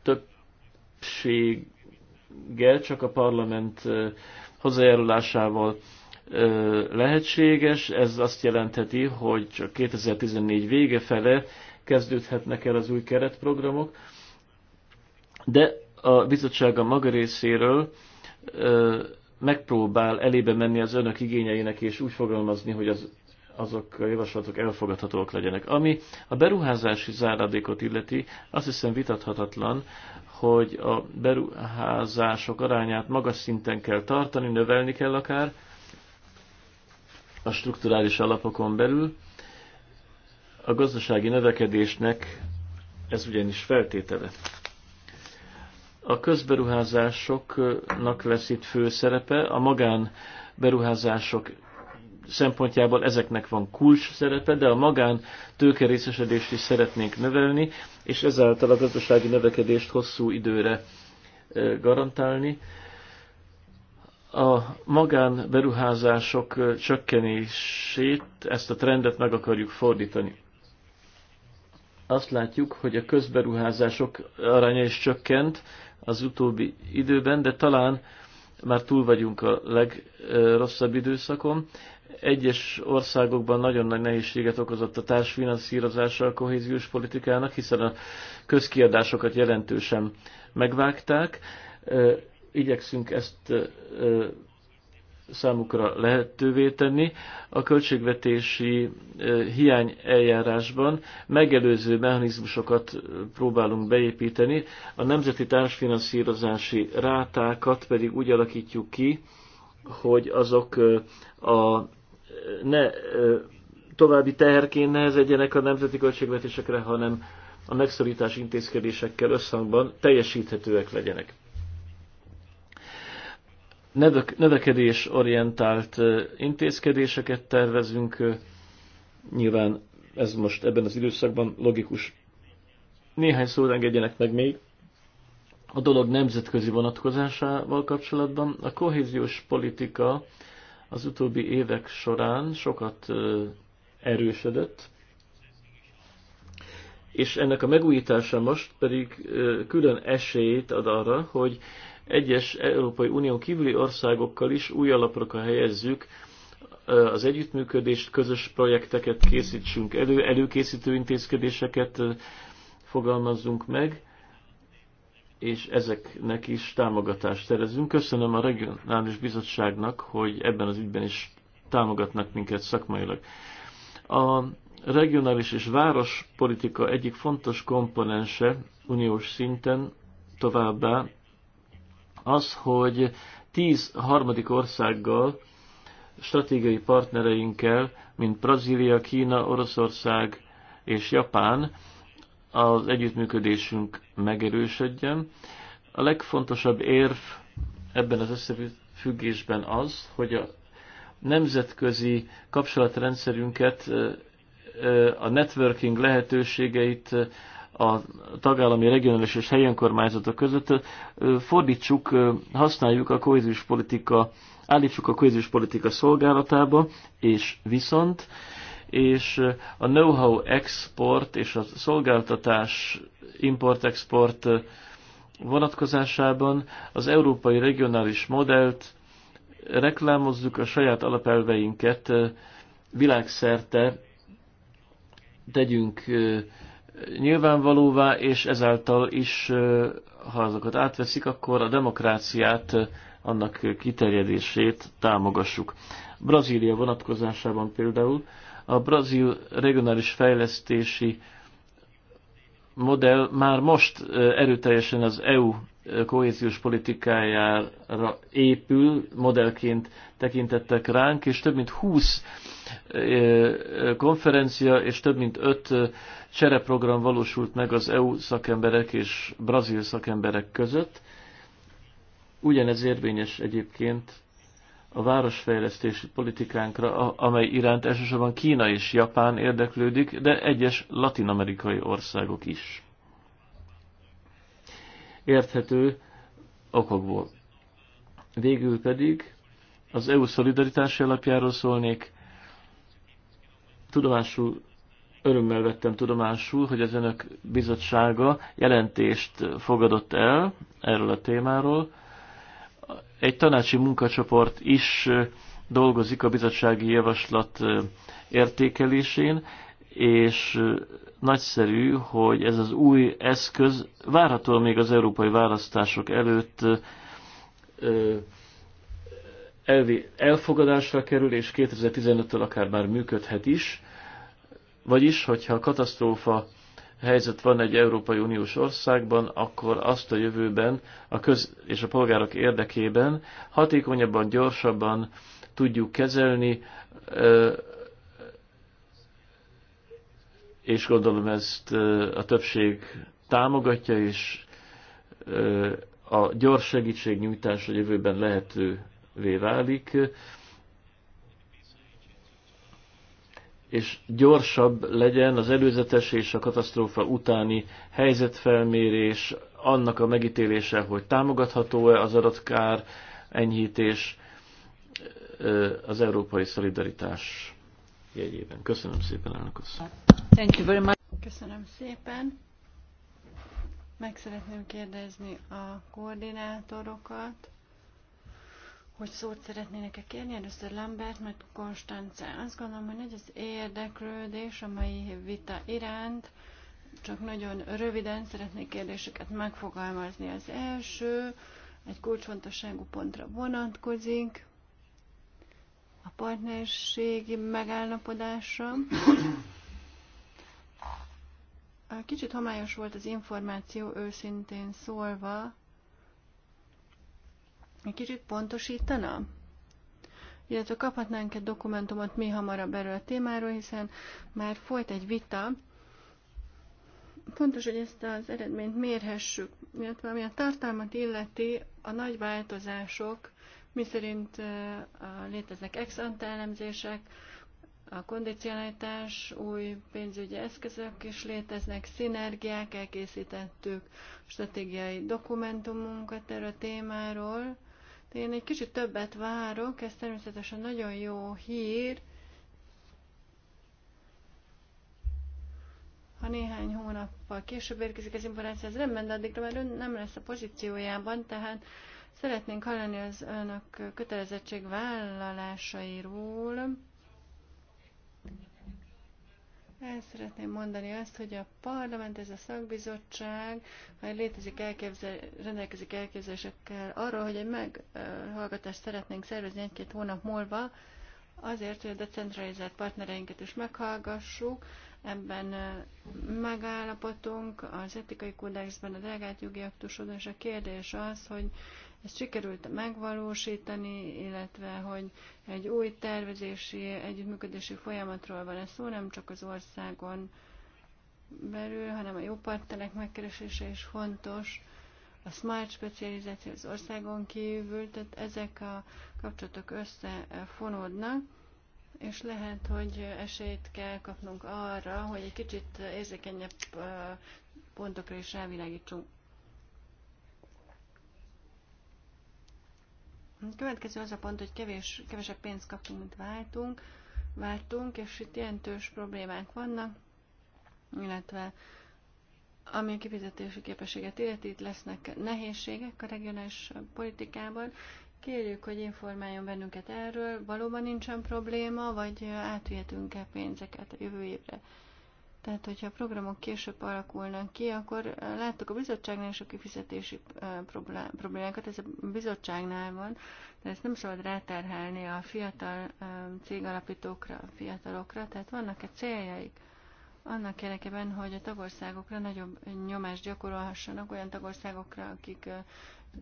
S1: többsége csak a parlament hozzájárulásával lehetséges. Ez azt jelentheti, hogy csak 2014 vége fele kezdődhetnek el az új keretprogramok, de a bizottság a maga részéről megpróbál elébe menni az önök igényeinek, és úgy fogalmazni, hogy az, azok a javaslatok elfogadhatóak legyenek. Ami a beruházási záradékot illeti, azt hiszem vitathatatlan, hogy a beruházások arányát magas szinten kell tartani, növelni kell akár, a strukturális alapokon belül. A gazdasági növekedésnek ez ugyanis feltétele. A közberuházásoknak lesz itt fő szerepe, a magán beruházások szempontjából ezeknek van kulcs szerepe, de a magán tőkerészesedést is szeretnénk növelni, és ezáltal a gazdasági növekedést hosszú időre eh, garantálni a magánberuházások csökkenését, ezt a trendet meg akarjuk fordítani. Azt látjuk, hogy a közberuházások aránya is csökkent az utóbbi időben, de talán már túl vagyunk a legrosszabb időszakon. Egyes országokban nagyon nagy nehézséget okozott a társfinanszírozása a kohéziós politikának, hiszen a közkiadásokat jelentősen megvágták igyekszünk ezt számukra lehetővé tenni. A költségvetési hiány eljárásban megelőző mechanizmusokat próbálunk beépíteni, a nemzeti társfinanszírozási rátákat pedig úgy alakítjuk ki, hogy azok a ne további teherként nehezedjenek a nemzeti költségvetésekre, hanem a megszorítás intézkedésekkel összhangban teljesíthetőek legyenek orientált intézkedéseket tervezünk. Nyilván ez most ebben az időszakban logikus. Néhány szót engedjenek meg még a dolog nemzetközi vonatkozásával kapcsolatban. A kohéziós politika az utóbbi évek során sokat erősödött, és ennek a megújítása most pedig külön esélyt ad arra, hogy egyes Európai Unión kívüli országokkal is új alapokra helyezzük az együttműködést, közös projekteket készítsünk elő, előkészítő intézkedéseket fogalmazzunk meg, és ezeknek is támogatást szerezünk. Köszönöm a regionális bizottságnak, hogy ebben az ügyben is támogatnak minket szakmailag. A regionális és várospolitika egyik fontos komponense uniós szinten továbbá az, hogy tíz harmadik országgal, stratégiai partnereinkkel, mint Brazília, Kína, Oroszország és Japán az együttműködésünk megerősödjen. A legfontosabb érv ebben az összefüggésben az, hogy a nemzetközi kapcsolatrendszerünket, a networking lehetőségeit a tagállami, regionális és helyi önkormányzatok között fordítsuk, használjuk a kohéziós politika, állítsuk a kohéziós politika szolgálatába, és viszont, és a know-how export és a szolgáltatás import-export vonatkozásában az európai regionális modellt reklámozzuk a saját alapelveinket világszerte, tegyünk nyilvánvalóvá, és ezáltal is, ha azokat átveszik, akkor a demokráciát, annak kiterjedését támogassuk. Brazília vonatkozásában például a brazil regionális fejlesztési modell már most erőteljesen az EU kohéziós politikájára épül, modellként tekintettek ránk, és több mint 20 konferencia és több mint 5 csereprogram valósult meg az EU szakemberek és brazil szakemberek között. Ugyanez érvényes egyébként a városfejlesztési politikánkra, amely iránt elsősorban Kína és Japán érdeklődik, de egyes latinamerikai országok is. Érthető okokból. Végül pedig az EU szolidaritási alapjáról szólnék. Tudomásul örömmel vettem tudomásul, hogy az önök bizottsága jelentést fogadott el erről a témáról, egy tanácsi munkacsoport is dolgozik a bizottsági javaslat értékelésén, és nagyszerű, hogy ez az új eszköz várhatóan még az európai választások előtt elfogadásra kerül, és 2015-től akár már működhet is. Vagyis, hogyha a katasztrófa helyzet van egy Európai Uniós országban, akkor azt a jövőben a köz és a polgárok érdekében hatékonyabban, gyorsabban tudjuk kezelni, és gondolom ezt a többség támogatja, és a gyors segítségnyújtás a jövőben lehetővé válik. és gyorsabb legyen az előzetes és a katasztrófa utáni helyzetfelmérés, annak a megítélése, hogy támogatható-e az adott kár enyhítés az európai szolidaritás jegyében. Köszönöm szépen, elnök Thank you very much.
S3: Köszönöm szépen. Meg szeretném kérdezni a koordinátorokat hogy szót szeretnének-e kérni. Először Lambert, mert Konstance. Azt gondolom, hogy az érdeklődés a mai vita iránt. Csak nagyon röviden szeretnék kérdéseket megfogalmazni. Az első egy kulcsfontosságú pontra vonatkozik, a partnerségi megállapodásra. Kicsit homályos volt az információ, őszintén szólva, egy kicsit pontosítana? Illetve kaphatnánk egy dokumentumot mi hamarabb erről a témáról, hiszen már folyt egy vita. Fontos, hogy ezt az eredményt mérhessük, illetve ami a tartalmat illeti, a nagy változások, miszerint léteznek ex ante elemzések, a kondicionalitás, új pénzügyi eszközök is léteznek, szinergiák, elkészítettük stratégiai dokumentumunkat erről a témáról, de én egy kicsit többet várok, ez természetesen nagyon jó hír. Ha néhány hónappal később érkezik az információ, ez rendben, de addigra már ön nem lesz a pozíciójában, tehát szeretnénk hallani az önök kötelezettségvállalásairól. vállalásairól el szeretném mondani azt, hogy a parlament, ez a szakbizottság, ha létezik elképzel, rendelkezik elképzelésekkel arról, hogy egy meghallgatást szeretnénk szervezni egy-két hónap múlva, azért, hogy a decentralizált partnereinket is meghallgassuk, ebben megállapotunk az etikai kódexben, a delegált jogi aktusodon, és a kérdés az, hogy ezt sikerült megvalósítani, illetve hogy egy új tervezési, együttműködési folyamatról van ez szó, nem csak az országon belül, hanem a jó partnerek megkeresése is fontos a smart specializáció az országon kívül, tehát ezek a kapcsolatok összefonódnak, és lehet, hogy esélyt kell kapnunk arra, hogy egy kicsit érzékenyebb pontokra is rávilágítsunk. Következő az a pont, hogy kevés, kevesebb pénzt kaptunk, mint váltunk, váltunk, és itt jelentős problémák vannak, illetve ami a kifizetési képességet illeti, itt lesznek nehézségek a regionális politikában. Kérjük, hogy informáljon bennünket erről, valóban nincsen probléma, vagy átvihetünk-e pénzeket a jövő évre. Tehát, hogyha a programok később alakulnak ki, akkor eh, láttuk a bizottságnál is a kifizetési eh, problémákat, ez a bizottságnál van, de ezt nem szabad ráterhelni a fiatal eh, cégalapítókra, a fiatalokra, tehát vannak-e céljaik annak érdekében, hogy a tagországokra nagyobb nyomást gyakorolhassanak olyan tagországokra, akik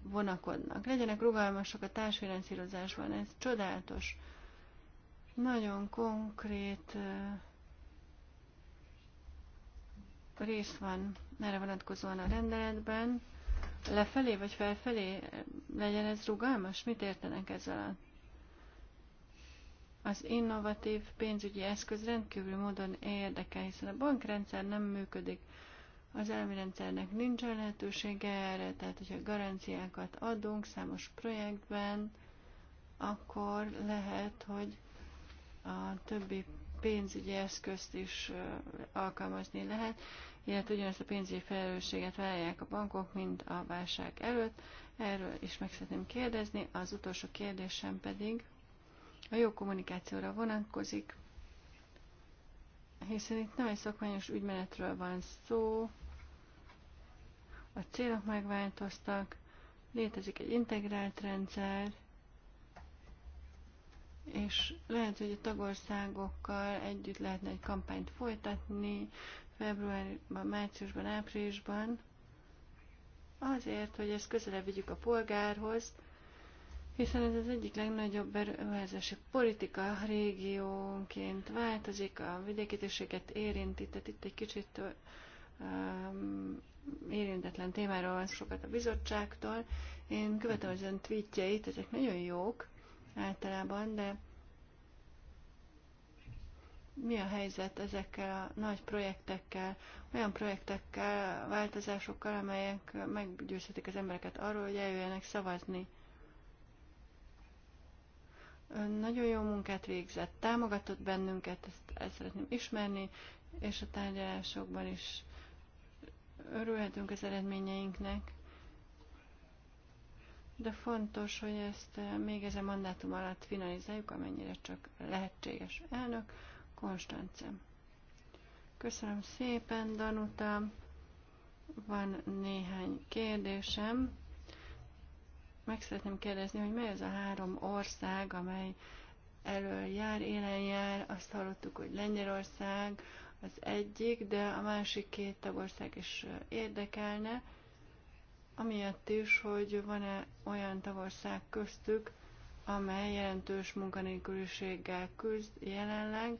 S3: vonakodnak. Legyenek rugalmasak a társfinanszírozásban, ez csodálatos. Nagyon konkrét uh, rész van erre vonatkozóan a rendeletben, lefelé vagy felfelé legyen ez rugalmas? Mit értenek ezzel a Az innovatív pénzügyi eszköz rendkívül módon érdekel, hiszen a bankrendszer nem működik, az elmi rendszernek nincs lehetősége erre, tehát hogyha garanciákat adunk számos projektben, akkor lehet, hogy a többi pénzügyi eszközt is alkalmazni lehet, illetve ugyanezt a pénzügyi felelősséget vállalják a bankok, mint a válság előtt. Erről is meg szeretném kérdezni. Az utolsó kérdésem pedig a jó kommunikációra vonatkozik, hiszen itt nem egy szokványos ügymenetről van szó, a célok megváltoztak, létezik egy integrált rendszer, és lehet, hogy a tagországokkal együtt lehetne egy kampányt folytatni, februárban, márciusban, áprilisban, azért, hogy ezt közelebb vigyük a polgárhoz, hiszen ez az egyik legnagyobb beruházási politika régiónként változik, a vidékítéseket érinti, tehát itt egy kicsit um, érintetlen témáról van sokat a bizottságtól. Én követem az ön tweetjeit, ezek nagyon jók általában, de mi a helyzet ezekkel a nagy projektekkel, olyan projektekkel, változásokkal, amelyek meggyőzhetik az embereket arról, hogy eljöjjenek szavazni. Ön nagyon jó munkát végzett, támogatott bennünket, ezt, el szeretném ismerni, és a tárgyalásokban is örülhetünk az eredményeinknek. De fontos, hogy ezt még ezen mandátum alatt finalizáljuk, amennyire csak lehetséges elnök. Konstance. Köszönöm szépen, Danuta. Van néhány kérdésem. Meg szeretném kérdezni, hogy mely az a három ország, amely elől jár, élen jár. Azt hallottuk, hogy Lengyelország az egyik, de a másik két tagország is érdekelne. Amiatt is, hogy van-e olyan tagország köztük, amely jelentős munkanélküliséggel küzd jelenleg,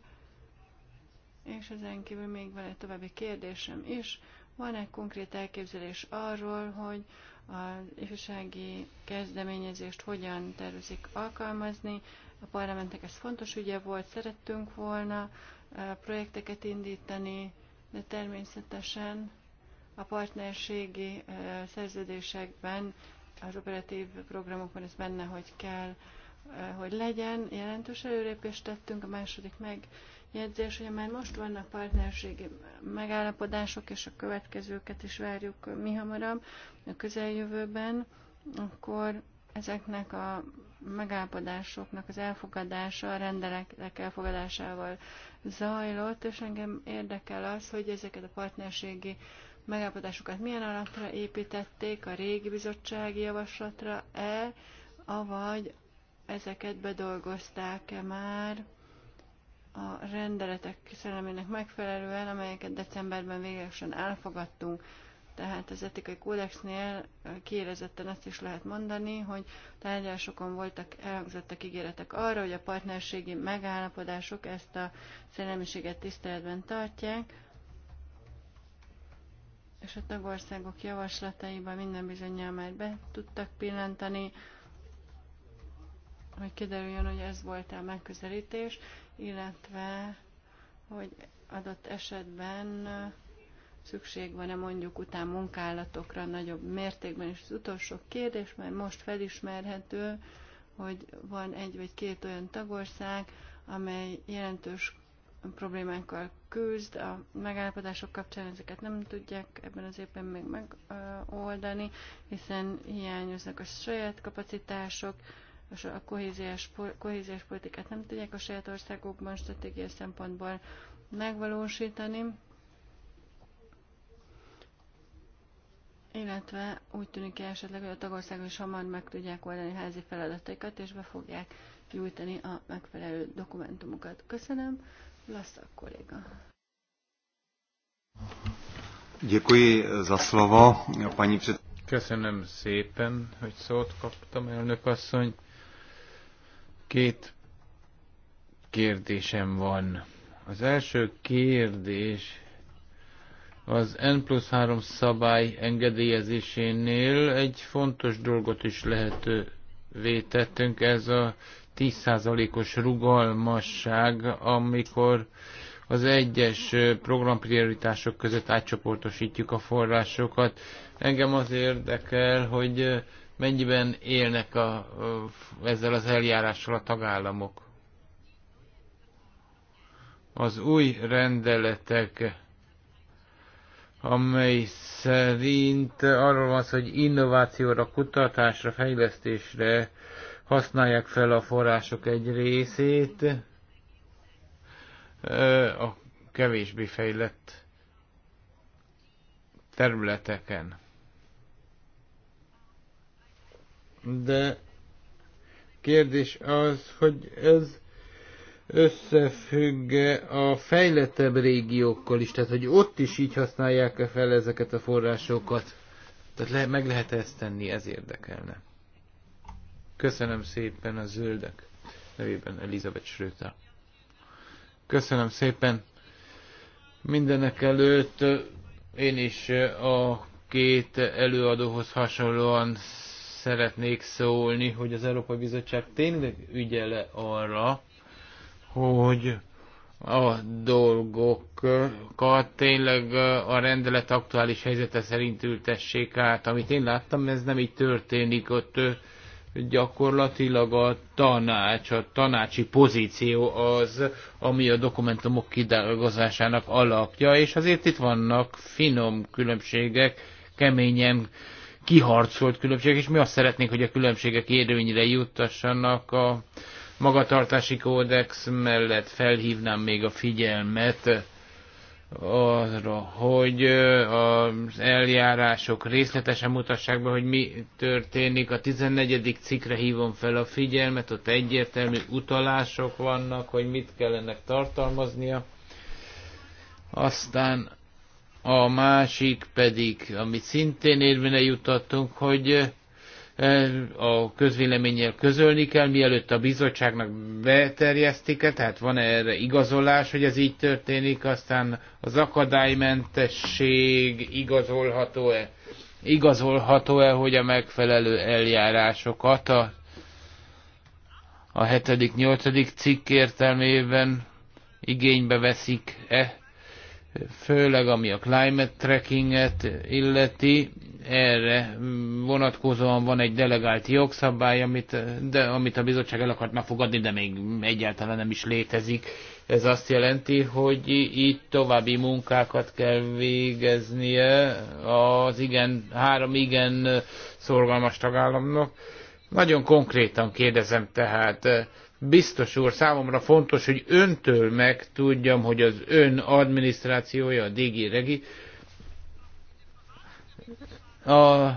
S3: és ezen kívül még van egy további kérdésem is. Van egy konkrét elképzelés arról, hogy az ifjúsági kezdeményezést hogyan tervezik alkalmazni. A parlamentnek ez fontos ügye volt, szerettünk volna projekteket indítani, de természetesen a partnerségi szerződésekben, az operatív programokban ez benne, hogy kell, hogy legyen. Jelentős előrépést tettünk, a második meg jegyzés, hogy már most vannak partnerségi megállapodások, és a következőket is várjuk mi hamarabb a közeljövőben, akkor ezeknek a megállapodásoknak az elfogadása, a rendeletek elfogadásával zajlott, és engem érdekel az, hogy ezeket a partnerségi megállapodásokat milyen alapra építették, a régi bizottsági javaslatra-e, avagy ezeket bedolgozták-e már a rendeletek szellemének megfelelően, amelyeket decemberben véglegesen elfogadtunk. Tehát az etikai kódexnél kiérezetten ezt is lehet mondani, hogy tárgyalásokon voltak, elhangzottak ígéretek arra, hogy a partnerségi megállapodások ezt a szellemiséget tiszteletben tartják, és a tagországok javaslataiban minden bizonyal már be tudtak pillantani, hogy kiderüljön, hogy ez volt a megközelítés illetve hogy adott esetben szükség van-e mondjuk után munkálatokra nagyobb mértékben. És az utolsó kérdés, mert most felismerhető, hogy van egy vagy két olyan tagország, amely jelentős problémákkal küzd, a megállapodások kapcsán ezeket nem tudják ebben az évben még megoldani, hiszen hiányoznak a saját kapacitások, és a kohéziós, kohéziós politikát nem tudják a saját országokban stratégiai szempontból megvalósítani, illetve úgy tűnik ki esetleg, hogy a tagországok is hamar meg tudják oldani házi feladataikat, és be fogják gyújtani a megfelelő dokumentumokat. Köszönöm, Lasszak kolléga. Děkuji
S2: za slovo, paní před... Köszönöm szépen, hogy szót kaptam, elnök asszony. Két kérdésem van. Az első kérdés az N plusz 3 szabály engedélyezésénél egy fontos dolgot is lehetővé tettünk, ez a 10%-os rugalmasság, amikor az egyes programprioritások között átcsoportosítjuk a forrásokat. Engem az érdekel, hogy Mennyiben élnek a, ezzel az eljárással a tagállamok? Az új rendeletek, amely szerint arról van hogy innovációra, kutatásra, fejlesztésre használják fel a források egy részét, a kevésbé fejlett területeken. de kérdés az, hogy ez összefügg a fejlettebb régiókkal is, tehát hogy ott is így használják -e fel ezeket a forrásokat. Tehát le, meg lehet -e ezt tenni, ez érdekelne. Köszönöm szépen a zöldek nevében Elizabeth Schröter. Köszönöm szépen. Mindenek előtt én is a két előadóhoz hasonlóan szeretnék szólni, hogy az Európai Bizottság tényleg ügyele arra, hogy a dolgokat tényleg a rendelet aktuális helyzete szerint ültessék át. Amit én láttam, ez nem így történik, ott gyakorlatilag a tanács, a tanácsi pozíció az, ami a dokumentumok kidolgozásának alapja, és azért itt vannak finom különbségek, keményen kiharcolt különbségek, és mi azt szeretnénk, hogy a különbségek érvényre juttassanak a magatartási kódex mellett felhívnám még a figyelmet arra, hogy az eljárások részletesen mutassák be, hogy mi történik. A 14. cikkre hívom fel a figyelmet, ott egyértelmű utalások vannak, hogy mit kellene tartalmaznia. Aztán a másik pedig, amit szintén érvényre jutottunk, hogy eh, a közvéleménnyel közölni kell, mielőtt a bizottságnak beterjesztik -e, tehát van -e erre igazolás, hogy ez így történik, aztán az akadálymentesség igazolható-e, igazolható-e, hogy a megfelelő eljárásokat a, a 7.-8. cikk értelmében igénybe veszik-e, főleg ami a climate trackinget illeti, erre vonatkozóan van egy delegált jogszabály, amit, de, amit a bizottság el akartna fogadni, de még egyáltalán nem is létezik. Ez azt jelenti, hogy itt további munkákat kell végeznie az igen, három igen szorgalmas tagállamnak. Nagyon konkrétan kérdezem tehát, Biztos úr, számomra fontos, hogy öntől megtudjam, hogy az ön adminisztrációja, a Digi Regi, a,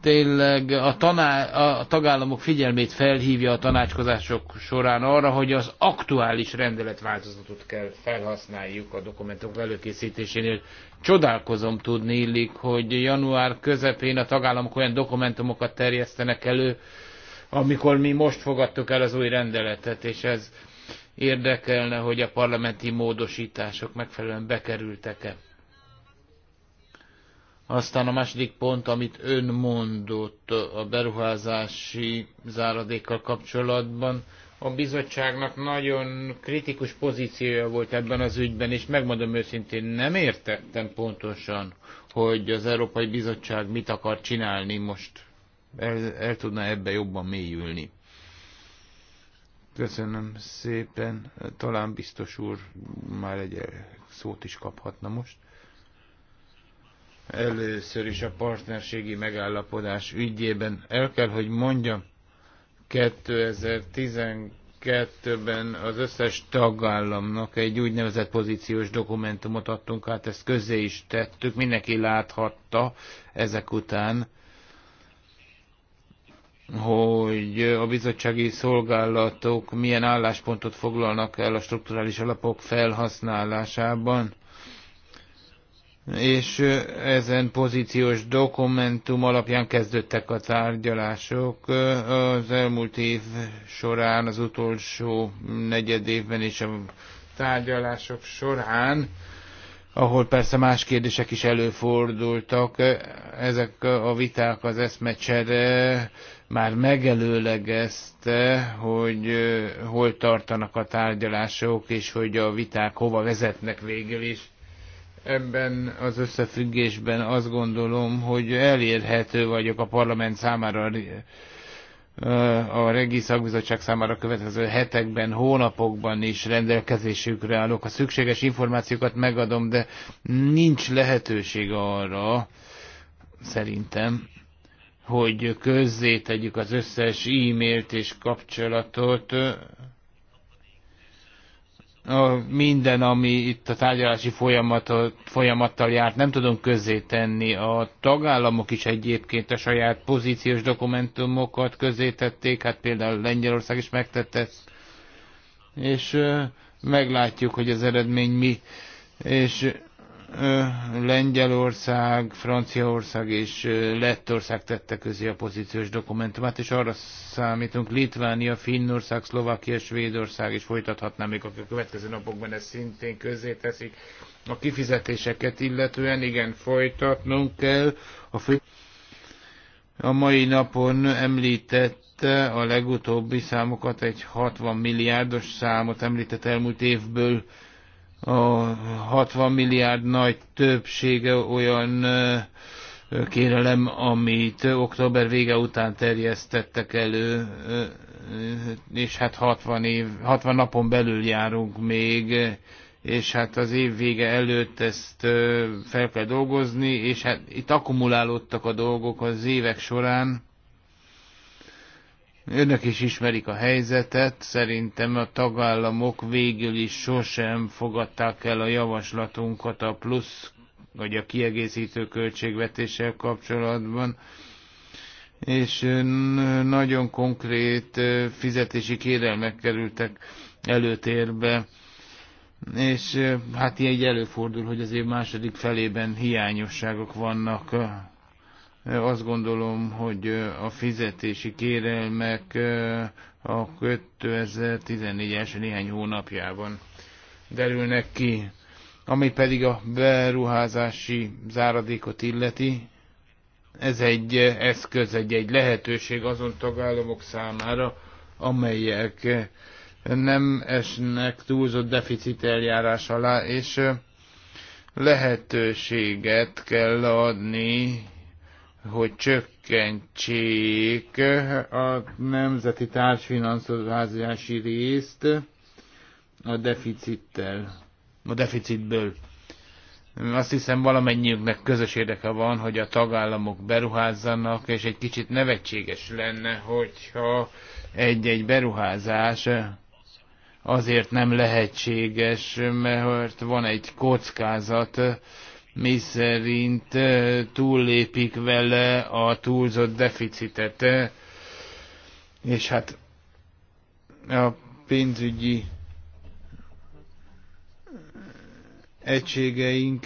S2: tényleg a, taná, a tagállamok figyelmét felhívja a tanácskozások során arra, hogy az aktuális rendeletváltozatot kell felhasználjuk a dokumentumok előkészítésénél. Csodálkozom tudni illik, hogy január közepén a tagállamok olyan dokumentumokat terjesztenek elő, amikor mi most fogadtuk el az új rendeletet, és ez érdekelne, hogy a parlamenti módosítások megfelelően bekerültek-e. Aztán a második pont, amit ön mondott a beruházási záradékkal kapcsolatban, a bizottságnak nagyon kritikus pozíciója volt ebben az ügyben, és megmondom őszintén, nem értettem pontosan, hogy az Európai Bizottság mit akar csinálni most el, el tudna ebbe jobban mélyülni. Köszönöm szépen. Talán biztos úr már egy szót is kaphatna most. Először is a partnerségi megállapodás ügyében el kell, hogy mondjam, 2012-ben az összes tagállamnak egy úgynevezett pozíciós dokumentumot adtunk át, ezt közzé is tettük, mindenki láthatta ezek után hogy a bizottsági szolgálatok milyen álláspontot foglalnak el a strukturális alapok felhasználásában. És ezen pozíciós dokumentum alapján kezdődtek a tárgyalások az elmúlt év során, az utolsó negyed évben és a tárgyalások során ahol persze más kérdések is előfordultak. Ezek a viták, az eszmecsere már megelőlegezte, hogy hol tartanak a tárgyalások, és hogy a viták hova vezetnek végül is. Ebben az összefüggésben azt gondolom, hogy elérhető vagyok a parlament számára a regi szakbizottság számára következő hetekben, hónapokban is rendelkezésükre állok. A szükséges információkat megadom, de nincs lehetőség arra, szerintem, hogy közzétegyük az összes e-mailt és kapcsolatot, a, minden, ami itt a tárgyalási folyamattal járt, nem tudom közzé tenni. A tagállamok is egyébként a saját pozíciós dokumentumokat közzé tették, hát például Lengyelország is megtette ezt. És ö, meglátjuk, hogy az eredmény mi. És Lengyelország, Franciaország és Lettország tette közé a pozíciós dokumentumát, és arra számítunk Litvánia, Finnország, Szlovákia, Svédország is folytathatnám még a következő napokban ezt szintén közé teszik. A kifizetéseket illetően igen, folytatnunk kell. A, fő... a mai napon említett említette a legutóbbi számokat, egy 60 milliárdos számot említett elmúlt évből, a 60 milliárd nagy többsége olyan kérelem, amit október vége után terjesztettek elő, és hát 60, év, 60 napon belül járunk még, és hát az év vége előtt ezt fel kell dolgozni, és hát itt akkumulálódtak a dolgok az évek során, Önök is ismerik a helyzetet, szerintem a tagállamok végül is sosem fogadták el a javaslatunkat a plusz vagy a kiegészítő költségvetéssel kapcsolatban, és nagyon konkrét fizetési kérelmek kerültek előtérbe, és hát így előfordul, hogy az év második felében hiányosságok vannak azt gondolom, hogy a fizetési kérelmek a 2014 első néhány hónapjában derülnek ki. Ami pedig a beruházási záradékot illeti, ez egy eszköz, egy, egy lehetőség azon tagállamok számára, amelyek nem esnek túlzott deficit eljárás alá, és lehetőséget kell adni hogy csökkentsék a nemzeti társfinanszírozási részt a deficittel, a deficitből. Azt hiszem valamennyiünknek közös érdeke van, hogy a tagállamok beruházzanak, és egy kicsit nevetséges lenne, hogyha egy-egy beruházás azért nem lehetséges, mert van egy kockázat, mi szerint túllépik vele a túlzott deficitet. És hát a pénzügyi egységeink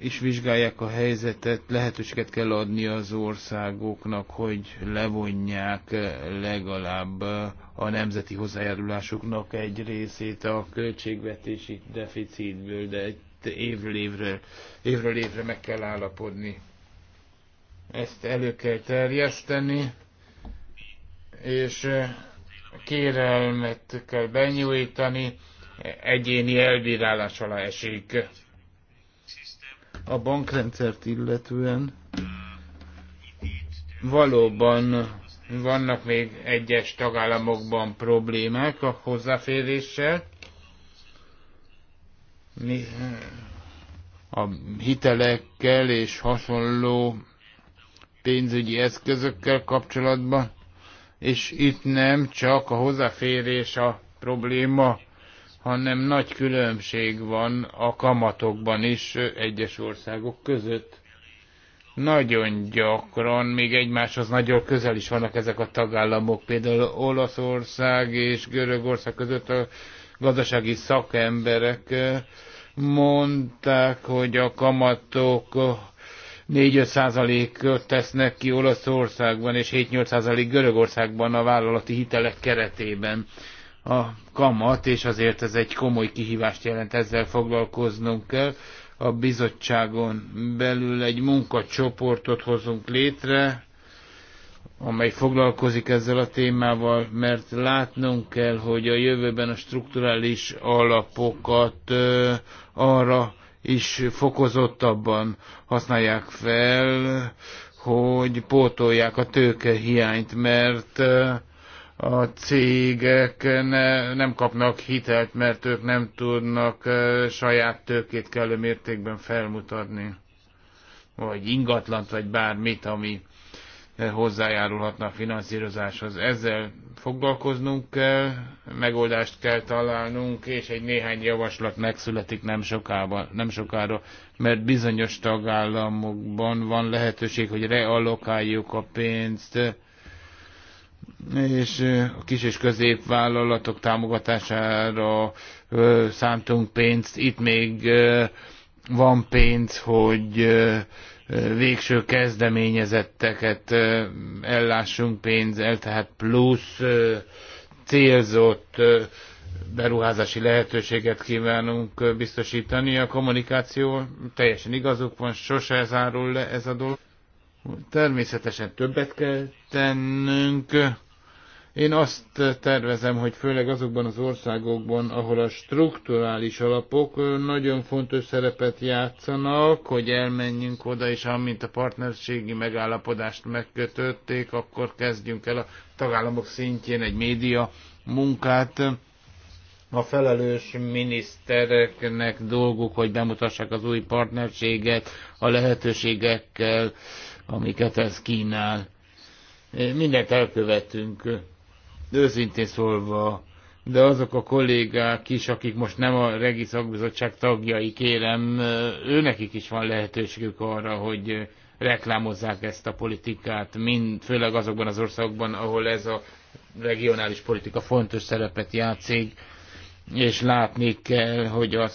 S2: is vizsgálják a helyzetet, lehetőséget kell adni az országoknak, hogy levonják legalább a nemzeti hozzájárulásuknak egy részét a költségvetési deficitből, de egy itt évről évre évről évre meg kell állapodni. Ezt elő kell terjeszteni, és kérelmet kell benyújtani, egyéni elbírálás alá esik. A bankrendszert illetően valóban vannak még egyes tagállamokban problémák a hozzáféréssel, a hitelekkel és hasonló pénzügyi eszközökkel kapcsolatban, és itt nem csak a hozzáférés a probléma, hanem nagy különbség van a kamatokban is egyes országok között. Nagyon gyakran, még egymáshoz nagyon közel is vannak ezek a tagállamok, például Olaszország és Görögország között a gazdasági szakemberek Mondták, hogy a kamatok 4-5 százalékot tesznek ki Olaszországban, és 7-8 százalék Görögországban a vállalati hitelek keretében a kamat, és azért ez egy komoly kihívást jelent, ezzel foglalkoznunk kell. A bizottságon belül egy munkacsoportot hozunk létre, amely foglalkozik ezzel a témával, mert látnunk kell, hogy a jövőben a strukturális alapokat ö, arra is fokozottabban használják fel, hogy pótolják a tőkehiányt, mert ö, a cégek ne, nem kapnak hitelt, mert ők nem tudnak ö, saját tőkét kellő mértékben felmutatni, vagy ingatlant, vagy bármit, ami hozzájárulhatna a finanszírozáshoz. Ezzel foglalkoznunk kell, megoldást kell találnunk, és egy néhány javaslat megszületik nem, sokába, nem sokára, mert bizonyos tagállamokban van lehetőség, hogy realokáljuk a pénzt, és a kis és középvállalatok támogatására szántunk pénzt. Itt még van pénz, hogy végső kezdeményezetteket ellássunk pénzzel, tehát plusz célzott beruházási lehetőséget kívánunk biztosítani. A kommunikáció teljesen igazuk van, sose zárul le ez a dolog. Természetesen többet kell tennünk én azt tervezem, hogy főleg azokban az országokban, ahol a strukturális alapok nagyon fontos szerepet játszanak, hogy elmenjünk oda, és amint a partnerségi megállapodást megkötötték, akkor kezdjünk el a tagállamok szintjén egy média munkát. A felelős minisztereknek dolguk, hogy bemutassák az új partnerséget a lehetőségekkel, amiket ez kínál. Mindent elkövetünk de őszintén szólva, de azok a kollégák is, akik most nem a Regi Szakbizottság tagjai, kérem, őnekik is van lehetőségük arra, hogy reklámozzák ezt a politikát, mind, főleg azokban az országokban, ahol ez a regionális politika fontos szerepet játszik, és látni kell, hogy a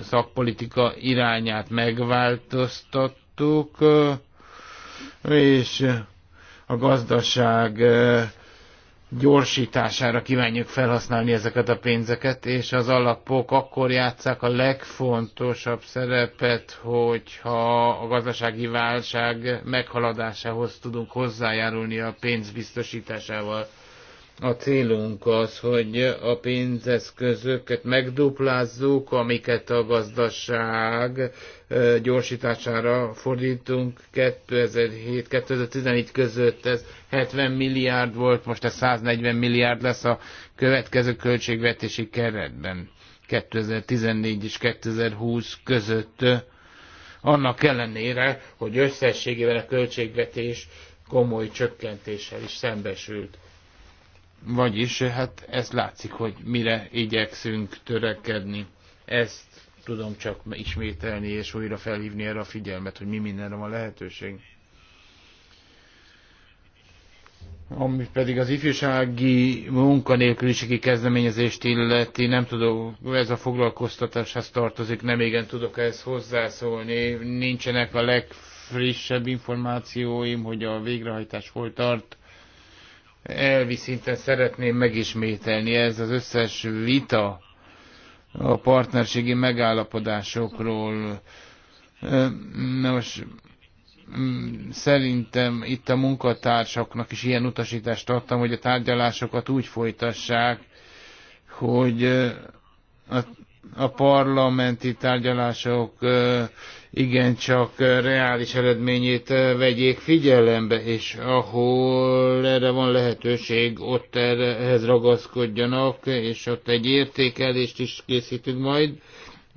S2: szakpolitika irányát megváltoztattuk, és a gazdaság gyorsítására kívánjuk felhasználni ezeket a pénzeket, és az alapok akkor játszák a legfontosabb szerepet, hogyha a gazdasági válság meghaladásához tudunk hozzájárulni a pénz biztosításával. A célunk az, hogy a pénzeszközöket megduplázzuk, amiket a gazdaság gyorsítására fordítunk 2007-2014 között. Ez 70 milliárd volt, most ez 140 milliárd lesz a következő költségvetési keretben. 2014 és 2020 között annak ellenére, hogy összességében a költségvetés komoly csökkentéssel is szembesült. Vagyis hát ez látszik, hogy mire igyekszünk törekedni. Ezt tudom csak ismételni és újra felhívni erre a figyelmet, hogy mi mindenre van lehetőség. Ami pedig az ifjúsági munkanélküliségi kezdeményezést illeti, nem tudok, ez a foglalkoztatáshoz tartozik, nem igen tudok ehhez hozzászólni. Nincsenek a legfrissebb információim, hogy a végrehajtás hol tart elvi szinten szeretném megismételni. Ez az összes vita a partnerségi megállapodásokról. Nos most szerintem itt a munkatársaknak is ilyen utasítást adtam, hogy a tárgyalásokat úgy folytassák, hogy a, a parlamenti tárgyalások igencsak reális eredményét vegyék figyelembe, és ahol erre van lehetőség, ott ehhez ragaszkodjanak, és ott egy értékelést is készítünk majd.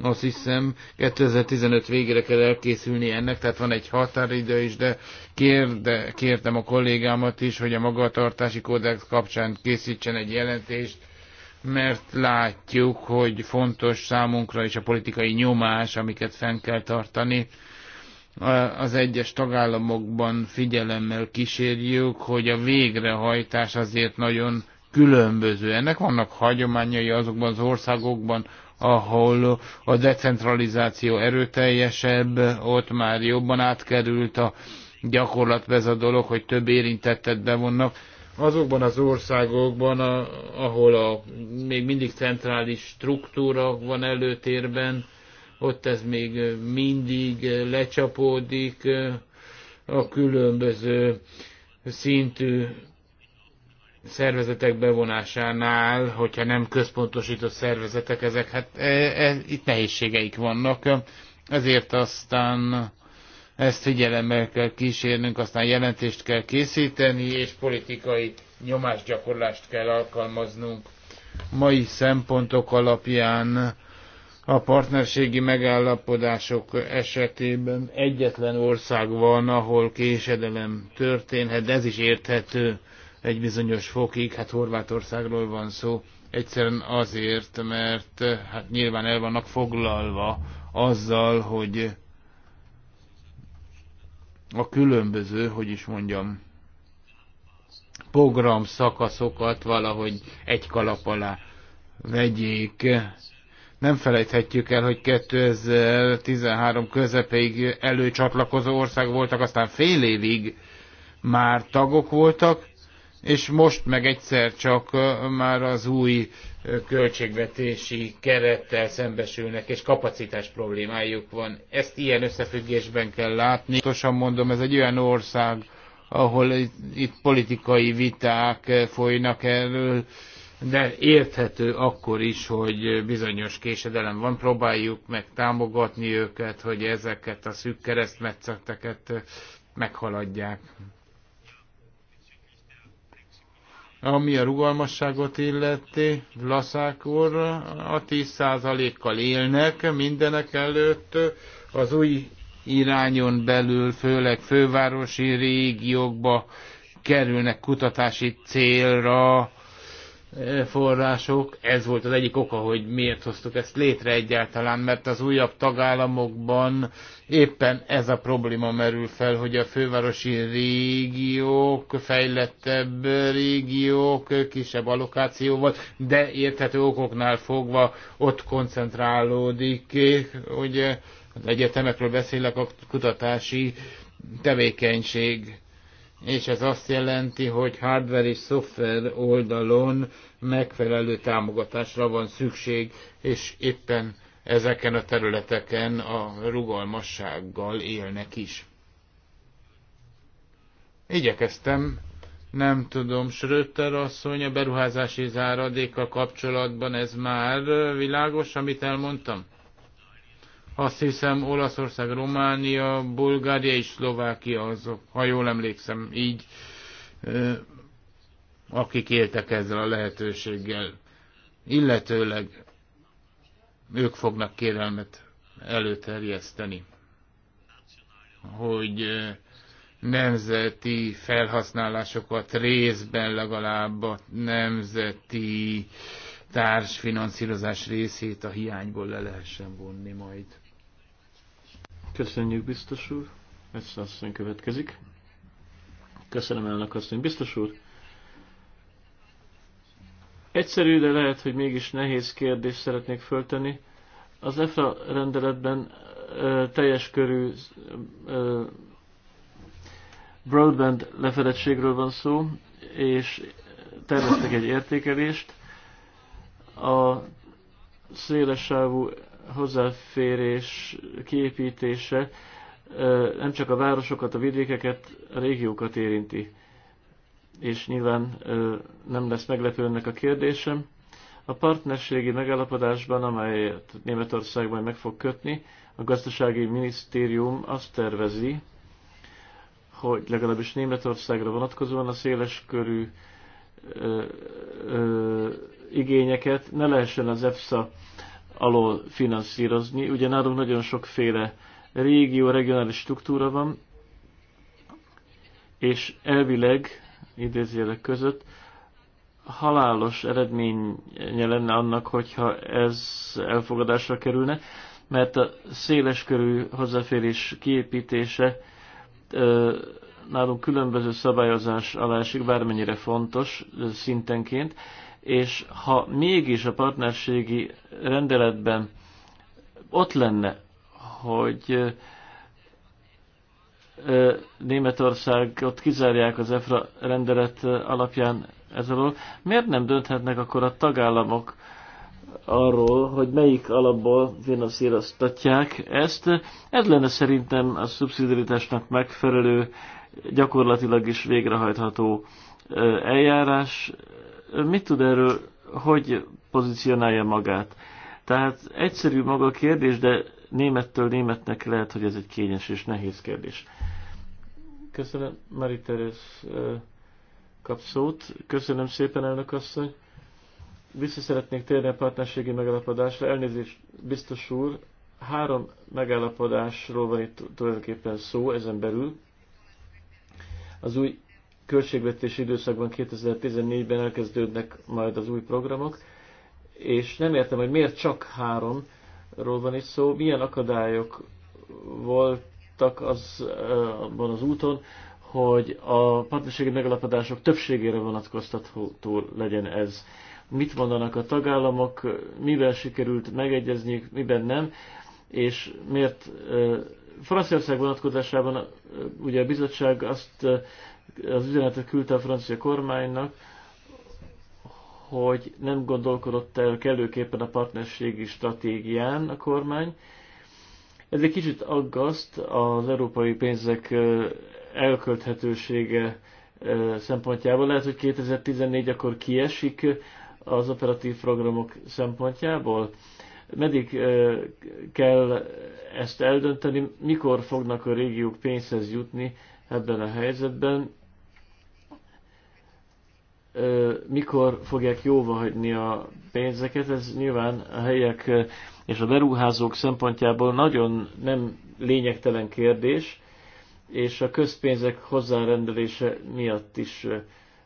S2: Azt hiszem 2015 végére kell elkészülni ennek, tehát van egy határidő is, de kérde, kértem a kollégámat is, hogy a magatartási kódex kapcsán készítsen egy jelentést, mert látjuk, hogy fontos számunkra is a politikai nyomás, amiket fenn kell tartani. Az egyes tagállamokban figyelemmel kísérjük, hogy a végrehajtás azért nagyon különböző. Ennek vannak hagyományai azokban az országokban, ahol a decentralizáció erőteljesebb, ott már jobban átkerült a gyakorlatba ez a dolog, hogy több érintettet bevonnak azokban az országokban, a, ahol a, még mindig centrális struktúra van előtérben, ott ez még mindig lecsapódik a különböző szintű szervezetek bevonásánál, hogyha nem központosított szervezetek, ezek hát e, e, itt nehézségeik vannak. Ezért aztán ezt figyelemmel kell kísérnünk, aztán jelentést kell készíteni, és politikai nyomásgyakorlást kell alkalmaznunk. Mai szempontok alapján a partnerségi megállapodások esetében egyetlen ország van, ahol késedelem történhet, de ez is érthető egy bizonyos fokig, hát Horvátországról van szó, egyszerűen azért, mert hát nyilván el vannak foglalva azzal, hogy a különböző, hogy is mondjam, program szakaszokat valahogy egy kalap alá vegyék. Nem felejthetjük el, hogy 2013 közepéig előcsatlakozó ország voltak, aztán fél évig már tagok voltak, és most meg egyszer csak már az új költségvetési kerettel szembesülnek, és kapacitás problémájuk van. Ezt ilyen összefüggésben kell látni. Tosan mondom, ez egy olyan ország, ahol itt politikai viták folynak erről, de érthető akkor is, hogy bizonyos késedelem van. Próbáljuk meg támogatni őket, hogy ezeket a szűk keresztmetszeteket meghaladják. Ami a rugalmasságot illeti, Vlaszák úr, a 10%-kal élnek mindenek előtt az új irányon belül, főleg fővárosi régiókba kerülnek kutatási célra források. Ez volt az egyik oka, hogy miért hoztuk ezt létre egyáltalán, mert az újabb tagállamokban éppen ez a probléma merül fel, hogy a fővárosi régiók, fejlettebb régiók kisebb volt, de érthető okoknál fogva ott koncentrálódik, hogy az egyetemekről beszélek, a kutatási tevékenység és ez azt jelenti, hogy hardware és szoftver oldalon megfelelő támogatásra van szükség, és éppen ezeken a területeken a rugalmassággal élnek is. Igyekeztem, nem tudom, Schröter asszony a beruházási záradéka kapcsolatban ez már világos, amit elmondtam? Azt hiszem Olaszország, Románia, Bulgária és Szlovákia azok, ha jól emlékszem, így, akik éltek ezzel a lehetőséggel. Illetőleg ők fognak kérelmet előterjeszteni, hogy nemzeti felhasználásokat részben legalább a nemzeti társfinanszírozás részét a hiányból le lehessen
S1: vonni majd. Köszönjük, biztos úr. Ez asszony következik. Köszönöm, elnök asszony. Biztos úr, egyszerű, de lehet, hogy mégis nehéz kérdést szeretnék föltenni. Az EFRA rendeletben ö, teljes körű ö, broadband lefedettségről van szó, és terveztek egy értékelést. A szélesávú hozzáférés kiépítése nem csak a városokat, a vidékeket, a régiókat érinti. És nyilván nem lesz meglepő ennek a kérdésem. A partnerségi megállapodásban, amelyet Németországban meg fog kötni, a gazdasági minisztérium azt tervezi, hogy legalábbis Németországra vonatkozóan a széleskörű ö, ö, igényeket ne lehessen az EFSA alól finanszírozni. Ugye nálunk nagyon sokféle régió, regionális struktúra van, és elvileg, idézőjelek között, halálos eredménye lenne annak, hogyha ez elfogadásra kerülne, mert a széleskörű hozzáférés kiépítése nálunk különböző szabályozás alá esik, bármennyire fontos szintenként, és ha mégis a partnerségi rendeletben ott lenne, hogy Németországot kizárják az EFRA rendelet alapján ez alól, miért nem dönthetnek akkor a tagállamok arról, hogy melyik alapból finanszíroztatják ezt. Ez lenne szerintem a szubszidiaritásnak megfelelő, gyakorlatilag is végrehajtható eljárás mit tud erről, hogy pozícionálja magát? Tehát egyszerű maga a kérdés, de némettől németnek lehet, hogy ez egy kényes és nehéz kérdés. Köszönöm, Mari Teres kap szót. Köszönöm szépen, elnök asszony. Vissza szeretnék térni a partnerségi megállapodásra. Elnézést, biztos úr, három megállapodásról van itt tulajdonképpen szó ezen belül. Az új költségvetési időszakban 2014-ben elkezdődnek majd az új programok, és nem értem, hogy miért csak háromról van itt szó, milyen akadályok voltak az, eh, abban az úton, hogy a partnerségi megalapodások többségére vonatkoztató legyen ez. Mit mondanak a tagállamok, mivel sikerült megegyezni, miben nem, és miért eh, Franciaország vonatkozásában eh, ugye a bizottság azt az üzenetet küldte a francia kormánynak, hogy nem gondolkodott el kellőképpen a partnerségi stratégián a kormány. Ez egy kicsit aggaszt az európai pénzek elkölthetősége szempontjából. Lehet, hogy 2014 akkor kiesik az operatív programok szempontjából. Meddig kell ezt eldönteni, mikor fognak a régiók pénzhez jutni ebben a helyzetben, mikor fogják jóva hagyni a pénzeket, ez nyilván a helyek és a beruházók szempontjából nagyon nem lényegtelen kérdés, és a közpénzek hozzárendelése miatt is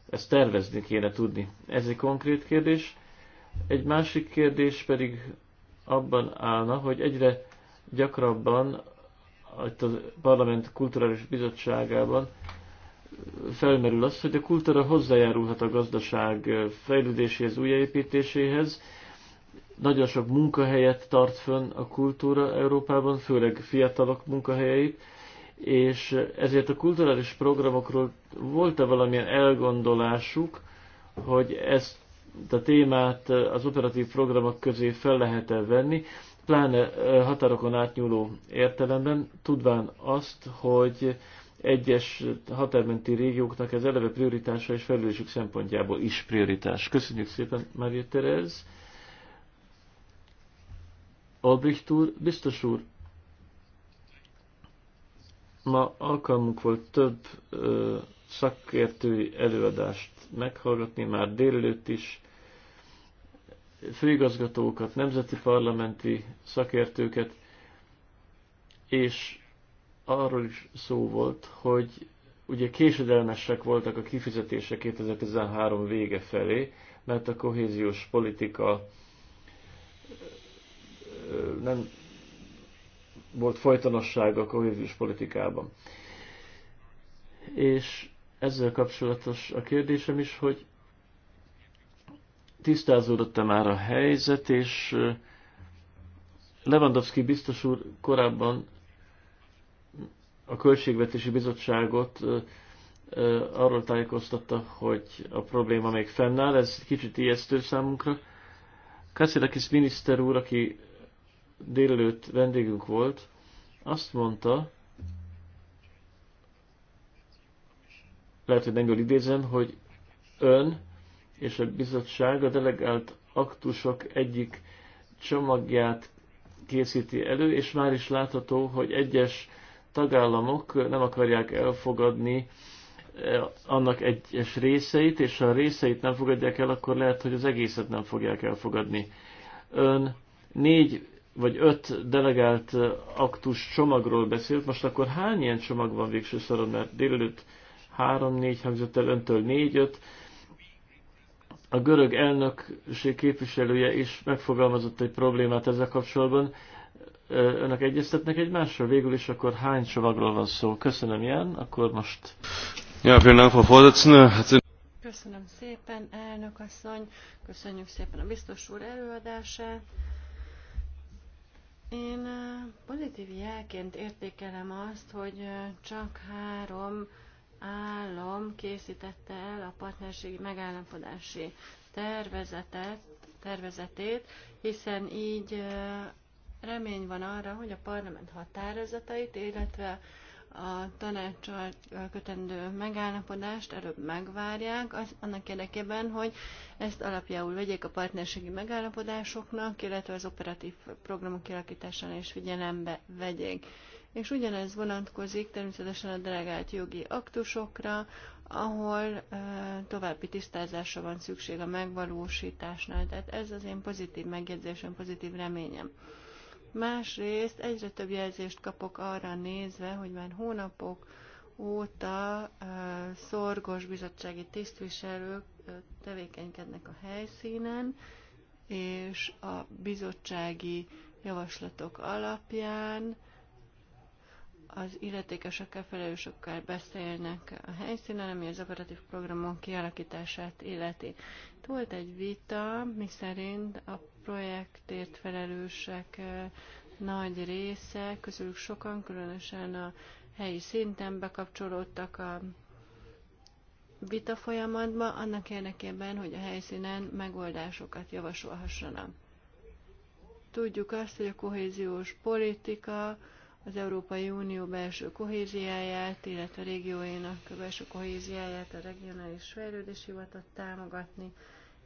S1: ezt tervezni kéne tudni. Ez egy konkrét kérdés. Egy másik kérdés pedig abban állna, hogy egyre gyakrabban itt a Parlament Kulturális Bizottságában felmerül az, hogy a kultúra hozzájárulhat a gazdaság fejlődéséhez, újjáépítéséhez. Nagyon sok munkahelyet tart fönn a kultúra Európában, főleg fiatalok munkahelyeit, és ezért a kulturális programokról volt-e valamilyen elgondolásuk, hogy ezt a témát az operatív programok közé fel lehet-e venni, pláne határokon átnyúló értelemben, tudván azt, hogy egyes határmenti régióknak ez eleve prioritása és felelősük szempontjából is prioritás. Köszönjük szépen, Mária Terez. Albrecht úr, biztos úr, ma alkalmunk volt több ö, szakértői előadást meghallgatni, már délelőtt is főigazgatókat, nemzeti parlamenti szakértőket, és arról is szó volt, hogy ugye késedelmesek voltak a kifizetése 2013 vége felé, mert a kohéziós politika nem volt folytonossága a kohéziós politikában. És ezzel kapcsolatos a kérdésem is, hogy tisztázódott -e már a helyzet, és Lewandowski biztos úr korábban a Költségvetési Bizottságot arról tájékoztatta, hogy a probléma még fennáll, ez kicsit ijesztő számunkra. Kacilakis miniszter úr, aki délelőtt vendégünk volt, azt mondta, lehet, hogy nem jól idézem, hogy ön és a bizottság a delegált aktusok egyik csomagját készíti elő, és már is látható, hogy egyes tagállamok nem akarják elfogadni eh, annak egyes részeit, és ha a részeit nem fogadják el, akkor lehet, hogy az egészet nem fogják elfogadni. Ön négy vagy öt delegált aktus csomagról beszélt, most akkor hány ilyen csomag van végső soron, mert délelőtt három-négy hangzott el, öntől négy-öt, a görög elnökség képviselője is megfogalmazott egy problémát ezzel kapcsolatban. Önök egyeztetnek egymással? Végül is akkor hány csomagról van szó? Köszönöm, Ján, akkor most...
S2: Ja,
S3: Köszönöm szépen, elnök asszony, köszönjük szépen a biztos úr előadását. Én pozitív jelként értékelem azt, hogy csak három állam készítette el a partnerségi megállapodási tervezetet, tervezetét, hiszen így remény van arra, hogy a parlament határozatait, illetve a tanácssal kötendő megállapodást előbb megvárják, az, annak érdekében, hogy ezt alapjául vegyék a partnerségi megállapodásoknak, illetve az operatív programok kialakításán is figyelembe vegyék és ugyanez vonatkozik természetesen a delegált jogi aktusokra, ahol e, további tisztázásra van szükség a megvalósításnál. Tehát ez az én pozitív megjegyzésem, pozitív reményem. Másrészt egyre több jelzést kapok arra nézve, hogy már hónapok óta e, szorgos bizottsági tisztviselők e, tevékenykednek a helyszínen, és a bizottsági javaslatok alapján az illetékesekkel, felelősökkel beszélnek a helyszínen, ami az operatív programon kialakítását illeti. Itt volt egy vita, miszerint a projektért felelősek nagy része, közülük sokan, különösen a helyi szinten bekapcsolódtak a vita folyamatba, annak érdekében, hogy a helyszínen megoldásokat javasolhassanak. Tudjuk azt, hogy a kohéziós politika, az Európai Unió belső kohéziáját, illetve a régióinak belső kohéziáját a regionális fejlődési hivatott támogatni,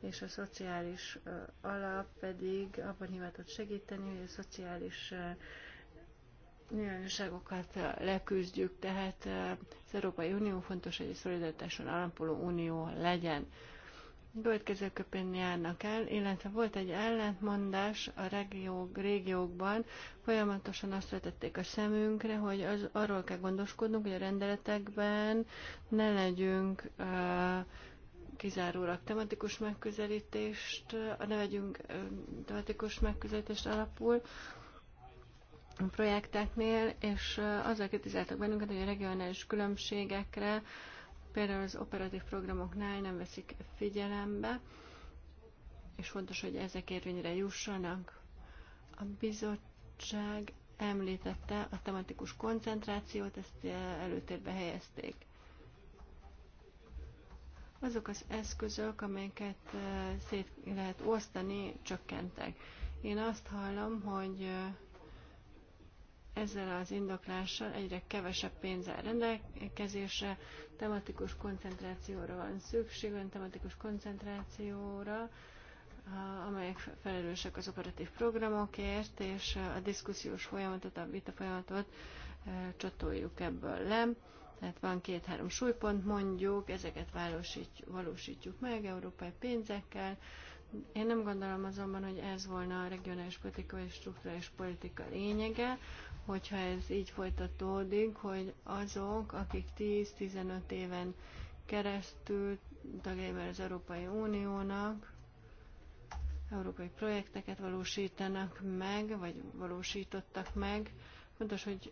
S3: és a szociális alap pedig abban hivatott segíteni, hogy a szociális nyilvánosságokat leküzdjük, tehát az Európai Unió fontos, hogy egy szolidaritáson alapuló unió legyen böltkezőköpén járnak el, illetve volt egy ellentmondás a regiók, régiókban, folyamatosan azt vetették a szemünkre, hogy az, arról kell gondoskodnunk, hogy a rendeletekben ne legyünk uh, kizárólag tematikus megközelítést, ne vegyünk uh, tematikus megközelítést alapul, a projekteknél, és azzal kritizáltak bennünket, hogy a regionális különbségekre például az operatív programoknál nem veszik figyelembe, és fontos, hogy ezek érvényre jussanak. A bizottság említette a tematikus koncentrációt, ezt eh, előtérbe helyezték. Azok az eszközök, amelyeket eh, szét lehet osztani, csökkentek. Én azt hallom, hogy eh, ezzel az indoklással egyre kevesebb pénz rendelkezésre, tematikus koncentrációra van szükség, olyan tematikus koncentrációra, amelyek felelősek az operatív programokért, és a diszkusziós folyamatot, a vita folyamatot e, csatoljuk ebből le. Tehát van két-három súlypont, mondjuk, ezeket valósítjuk meg európai pénzekkel, én nem gondolom azonban, hogy ez volna a regionális politika és struktúrális politika lényege, hogyha ez így folytatódik, hogy azok, akik 10-15 éven keresztül tagjai az Európai Uniónak, európai projekteket valósítanak meg, vagy valósítottak meg. Fontos, hogy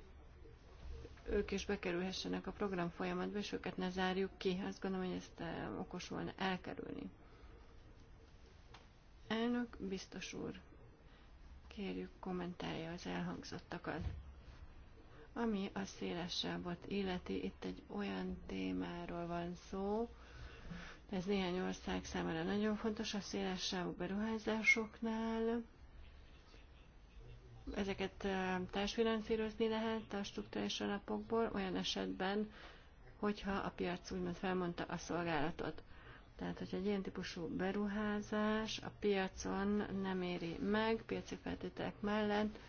S3: ők is bekerülhessenek a program folyamatba, és őket ne zárjuk ki. Azt gondolom, hogy ezt okos volna elkerülni. Elnök, biztos úr, kérjük kommentálja az elhangzottakat. Ami a széles sávot illeti, itt egy olyan témáról van szó, ez néhány ország számára nagyon fontos a széles sávú beruházásoknál. Ezeket társfinanszírozni lehet a struktúrális alapokból olyan esetben, hogyha a piac úgymond felmondta a szolgálatot. Tehát, hogyha egy ilyen típusú beruházás a piacon nem éri meg, piaci feltételek mellett,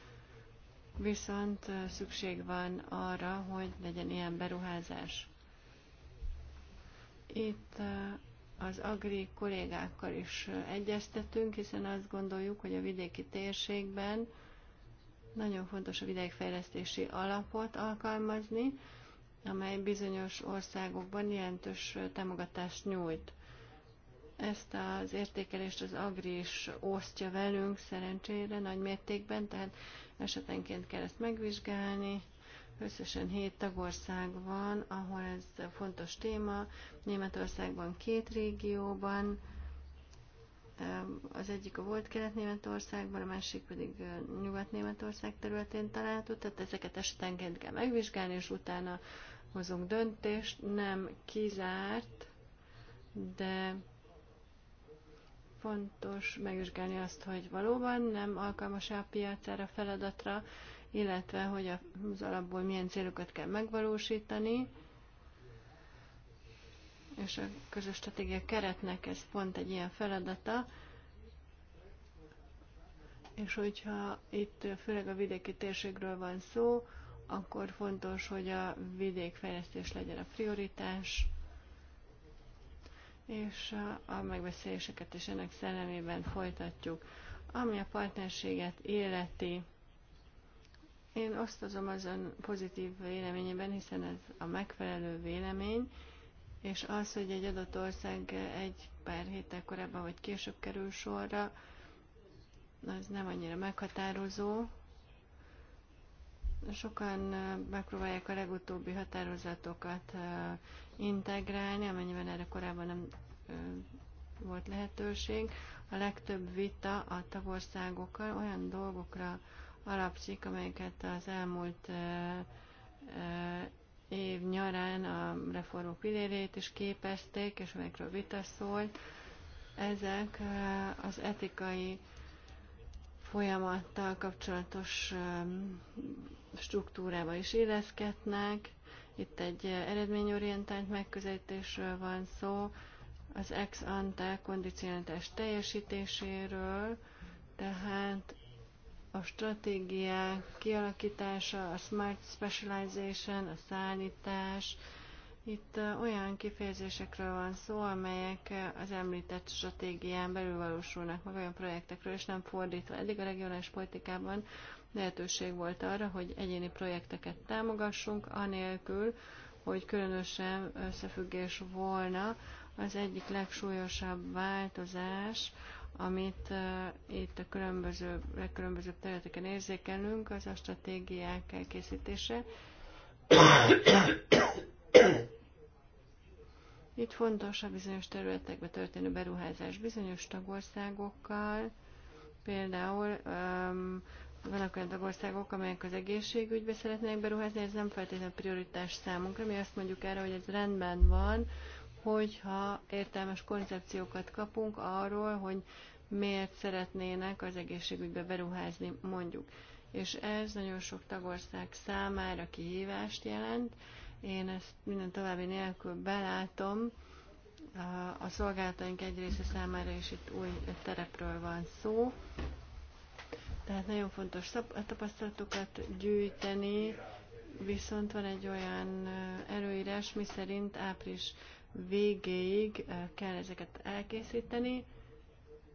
S3: viszont szükség van arra, hogy legyen ilyen beruházás. Itt az agri kollégákkal is egyeztetünk, hiszen azt gondoljuk, hogy a vidéki térségben nagyon fontos a vidékfejlesztési alapot alkalmazni, amely bizonyos országokban jelentős támogatást nyújt. Ezt az értékelést az Agri is osztja velünk szerencsére nagy mértékben, tehát esetenként kell ezt megvizsgálni. Összesen hét tagország van, ahol ez fontos téma. Németországban két régióban, az egyik a volt Kelet-Németországban, a másik pedig Nyugat-Németország területén található, tehát ezeket esetenként kell megvizsgálni, és utána hozunk döntést. Nem kizárt, de Fontos megvizsgálni azt, hogy valóban nem alkalmas -e a piac erre a feladatra, illetve hogy az alapból milyen célokat kell megvalósítani, és a közös stratégia keretnek ez pont egy ilyen feladata, és hogyha itt főleg a vidéki térségről van szó, akkor fontos, hogy a vidékfejlesztés legyen a prioritás, és a megbeszéléseket is ennek szellemében folytatjuk. Ami a partnerséget életi, én osztozom azon pozitív véleményében, hiszen ez a megfelelő vélemény, és az, hogy egy adott ország egy pár héttel korábban vagy később kerül sorra, az nem annyira meghatározó. Sokan megpróbálják a legutóbbi határozatokat integrálni, amennyiben erre korábban nem volt lehetőség. A legtöbb vita a tagországokkal olyan dolgokra alapszik, amelyeket az elmúlt év nyarán a reformok pillérét is képezték, és amelyekről vita szólt. Ezek az etikai folyamattal kapcsolatos struktúrába is illeszkednek. Itt egy eredményorientált megközelítésről van szó, az ex ante kondicionalitás teljesítéséről, tehát a stratégia kialakítása, a smart specialization, a szállítás, itt olyan kifejezésekről van szó, amelyek az említett stratégián belül valósulnak meg olyan projektekről, és nem fordítva. Eddig a regionális politikában lehetőség volt arra, hogy egyéni projekteket támogassunk, anélkül, hogy különösen összefüggés volna az egyik legsúlyosabb változás, amit uh, itt a különböző, legkülönbözőbb területeken érzékelünk, az a stratégiák elkészítése. Itt fontos a bizonyos területekbe történő beruházás bizonyos tagországokkal, például um, vannak olyan tagországok, amelyek az egészségügybe szeretnének beruházni, ez nem feltétlenül prioritás számunkra. Mi azt mondjuk erre, hogy ez rendben van, hogyha értelmes koncepciókat kapunk arról, hogy miért szeretnének az egészségügybe beruházni, mondjuk. És ez nagyon sok tagország számára kihívást jelent. Én ezt minden további nélkül belátom. A szolgálataink egy része számára is itt új terepről van szó, tehát nagyon fontos tapasztalatokat gyűjteni, viszont van egy olyan előírás, mi szerint április végéig kell ezeket elkészíteni,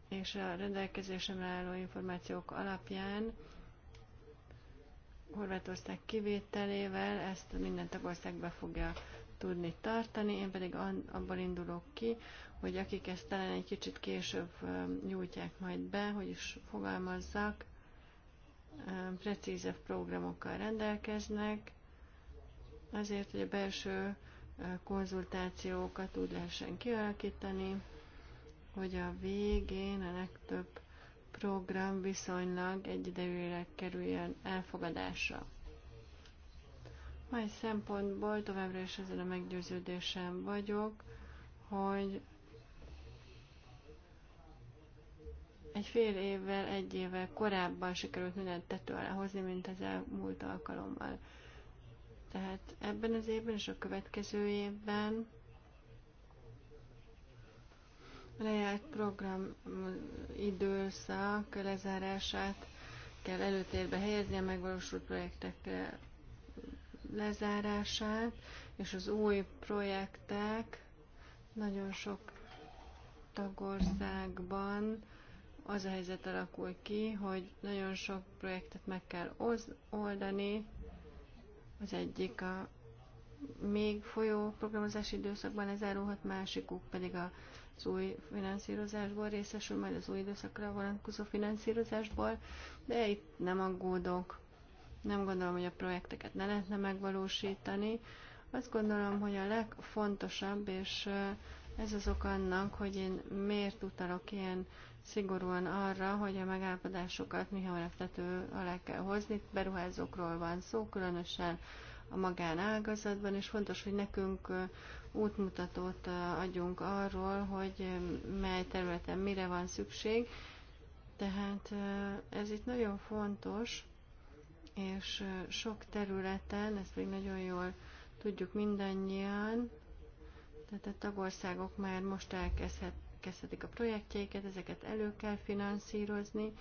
S3: és a rendelkezésemre álló információk alapján Horvátország kivételével ezt minden tagország be fogja tudni tartani, én pedig abból indulok ki, hogy akik ezt talán egy kicsit később nyújtják majd be, hogy is fogalmazzak, precízebb programokkal rendelkeznek, azért, hogy a belső konzultációkat úgy lehessen kialakítani, hogy a végén a legtöbb program viszonylag egyidejűleg kerüljön elfogadásra. Mai szempontból továbbra is ezzel a meggyőződésem vagyok, hogy Egy fél évvel, egy évvel korábban sikerült mindent tető alá hozni, mint az elmúlt alkalommal. Tehát ebben az évben és a következő évben lejárt program időszak lezárását kell előtérbe helyezni a megvalósult projektek lezárását, és az új projektek nagyon sok tagországban az a helyzet alakul ki, hogy nagyon sok projektet meg kell oldani. Az egyik a még folyó programozási időszakban lezárulhat, másikuk pedig az új finanszírozásból részesül, majd az új időszakra vonatkozó finanszírozásból, de itt nem aggódok. Nem gondolom, hogy a projekteket ne lehetne megvalósítani. Azt gondolom, hogy a legfontosabb, és ez az ok annak, hogy én miért utalok ilyen szigorúan arra, hogy a megállapodásokat mi hamarabb tető alá kell hozni. Beruházókról van szó, különösen a magánágazatban, és fontos, hogy nekünk útmutatót adjunk arról, hogy mely területen mire van szükség. Tehát ez itt nagyon fontos, és sok területen, ezt még nagyon jól tudjuk mindannyian, tehát a tagországok már most elkezdhet, megkezdhetik a projektjeiket, ezeket elő kell finanszírozni,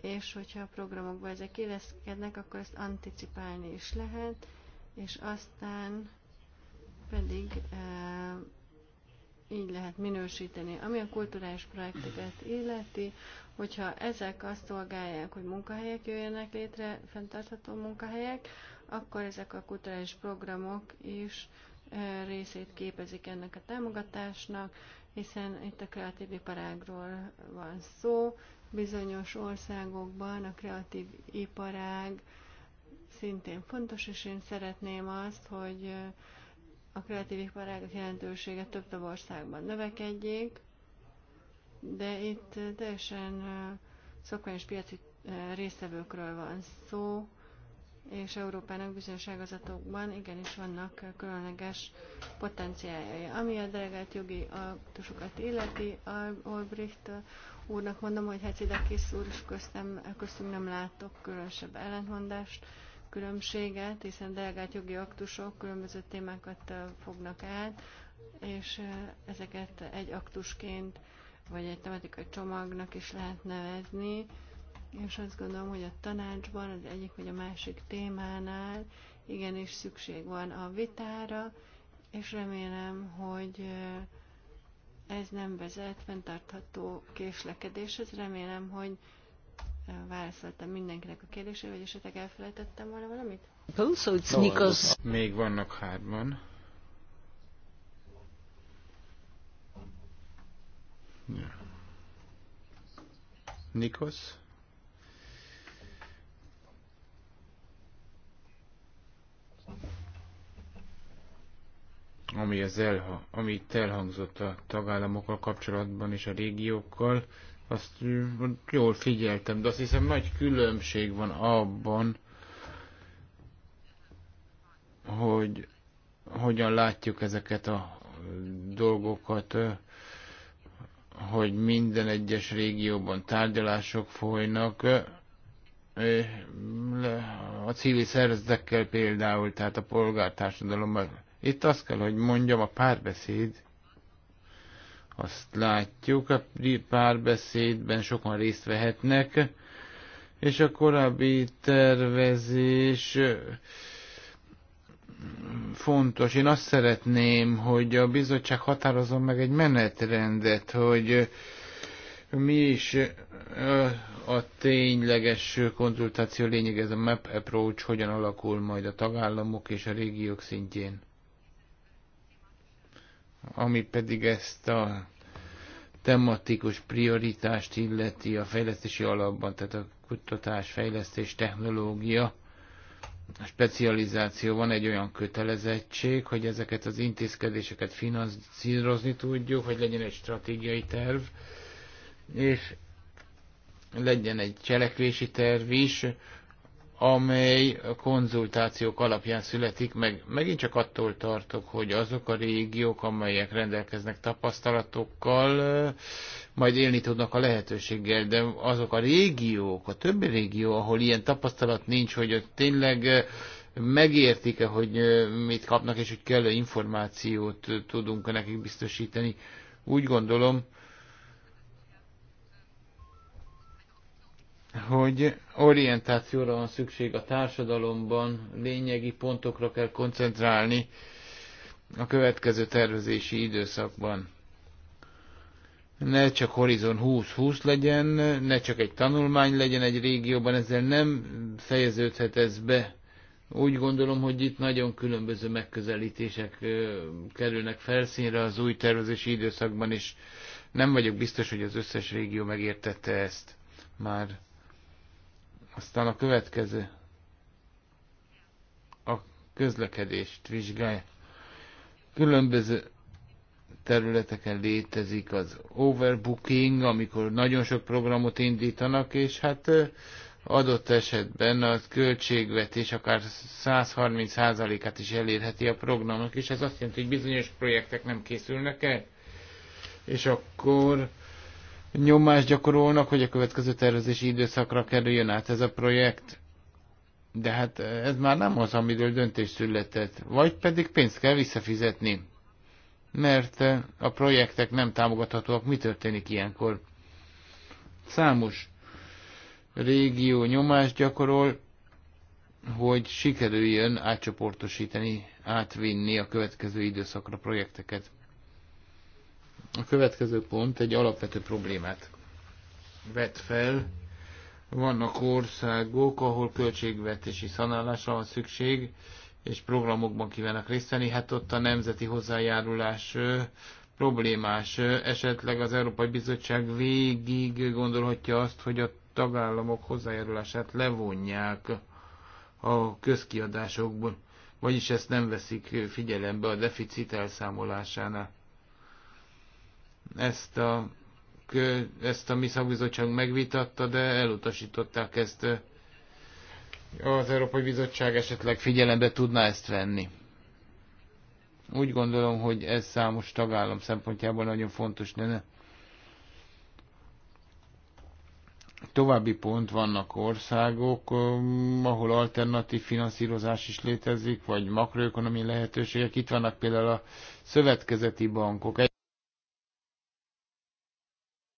S3: és hogyha a programokba ezek éleszkednek, akkor ezt anticipálni is lehet, és aztán pedig e, így lehet minősíteni. Ami a kulturális projekteket illeti, hogyha ezek azt szolgálják, hogy munkahelyek jöjjenek létre, fenntartható munkahelyek, akkor ezek a kulturális programok is e, részét képezik ennek a támogatásnak, hiszen itt a kreatív iparágról van szó. Bizonyos országokban a kreatív iparág szintén fontos, és én szeretném azt, hogy a kreatív iparág jelentősége több országban növekedjék, de itt teljesen szokványos piaci résztvevőkről van szó, és Európának bizonyos ágazatokban igenis vannak különleges potenciáljai. Ami a delegált jogi aktusokat illeti, Olbricht úrnak mondom, hogy Hecidekis úr is köztem, köztünk nem látok különösebb ellentmondást, különbséget, hiszen delegált jogi aktusok különböző témákat fognak át, és ezeket egy aktusként vagy egy tematikai csomagnak is lehet nevezni. És azt gondolom, hogy a tanácsban az egyik vagy a másik témánál igenis szükség van a vitára, és remélem, hogy ez nem vezet fenntartható késlekedéshez. Remélem, hogy válaszoltam mindenkinek a kérdésre, vagy esetleg elfelejtettem volna valamit?
S2: Szóval Nikos. Még vannak hárman. Nikos? ami az elha, ami itt elhangzott a tagállamokkal kapcsolatban és a régiókkal, azt jól figyeltem, de azt hiszem nagy különbség van abban, hogy hogyan látjuk ezeket a dolgokat, hogy minden egyes régióban tárgyalások folynak, a civil szervezetekkel például, tehát a polgártársadalommal itt azt kell, hogy mondjam, a párbeszéd, azt látjuk, a párbeszédben sokan részt vehetnek, és a korábbi tervezés fontos. Én azt szeretném, hogy a bizottság határozom meg egy menetrendet, hogy mi is a tényleges konzultáció lényeg, ez a MAP approach, hogyan alakul majd a tagállamok és a régiók szintjén ami pedig ezt a tematikus prioritást illeti a fejlesztési alapban, tehát a kutatás, fejlesztés, technológia, a specializáció van egy olyan kötelezettség, hogy ezeket az intézkedéseket finanszírozni tudjuk, hogy legyen egy stratégiai terv, és legyen egy cselekvési terv is, amely a konzultációk alapján születik meg. Megint csak attól tartok, hogy azok a régiók, amelyek rendelkeznek tapasztalatokkal, majd élni tudnak a lehetőséggel, de azok a régiók, a többi régió, ahol ilyen tapasztalat nincs, hogy tényleg eh, megértik-e, hogy eh, mit kapnak, és hogy kellő információt eh, tudunk -e nekik biztosítani. Úgy gondolom, hogy orientációra van szükség a társadalomban, lényegi pontokra kell koncentrálni a következő tervezési időszakban. Ne csak Horizon 2020 legyen, ne csak egy tanulmány legyen egy régióban, ezzel nem fejeződhet ez be. Úgy gondolom, hogy itt nagyon különböző megközelítések kerülnek felszínre az új tervezési időszakban, és nem vagyok biztos, hogy az összes régió megértette ezt már. Aztán a következő. A közlekedést vizsgálja. Különböző területeken létezik az overbooking, amikor nagyon sok programot indítanak, és hát adott esetben a költségvetés akár 130%-át is elérheti a programnak, és ez azt jelenti, hogy bizonyos projektek nem készülnek el, és akkor nyomást gyakorolnak, hogy a következő tervezési időszakra kerüljön át ez a projekt. De hát eh, ez már nem az, amiről döntés született. Vagy pedig pénzt kell visszafizetni. Mert eh, a projektek nem támogathatóak. Mi történik ilyenkor? Számos régió nyomást gyakorol, hogy sikerüljön átcsoportosítani, átvinni a következő időszakra projekteket. A következő pont egy alapvető problémát vet fel. Vannak országok, ahol költségvetési szanálásra van szükség, és programokban kívánnak részt venni, hát ott a nemzeti hozzájárulás problémás. Esetleg az Európai Bizottság végig gondolhatja azt, hogy a tagállamok hozzájárulását levonják a közkiadásokból, vagyis ezt nem veszik figyelembe a deficit elszámolásánál. Ezt a, ezt a mi szakbizottság megvitatta, de elutasították ezt. Az Európai Bizottság esetleg figyelembe tudná ezt venni. Úgy gondolom, hogy ez számos tagállam szempontjából nagyon fontos lenne. További pont vannak országok, um, ahol alternatív finanszírozás is létezik, vagy makroökonomi lehetőségek. Itt vannak például a szövetkezeti bankok.